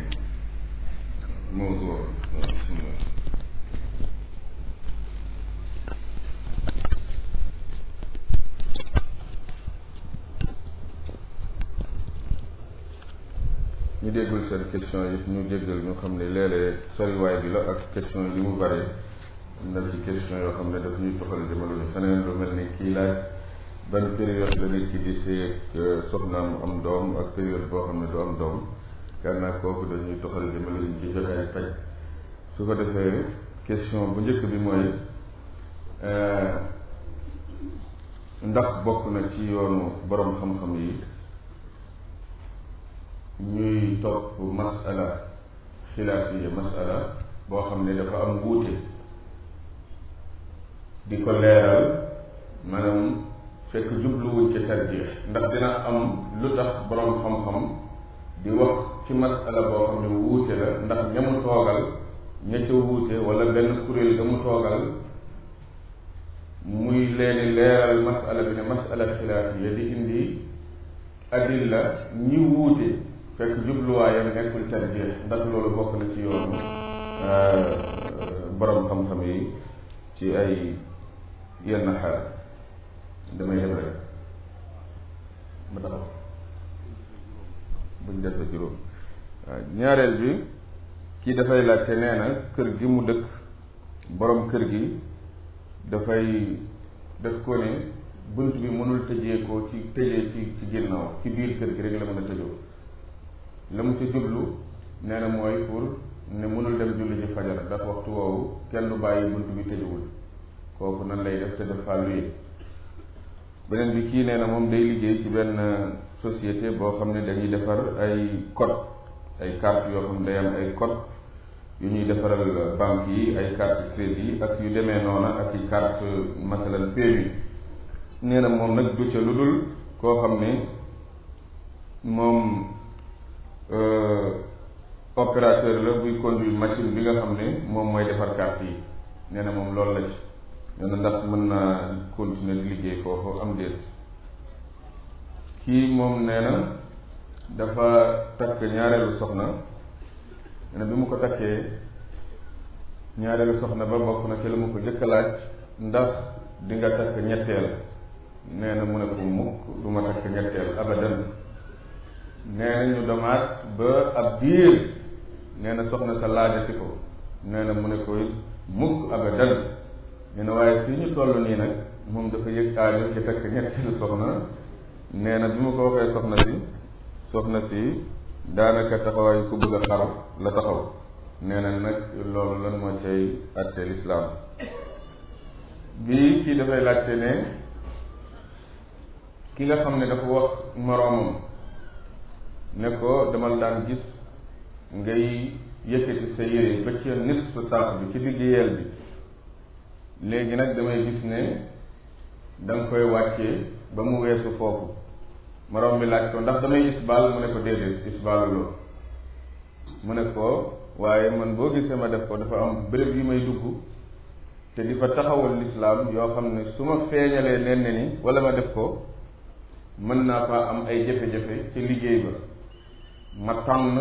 mawdu waaw bisimilah. ñu déggul seen question yëpp ñu jéggal ñu xam ne léeg-léeg soriwaay bi la ak question yi li mu bari am ci question yoo xam ne daf ñuy toxal jëmale ñu feneen lu mel ni kii laaj ban période la nit ki di seeg euh, soxnaam am doom ak période boo xam ne du am doom yaakaar kooku dañuy toxal jëmale ñu ci jotaay faj su ko defee question bu njëkk bi mooy euh, ndax bokk na ci yoonu borom xam-xam yi ñuy topp masala xilaafiya masala boo xam ne dafa am wuute di ko leeral maanaam fekk jubluwuñ ci tarjiix ndax dina am lu tax boroom xam-xam di wax ci masala boo xam ne wuute la ndax ña toogal ña ca wuute wala benn kuréel ga mu toogal muy leeni leeral masala bi ne masala xilaaf ya di indi adilla ñi wuute fekk jubluwaayam nekkul tarjiix ndax loolu bokk na ci yoonu euh, boroom xam-xam yi ci ay yenn xaal damay yem rek ba taxaw buñ def ba juróom waaw ñaareel bi kii dafay laajte nee na kër gi mu dëkk borom kër gi dafay def ko ne bunt bi mënul tëjee ko ci tëjee ci ci ginnaaw ci biir kër gi rek la mën a tëjoo la mu ci jublu nee na mooy pour ne mënul dem julli ji fajar ndax waxtu woowu kenn bàyyi bunt bi tëjuwul kooku nan lay def te dafa luye beneen bi kii nee na moom day liggéey ci benn société boo xam ne dañuy defar ay code ay carte yoo xam ne am ay code yu ñuy defaral banque yi ay carte crédit ak yu demee noona ak i carte masalan PMU nee na moom nag du lu dul koo xam ne moom euh, opérateur la buy conduire machine bi nga xam ne moom mooy defar carte yi nee moom loolu la ci nee na ndax mën naa continuer liggéey foofu am déet kii moom nee na dafa takk ñaareelu soxna nee bi mu ko takkee ñaareelu soxna ba bokk na ci la mu ko jëkk a laaj ndax di takk ñetteel nee na mu ne ko mukk du ma takk ñetteel abadan nee ñu demaat ba ab diir nee na soxna sa laajati ko nee na mu ne ko mukk abadan ñu ne waaye fi ñu toll nii nag moom dafa yëg aajo ci takk ñetteelu soxna nee na bi ma ko waxee soxna si soxna si daanaka taxawaay ku bëgg a xarab la taxaw nee nag loolu lan moo cay àtte lislaam bi kii dafay laajte ne ki nga xam ne dafa wax moroomam ne ko damal daan gis ngay yëkkati sa yére ba ca nisf saax bi ci digg yeel bi léegi nag damay gis ne da koy wàccee ba mu weesu foofu moroom bi laaj ko ndax damay isbaal mu ne ko déedéet isbaalu loolu mu ne ko waaye man boo gisee ma def ko dafa am béréb yi may dugg te di fa taxawal lislaam yoo xam ne su ma feeñalee leen ne ni wala ma def ko mën naa faa am ay jafe-jafe ci liggéey ba ma tànn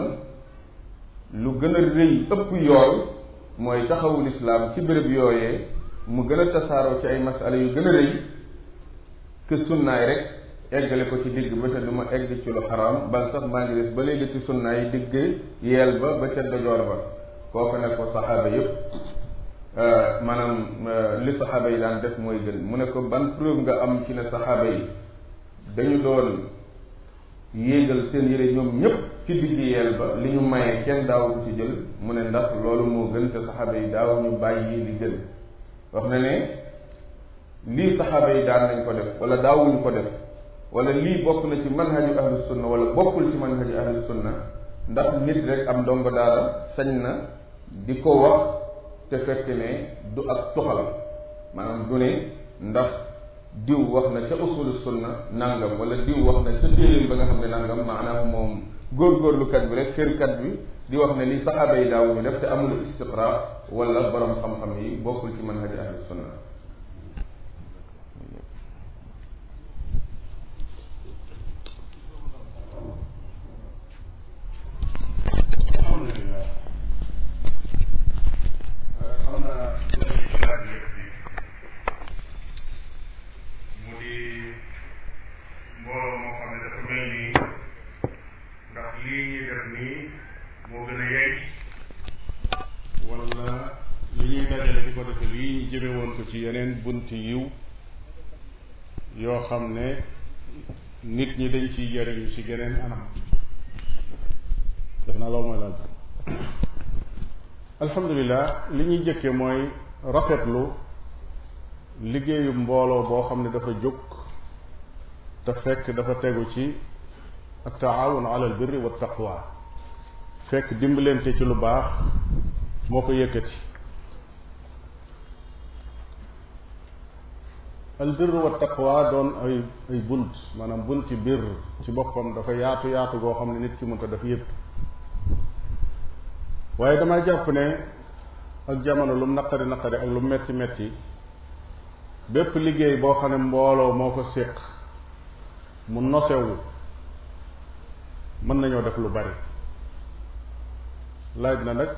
lu gën a rëy ëpp yool mooy taxawu lislaam ci béréb yooyee mu gën a tasaaroo ci ay masala yu gën a rëy que sunnaay rek eggale ko ci digg ba ca du ma egg ci lu xaraam bal sax maa ngi des ba léegi ci sunnaay digg yeel ba ba ca dojoor ba kooku ne ko saxaaba yépp euh, maanaam euh, li saxaaba yi daan def mooy gën mu ne ko ban preuve nga am ci ne saxaaba yi dañu doon yéegal seen yére ñoom ñépp ci digg yeel ba li ñu maye kenn daawu ci jël mu ne ndax loolu moo gën te saxaaba yi daaw ñu bàyyi li gën wax na ne lii saxaaba yi daan nañ ko def wala daawuñu ko def wala lii bokk na ci manhaju ahlu sunna wala bokkul ci manhaju ahlu sunna ndax nit rek am ndongo daara sañ na di ko wax te fekk ne du ak toxal maanaam du ne ndax diw wax na ca usulu sunna nangam wala diw wax na ca téeréem ba nga xam ne nangam maanaam moom góorgóorlukat bi rek xërkat bi di wax ne li saxaaba yi def te amul istiqra wala borom xam-xam yi bokkul ci manhaji ahlu sunna ci mbooloo moo xam ne dafa mel nii ndax lii ñuy def nii moo a li ñuy ko lii ñu jëme woon ko ci yeneen bunt yiw yoo xam ne nit ñi dañ ci jëriñu ci geneen anam def naa loolu mooy laaj alhamdulilah li ñuy jëkke mooy rafetlu liggéeyu mbooloo boo xam ne dafa jóg te fekk dafa tegu ci ak taawun ala al birri wa taqwa fekk dimbalante ci lu baax moo ko yëkkati al birr wa taqwa doon ay ay bunt maanaam bunti birr ci boppam dafa yaatu yaatu goo xam ne nit ki mënta def yépp waaye dama jàpp ne ak jamono lum naqari naqari ak lu metti metti bépp liggéey boo xam ne mbooloo moo ko séq mu nosewu mën nañoo def lu bari laaj na nag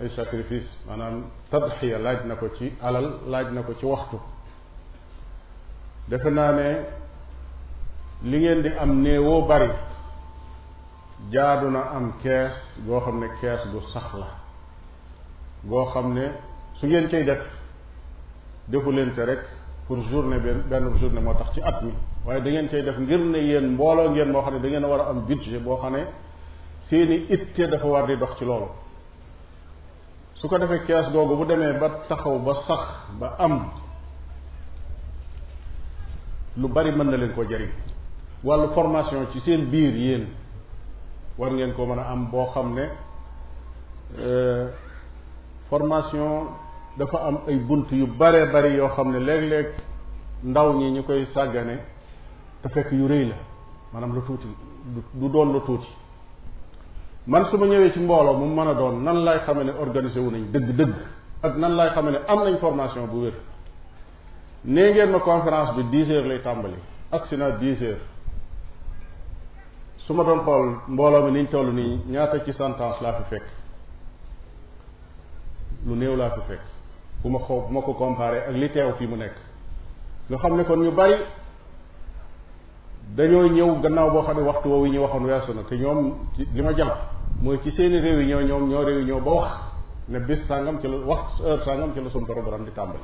ay sacrifice maanaam tadxiya laaj na ko ci alal laaj na ko ci waxtu defe naa ne li ngeen di am néewoo bari jaadu na am kees goo xam ne kees gu sax la goo xam ne su ngeen cay def defu leen ko rek pour journée benn benn journée moo tax ci at mi waaye da ngeen koy def ngir ne yéen mbooloo ngeen moo xam ne da ngeen a war a am budget boo xam ne seeni itte dafa war di dox ci loolu su ko defee kees googu bu demee ba taxaw ba sax ba am lu bari mën na leen koo jariñ wàllu formation ci seen biir yéen war ngeen ko mën a am boo xam ne euh, formation dafa am ay bunt yu bare bari yoo xam ne léeg-léeg ndaw ñi ñu koy sàggane te fekk yu rëy la maanaam lu tuuti du doon lu tuuti man su ma ñëwee ci mbooloo mu mën a doon nan laay xame ne organisé wu nañ dëgg-dëgg ak nan laay xame ne am nañ formation bu wér nee ngeen ma conférence bi dix heures lay tàmbali agsi naa dix heures su ma doon xool mbooloo mi niñ toll nii ñaata ci sentence laa fi fekk lu néew laa fi fekk bu ma ko bu ma ko comparé ak li teew fii mu nekk nga xam ne kon ñu bari dañoo ñëw gannaaw boo xam ne waxtu woowu ñu waxoon weesu na te ñoom li ma jàpp mooy ci seeni réunion ñoom ñoo réunion ba ne bis sàngam ci la wax heure sàngam ci la suñu programme di tàmbali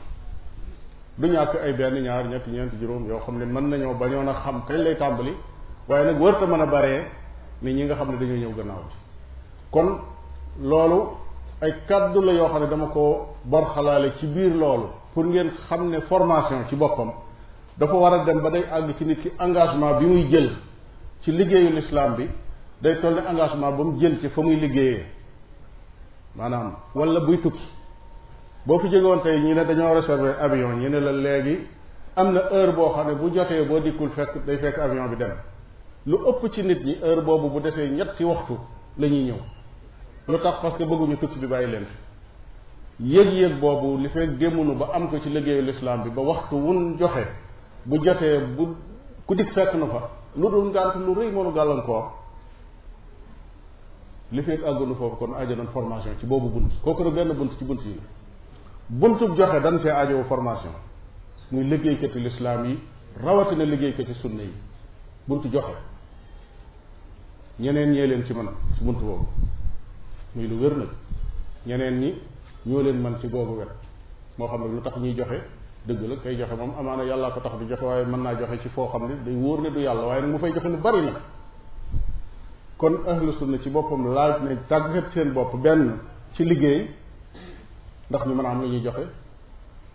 du ñàkk ay benn ñaar ñett ñeent juróom yoo xam ne mën nañoo bañoon a xam kañ lay tàmbali waaye nag wërta mën a baree ni ñi nga xam ne dañoo ñëw gannaaw bi kon loolu ay kaddu la yoo xam ne dama ko borxalaale ci biir loolu pour ngeen xam ne formation ci boppam dafa war a dem ba day àgg ci nit ki engagement bi muy jël ci liggéeyu lislaam bi day toll ne engagement ba mu jël ci fa muy liggéeyee maanaam wala buy tukki boo fi jegoon tey ñi ne dañoo réserver avion ñi ne la léegi am na heure boo xam ne bu jotee boo dikkul fekk day fekk avion bi dem lu ëpp ci nit ñi heure boobu bu desee ñetti waxtu la ñuy ñëw lu tax parce que bëgguñu tukki bi bàyyi leen yëg-yëg boobu li fekk gémmunu ba am ko ci liggéeyu lislaam bi ba waxtu wun joxe bu jotee bu ku dikk fekk na fa lu dul ngànt lu rëy moonu gàllankoor li fekk àggunu foofu kon aajo nañ formation ci boobu bunt kooku ne benn bunt ci bunt yi buntub joxe dañ fee aajowu formation muy liggéeykati lislaam yi rawatina liggéeykati sunna yi buntu joxe ñeneen ñee leen ci mën ci bunt boobu muy lu wér nag ñeneen ñi ñoo leen man ci googu wet moo xam ne lu tax ñuy joxe dëgg la kay joxe moom amaana yàllaa ko tax di joxe waaye mën naa joxe ci foo xam ne day wóor ne du yàlla waaye nag mu fay joxe lu bari nag kon ahlu sunna ci boppam laaj ne tàggat seen bopp benn ci liggéey ndax ñu mën a am lu ñuy joxe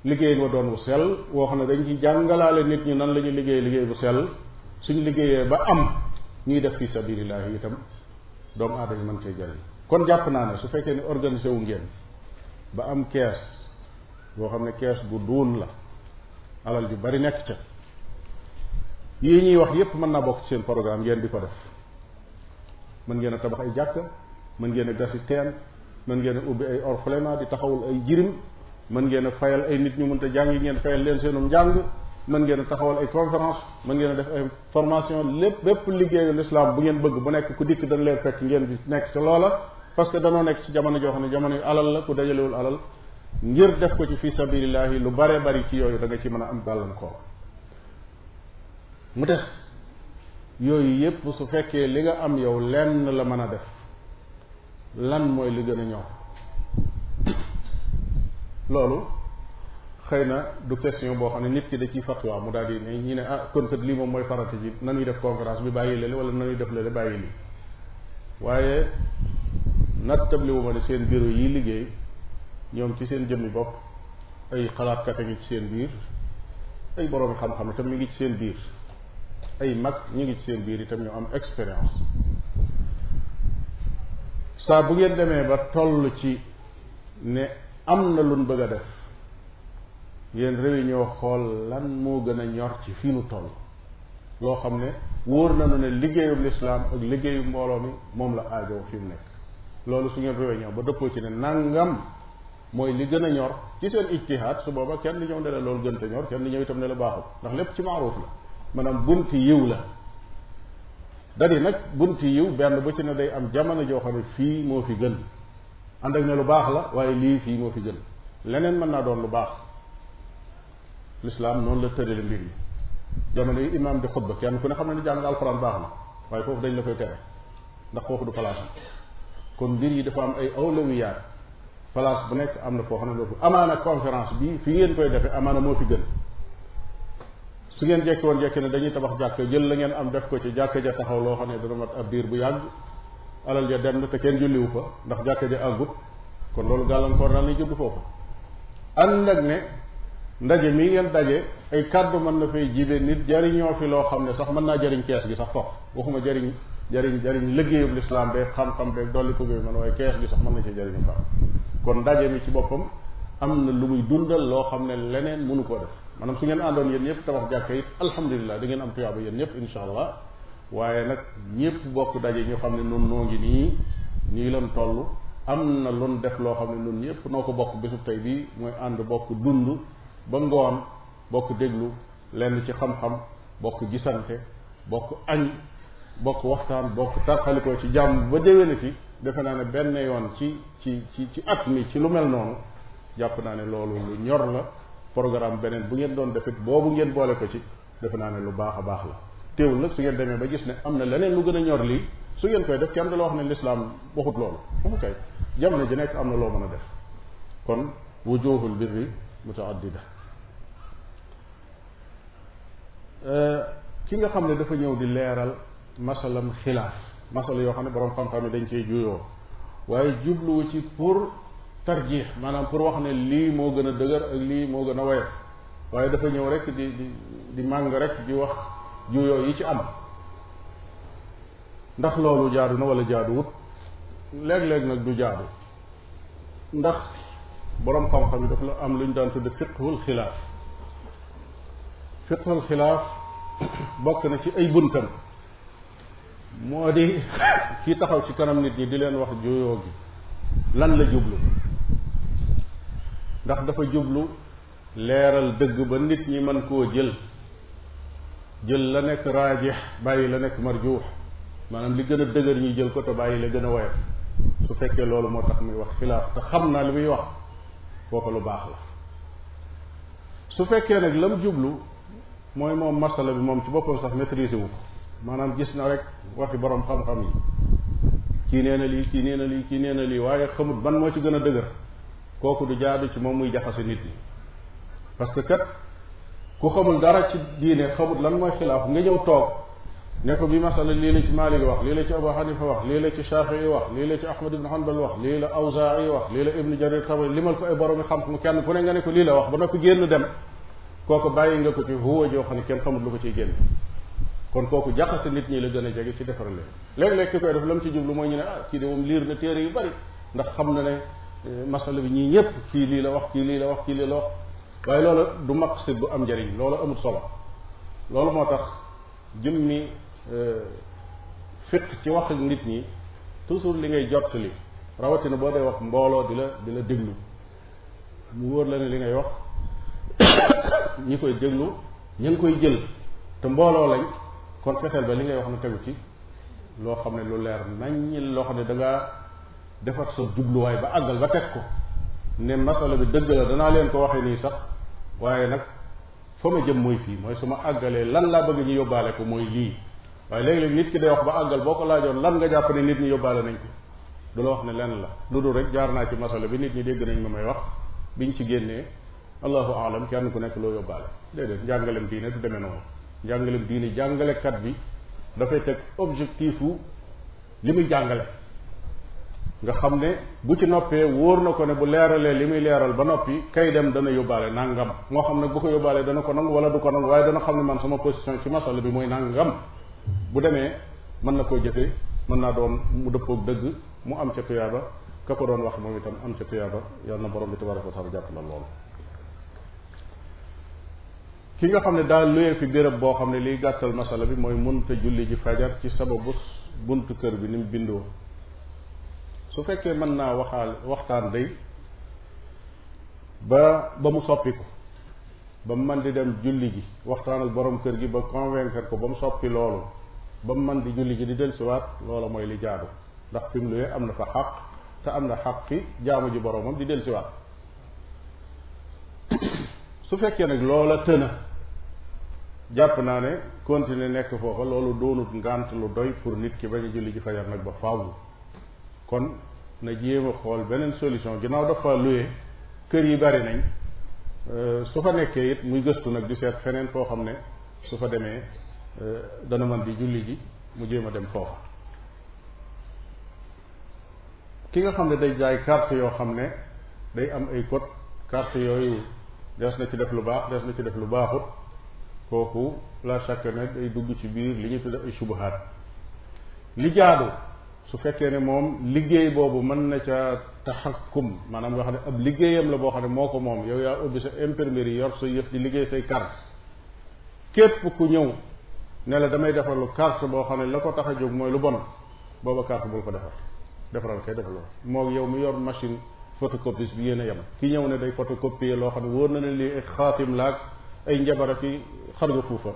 liggéey nga doon wu sel woo xam ne dañ ci jàngalaale nit ñi nan la ñuy liggéey liggéey bu sel suñu liggéeyee ba am ñuy def fi sabilillahi itam doomu aadama mën cee jëriñ kon jàpp naa ne su ne organisé wu ngeen ba am kees boo xam ne kees bu duun la alal ju bari nekk ca yii ñuy wax yépp mën naa bokk seen programme ngeen di ko def mën ngeen a tabax ay jàkk mën ngeen a gasi teen mën ngeen a ubbi ay orphelinat di taxawul ay jirim mën ngeen a fayal ay nit ñu mënta jàng ngeen fayal leen seenum njàng mën ngeen a taxawal ay conférence mën ngeen a def ay formation lépp bépp liggéeyu l'islam bu ngeen bëgg bu nekk ku dikk dañ leen fekk ngeen di nekk ca loola parce que danoo nekk ci jamono joo xam ne jamono alal la ku dajalewul alal ngir def ko ci fi sabilillahi lu bare bari ci yooyu da nga ci mën a am gàllankoor mu des yooyu yépp su fekkee li nga am yow lenn la mën a def lan mooy li gën a ñëw loolu xëy na du question boo xam ne nit ki da ciy fatwa mu daal di ne ñi ne ah kon kat lii moom mooy farata ji nanuy def conférence bi bàyyi lële wala nanuy def lële bàyyi lii waaye nattam li wu ma seen bureau yi liggéey ñoom ci seen jëmmi bopp ay xalaatkat a ngi ci seen biir ay boroom xam-xam itam mi ngi ci seen biir ay mag ñu ngi ci seen biir itam ñu am expérience saa bu ngeen demee ba toll ci ne am na luñ bëgg a def yéen réunion xool lan moo gën a ñor ci fi nu toll loo xam ne wóor nañu ne liggéeyum lislaam ak liggéeyu mbooloo mi moom la aajoo fi mu nekk loolu su ngeen réunion ba dëppoo ci ne nangam mooy li gën a ñor ci seen ijtihaad su booba kenn di ñëw ne loolu gën te ñor kenn di ñëw itam ne la baaxul ndax lépp ci maaruuf la maanaam bunti yiw la dadi nag bunt yiw benn bu ci ne day am jamono joo xam ne fii moo fi gën ànd ak ne lu baax la waaye lii fii moo fi gën leneen mën naa doon lu baax lislaam noonu la tërale mbir yi jamono yi imaam di xutba kenn ku ne xam ne ni jàng alxuraan baax na waaye foofu dañ la koy tere ndax foofu du palaasam kon mbir yi dafa am ay awlawiyaat place bu nekk am na foo xam ne loolu amaana conférence bi fi ngeen koy defee amaana moo fi gën su ngeen jekki woon jekki ne dañuy tabax jàkka jël la ngeen am def ko ci jàkka ja taxaw loo xam ne dana mat ab diir bu yàgg alal ja dem na te kenn julliwu fa ndax jàkka ja àggut kon loolu gàllankoor daal lay judd foofu ànd ak ne ndaje mi ngeen daje ay kàddu mën na fay jibe nit jariñoo fi loo xam ne sax mën naa jariñ kees gi sax foofu waxuma jariñ jariñ jariñ liggéeyub lislaam beeg xam-xam beeg dolli ko mën waaye kees gi sax mën na ci jariñu far kon ndaje mi ci boppam am na lu muy dundal loo xam ne leneen mënu koo def maanaam su ngeen àndoon yéen ñëpp tabax jàkka it alhamdulilah da ngeen am tuyaaba yéen ñëpp insha allah waaye nag ñëpp bokk daje ñu xam ne nun noo ngi nii nii lan toll am na lun def loo xam ne nun ñëpp noo ko bokk bésub tey bii mooy ànd bokk dund ba ngoon bokk déglu lenn ci xam bokk gisante bokk añ bokk waxtaan bokk tàqalikoo ci jàmm ba déwénati defe naa ne benn yoon ci ci ci ci at mi ci lu mel noonu jàpp naa ne loolu lu ñor la programme beneen bu ngeen doon defit boobu ngeen boole ko ci defe naa ne lu baax a baax la teewul nag su ngeen demee ba gis ne am na leneen lu gën a ñor lii su ngeen koy def kenn du la wax ne lislaam waxut loolu ok kay jamono ji nekk am na loo mën a def kon wujuhul birri mutaaddida euh, ki nga xam ne dafa ñëw di leeral masalam xilaaf masala yoo xam ne borom xam-xam yi dañ cee juyoo waaye jubluwu ci pour tarjix maanaam pour wax ne lii moo gën a dëgër ak lii moo gën a woyof waaye dafa ñëw rek di di di màng rek di wax juyoo yi ci am ndax loolu jaadu na wala jaaduwut léeg-léeg nag du jaadu ndax boroom xam-xam yi daf la am lu ñu daan tudde fiqhul xilaaf fiqhul xilaaf bokk na ci ay buntam moo di kii taxaw ci kanam nit ñi di leen wax juyoo gi lan la jublu ndax dafa jublu leeral dëgg ba nit ñi mën koo jël jël la nekk raajix bàyyi la nekk marjuux maanaam li gën a dëgër ñu jël ko te bàyyi la gën a woyof su fekkee loolu moo tax muy wax xilaaf te xam naa li muy wax kooku lu baax la su fekkee nag la mu jublu mooy moom masala bi moom ci boppam sax maîtrise ko maanaam gis na rek waxi borom xam-xam yi kii nee na lii kii nee na lii kii nee na lii waaye xamut ban moo ci gën a dëgër kooku du jaadu ci moom muy jaxase nit yi parce que kat ku xamul dara ci diine xamut lan mooy xilaaf nga ñëw toog ne ko bi masala lii la ci Maalik wax lii la ci Abu Hanifa wax lii la ci Shafii wax lii la ci Ahmad ibn Hanbal wax lii la Awzaa'i wax lii la Ibn Jarir Tabari limal ko ay borom xam-xam kenn ku ne nga ne ko lii la wax ba noppi génn dem kooku bàyyi nga ko ci huwa joo kenn xamut lu ko ciy génn kon kooku jaxase nit ñi la gën a jege ci defar leen léeg-léeg ki koy def la mu ci jublu mooy ñu ne ah kii de moom liir na téere yu bari ndax xam na ne eh, masala bi ñii ñëpp kii lii la wax kii lii la wax kii lii la wax waaye loolu du maqsid bu am njariñ loolu amul solo loolu moo tax mi eh, fit ci wax ak nit ñi toujours li ngay jot li rawatina boo dee wax mbooloo di la di la déglu mu wóor la ne li ngay wax ñi koy déglu ña ngi koy jël te mbooloo lañ kon fexeel ba li ngay wax na tegu ci loo xam ne lu leer naññ loo xam ne da defar sa jubluwaay ba àggal ba teg ko ne masala bi dëgg la danaa leen ko waxee nii sax waaye nag fa ma jëm mooy fii mooy su ma àggalee lan laa bëgg ñu yóbbaale ko mooy lii waaye léegi-léegi nit ki day wax ba àggal boo ko laajoon lan nga jàpp ne nit ñi yóbbaale nañ ko du la wax ne len la lu dul rek jaar naa ci masala bi nit ñi dégg nañ ma may wax bi ñu ci génnee allahu aalam kenn ku nekk loo yóbbaale déedéet njàngaleem diine du demee noonu njàngaleem diine jàngalekat bi dafay teg objectifu li muy jàngale nga xam ne bu ci noppee wóor na ko ne bu leeralee li muy leeral ba noppi kay dem dana yóbbaale nangam moo xam ne bu ko yóbbaalee dana ko nangu wala du ko nangu waaye dana xam ne man sama position ci masala bi mooy nangam bu demee mën na koo jëfe mën naa doon mu dëppoog dëgg mu am ca tuyaaba ka ko doon wax moom itam am ca tuyaaba yàlla na borom bi tabaraka wa taala jàppale loolu ki nga xam ne daa luye fi béréb boo xam ne liy gàttal masala bi mooy mënta julli ji fajar ci sababu buntu kër bi ni mu bindoo su fekkee mën naa waxaal waxtaan day ba ba mu soppiku ba mu man di dem julli ji waxtaan ak kër gi ba ko ba mu soppi loolu ba man di julli ji di dellusiwaat loola mooy li jaadu ndax fi luye am na fa xaq te am na xaq fi jaamu ji boromam di dellusiwaat su fekkee nag loola tëna jàpp naa ne continuer nekk foofa loolu doonut ngànt lu doy pour nit ki bañ a julli ji fajar nag ba faaw kon na jéem a xool beneen solution ginnaaw dafa luye kër yi bari nañ euh, su fa nekkee it muy gëstu nag di seet feneen foo xam ne su fa demee euh, dana mën di julli ji mu jéem a dem foofa ki nga xam ne day jaay carte yoo xam ne day am ay code carte yooyu des na ci def lu baax des na ci def lu baaxut kooku la chaque nag day dugg ci biir li ñu tudde ay subahaat li jaadu su fekkee ne moom liggéey boobu mën na ca taxakkum maanaam nga xam ne ab liggéeyam la boo xam ne moo ko moom yow yaa ubbi sa imprimerie yor sa yëf di liggéey say carte képp ku ñëw ne la damay defar lu carte boo xam ne la ko tax a jóg mooy lu bon booba carte bul ko defar defaral kay defaloo moo yow mu yor machine photocopie bi yéen a yem ki ñëw ne day photocopier loo xam ne wóor na ne lii ay xar nga fuufa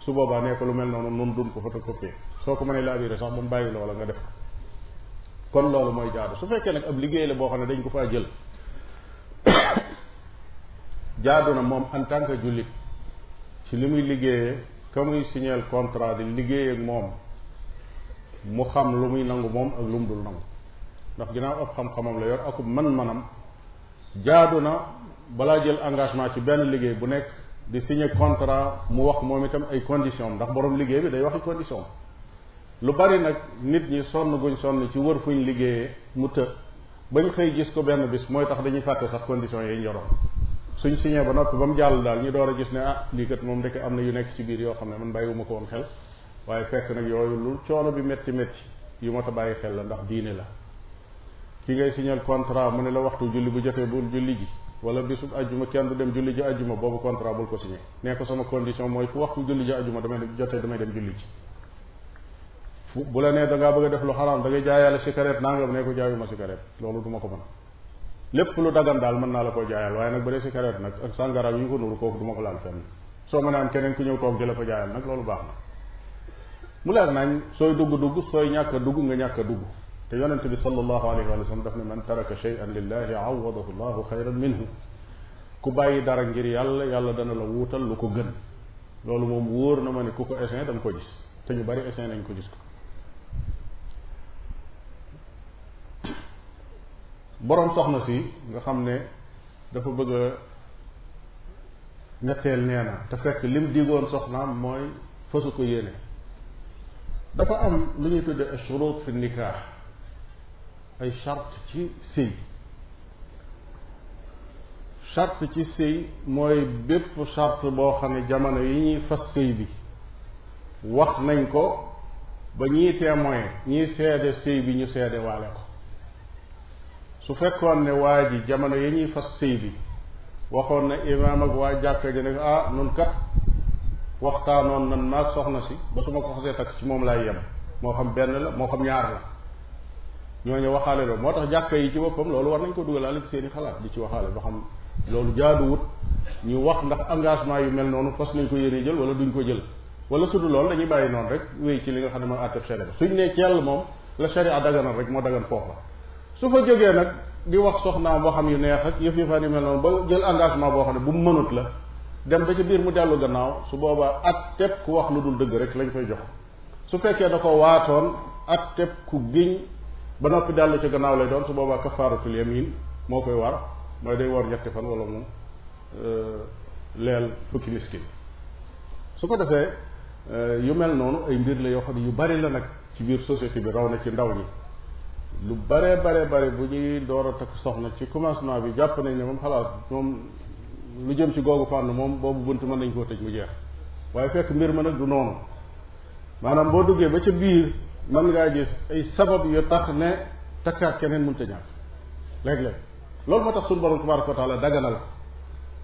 su boobaa nee ko lu mel noonu nun dun ko photocopie soo ko mënee laabiré sax moom bàyyi loola nga def ko kon loolu mooy jaadu su fekkee nag ab liggéey la boo xam ne dañ ko faa jël jaadu na moom en tant que jullit ci li muy liggéeyee ka muy signeel contrat di liggéey moom mu xam lu muy nangu moom ak lu mu dul nangu ndax dinaa ab xam-xamam la yor akub man-manam jaadu na balaa jël engagement ci benn liggéey bu nekk di signé contrat mu wax moom itam ay conditions ndax borom liggéey bi day waxi condition lu bari nag nit ñi sonn guñ sonn ci wër fuñ liggéeyee mu të bañ xëy gis ko benn bis mooy tax dañuy fàtte sax conditions yi yoroon suñ signé ba noppi ba mu jàll daal ñu door a gis ne ah lii kat moom ndekk am na yu nekk ci biir yoo xam ne man bàyyiwuma ko woon xel waaye fekk nag yooyu lu coono bi métti métti yu ma ta bàyyi xel la ndax diine la ki nga signal contrat mu ne la waxtu julli bu jotee bul julli ji wala bisub ajjuma kenn du dem julli ji ajjuma boobu contrat bul ko signé nee ko sama condition mooy fu waxtu julli ji ajjuma damay dem jotee damay dem julli ji fu bu la nee da ngaa bëgg a def lu xaraam da ngay jaayaale cigarette nangam nee ko jaayuma cigarette loolu du ma ko mën lépp lu dagan daal mën naa la koo jaayal waaye nag ba dee cigarette nag ak sàngara yi ko nuru kooku du ma ko laal fenn soo mën a am keneen ku ñëw toog di la ko jaayal nag loolu baax mu leer nañ sooy dugg dugg sooy ñàkk a nga ñàkk a dugg te yonente bi sallallahu alayhi wa sallam daf ne man taraka shay'an lillahi awadahu llahu xayran minhu ku bàyyi dara ngir yàlla yàlla dana la wuutal lu ko gën loolu moom wóor na ma ne ku ko essayer da te ñu bari nañ ko gis ko boroom soxna si nga xam ne dafa bëgg a ñetteel nee na te fekk lim digoon soxnaam mooy fasu ko yéene dafa am lu ñuy tudde shurut fi nikah ay charte ci sëy charte ci sëy mooy bépp charte boo xam ne jamono yi ñuy fas sëy bi wax nañ ko ba ñii témoin ñii seede sëy bi ñu seede waale ko su fekkoon ne waa ji jamono yi ñuy fas sëy bi waxoon na imaam ak waa jàkka ji ne ah nun kat waxtaanoon nan maag soxna si ba su ma ko xasee takk ci moom laay yem moo xam benn la moo xam ñaar la ñooñu waxaale loolu moo tax jàkka yi ci boppam loolu war nañ ko dugalaale ci seen i xalaat di ci waxaale ba ñu wax ndax engagement yu mel noonu ko yéene jël wala duñ ko jël wala su dul loolu dañuy bàyyi noonu rek wéy li nga xam ne mooy àtteb sharia suñ ne moom la sharia daganal rek moo dagan foofa su fa jógee nag di wax soxnaam waxam yu neex ak yëf yëfaan yu mel noonu ba jël engagement boo xam ne bu mu mënut la dem ba ci biir mu dellu gannaaw su boobaa àtteb ku wax lu dul dëgg rek lañ koy jox su fekkee da ko waatoon àtteb ku giñ ba noppi dellu ci gannaaw lay doon su boobaa kafaaratul yamin moo koy war mooy day war ñetti fan wala mu euh, leel fukki miskin su ko defee euh, yu mel noonu ay mbir la yoo xam ne yu bari la nag ci biir société bi raw na ci ndaw ñi lu bare bare bare bu ñuy door a takk soxna ci commencement bi jàpp nañ ne moom xalaat moom lu jëm ci googu fànn moom boobu bunt mën nañ koo tëj mu jeex waaye fekk mbir ma nag du noonu maanaam boo duggee ba ca biir man ngaa gis ay sabab yu tax ne takkaat keneen mënta ñàkk léeg-léeg loolu moo tax suñu borom tabaraka wa taala daganal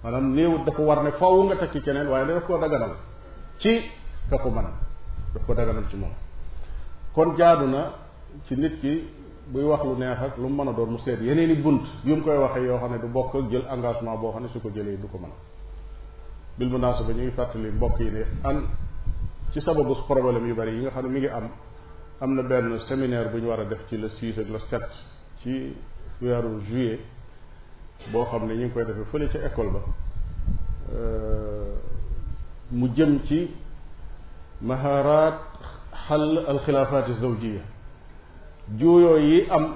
maanaam néewut dafa war ne faaw nga takki keneen waaye daf koo daganal ci ka ko mën daf ko daganal ci moom kon jaadu na ci nit ki buy wax lu neex ak lu mu mën a doon mu seet yeneen yi bunt yu mu koy waxee yoo xam ne du bokk ak jël engagement boo xam ne su ko jëlee du ko man mën bil munaasaba ñu ngi fàttali mbokk yi ne an ci sababu problème yu bari yi nga xam ne mi ngi am am na benn séminaire bu ñu war a def ci le six ak le sept ci weeru juillet boo xam ne ñu ngi koy defee fële ca école ba euh, mu jëm ci maharaat xal alxilaafaati zawjiya juuyoo yi am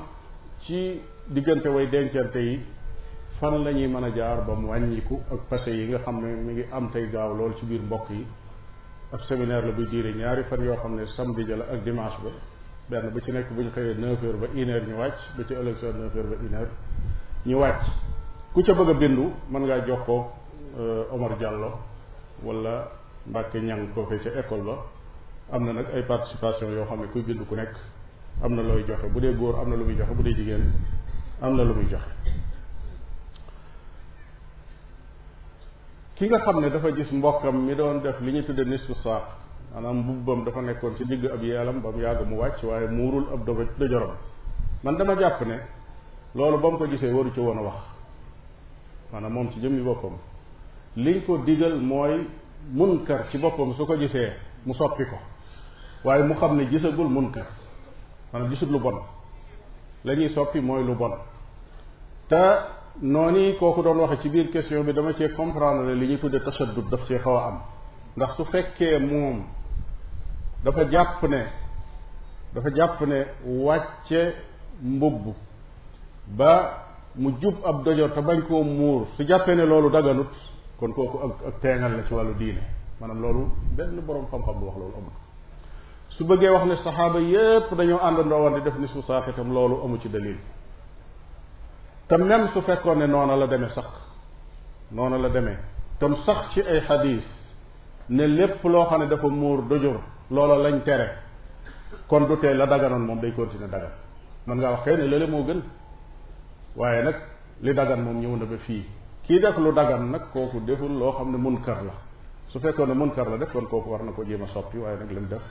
ci diggante way dencante yi fan lañuy mën a jaar ba mu wàññiku ak passé yi nga xam ne mi ngi am tey gaaw lool ci biir mbokk yi ab séminaire la buy diire ñaari fan yoo xam ne samedi ja la ak dimanche ba benn bu ci nekk bu ñu xëyee neuf heures ba une heure ñu wàcc bu ci ëllëg sa neuf heures ba une heure ñu wàcc ku ca bëgg a bindu mën ngaa jokkoo euh, Omar Diallo wala Mbacke Ñang koo fee ca école ba am na nag ay participation yoo xam ne kuy bindu ku nekk am na looy joxe bu dee góor am na lu muy joxe bu dee jigéen am na lu muy joxe ki nga xam ne dafa gis mbokkam mi doon def li ñu tudde nisfu saax maanaam mbubbam dafa nekkoon ci digg ab yeelam ba mu yàgg mu wàcc waaye muurul ab dogo dojorom man dama jàpp ne loolu ba mu ko gisee waru ci woon a wax maanaam moom ci jëmmi boppam liñ ko digal mooy munkar ci boppam su ko gisee mu soppi ko waaye mu xam ne gisagul munkar maanaam gisul lu bon la ñuy soppi mooy lu bon te noonu kooku doon waxe ci biir question bi dama cee comprendre li ñuy tudde tasaddud daf cee xaw am ndax su fekkee moom dafa jàpp ne dafa jàpp ne wàcce mbubb ba mu jub ab dojor te bañ koo muur su jàppee ne loolu daganut kon kooku ak ak teengal la ci wàllu diine maanaam loolu benn boroom xam-xam bu wax loolu amul su bëggee wax ne saxaaba yépp dañoo àndandoo woon di def ni su saaxitam loolu amu ci dalil te même su fekkoon ne noona la demee sax noona la demee tam sax ci ay xadis ne lépp loo xam ne dafa muur dojur loola lañ tere kon du tee la daganoon moom day continuer dagan mën ngaa wax kay ne lële moo gën waaye nag li dagan moom ñëw na ba fii kii def lu dagan nag kooku deful loo xam ne munkar la su fekkoon ne munkar la def kon kooku war na ko jéem a soppi waaye nag lim def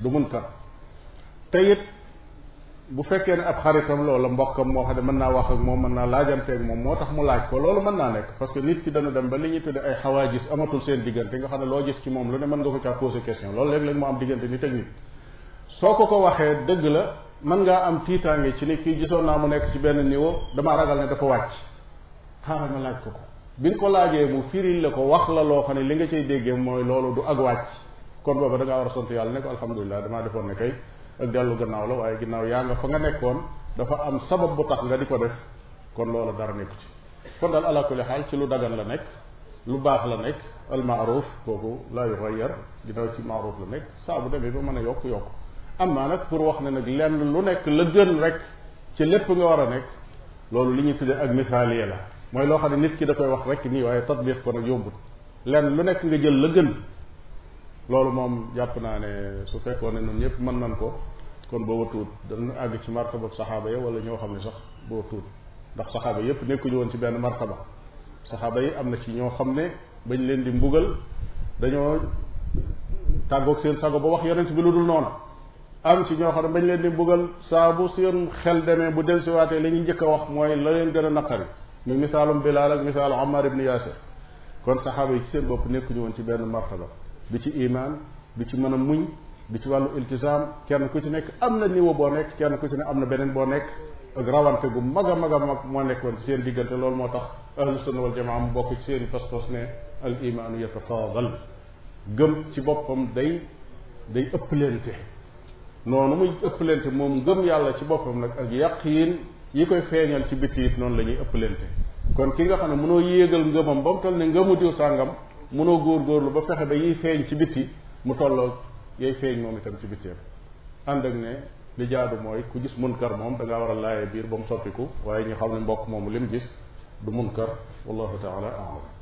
du munkar te bu fekkee ne ab xaritam loola mbokkam moo xam ne mën naa wax ak moom mën naa laajanteeg moom moo tax mu laaj ko loolu mën naa nekk parce que nit ki dana dem ba li ñuy tudde ay xawaajis amatul seen diggante nga xam ne loo gis ci moom lu ne mën nga ko caa posé question loolu léeg-léeg mu am diggante nit ak nit soo ko ko waxee dëgg la mën ngaa am tiitaange ci ne kii gisoon naa mu nekk ci benn niveau damaa ragal ne dafa wàcc xaaral ma laaj ko ko bi nga ko laajee mu firil la ko wax la loo xam ne li nga cay déggee mooy loolu du ak wàcc kon booba da ngaa a sant yàlla ne ko alhamdulilah damaa defoon ne kay ak dellu gannaaw la waaye ginnaaw yaa nga fa nga nekkoon dafa am sabab bu tax nga di ko def kon loola dara nekku ci kon daal ala xaal ci lu dagan la nekk lu baax la nekk al maaruf kooku la yuxayar ginnaaw ci maaruf la nekk saa bu demee ba mën a yokk yokk am naa nag pour wax ne nag lenn lu nekk la gën rek ci lépp nga war a nekk loolu li ñuy tuddee ak misaaliya la mooy loo xam ne nit ki da koy wax rek nii waaye tatbiq ko nag yombut lenn lu nekk nga jël la gën loolu moom jàpp naa ne su fekkoon ne ñun ñëpp mën nan ko kon booba tuut ñu àgg ci martaba saxaaba ya wala ñoo xam ne sax booba tuut ndax saxaaba yëpp nekkuñu woon ci benn martaba saxaaba yi am na ci ñoo xam ne bañ leen di mbugal dañoo tàggoog seen sago ba wax yonent bi lu dul noonu am ci ñoo xam ne bañ leen di mbugal saa bu seen xel demee bu del siwaatee li ñuy njëkk wax mooy la leen gën a naqari mi misaalum Bilaal ak misaalum Ammaar ibn Yaasir kon yi ci seen bopp nekkuñu woon ci benn martaba du ci imaan du ci mën a muñ du ci wàllu iltisaam kenn ku ci nekk am na niveau boo nekk kenn ku ci ne am na beneen boo nekk ak rawante gu mag a mag a mag moo nekkoon ci seen diggante loolu moo tax ahlu sunna wal jamaa mu bokk ci seen pas-pas ne al imaanu yatafaadal gëm ci boppam day day ëpplente noonu ëpp ëpplente moom ngëm yàlla ci boppam nag ak yaqiin yi koy feeñal ci bitti it noonu la ëpp ëpplente kon ki nga xam ne mënoo yéegal ngëmam ba mu toll ne ngëmu diw sàngam mënoo góorgóorlu ba fexe ba yiy feeñ ci bitti mu tolloog yay feeñ moom itam ci bitteem ànd ak ne li jaadu mooy ku gis munkar moom da ngaa war a laaye biir ba mu soppiku waaye ñu xam ne mbokk moomu lim gis du munkar wallahu taala aalam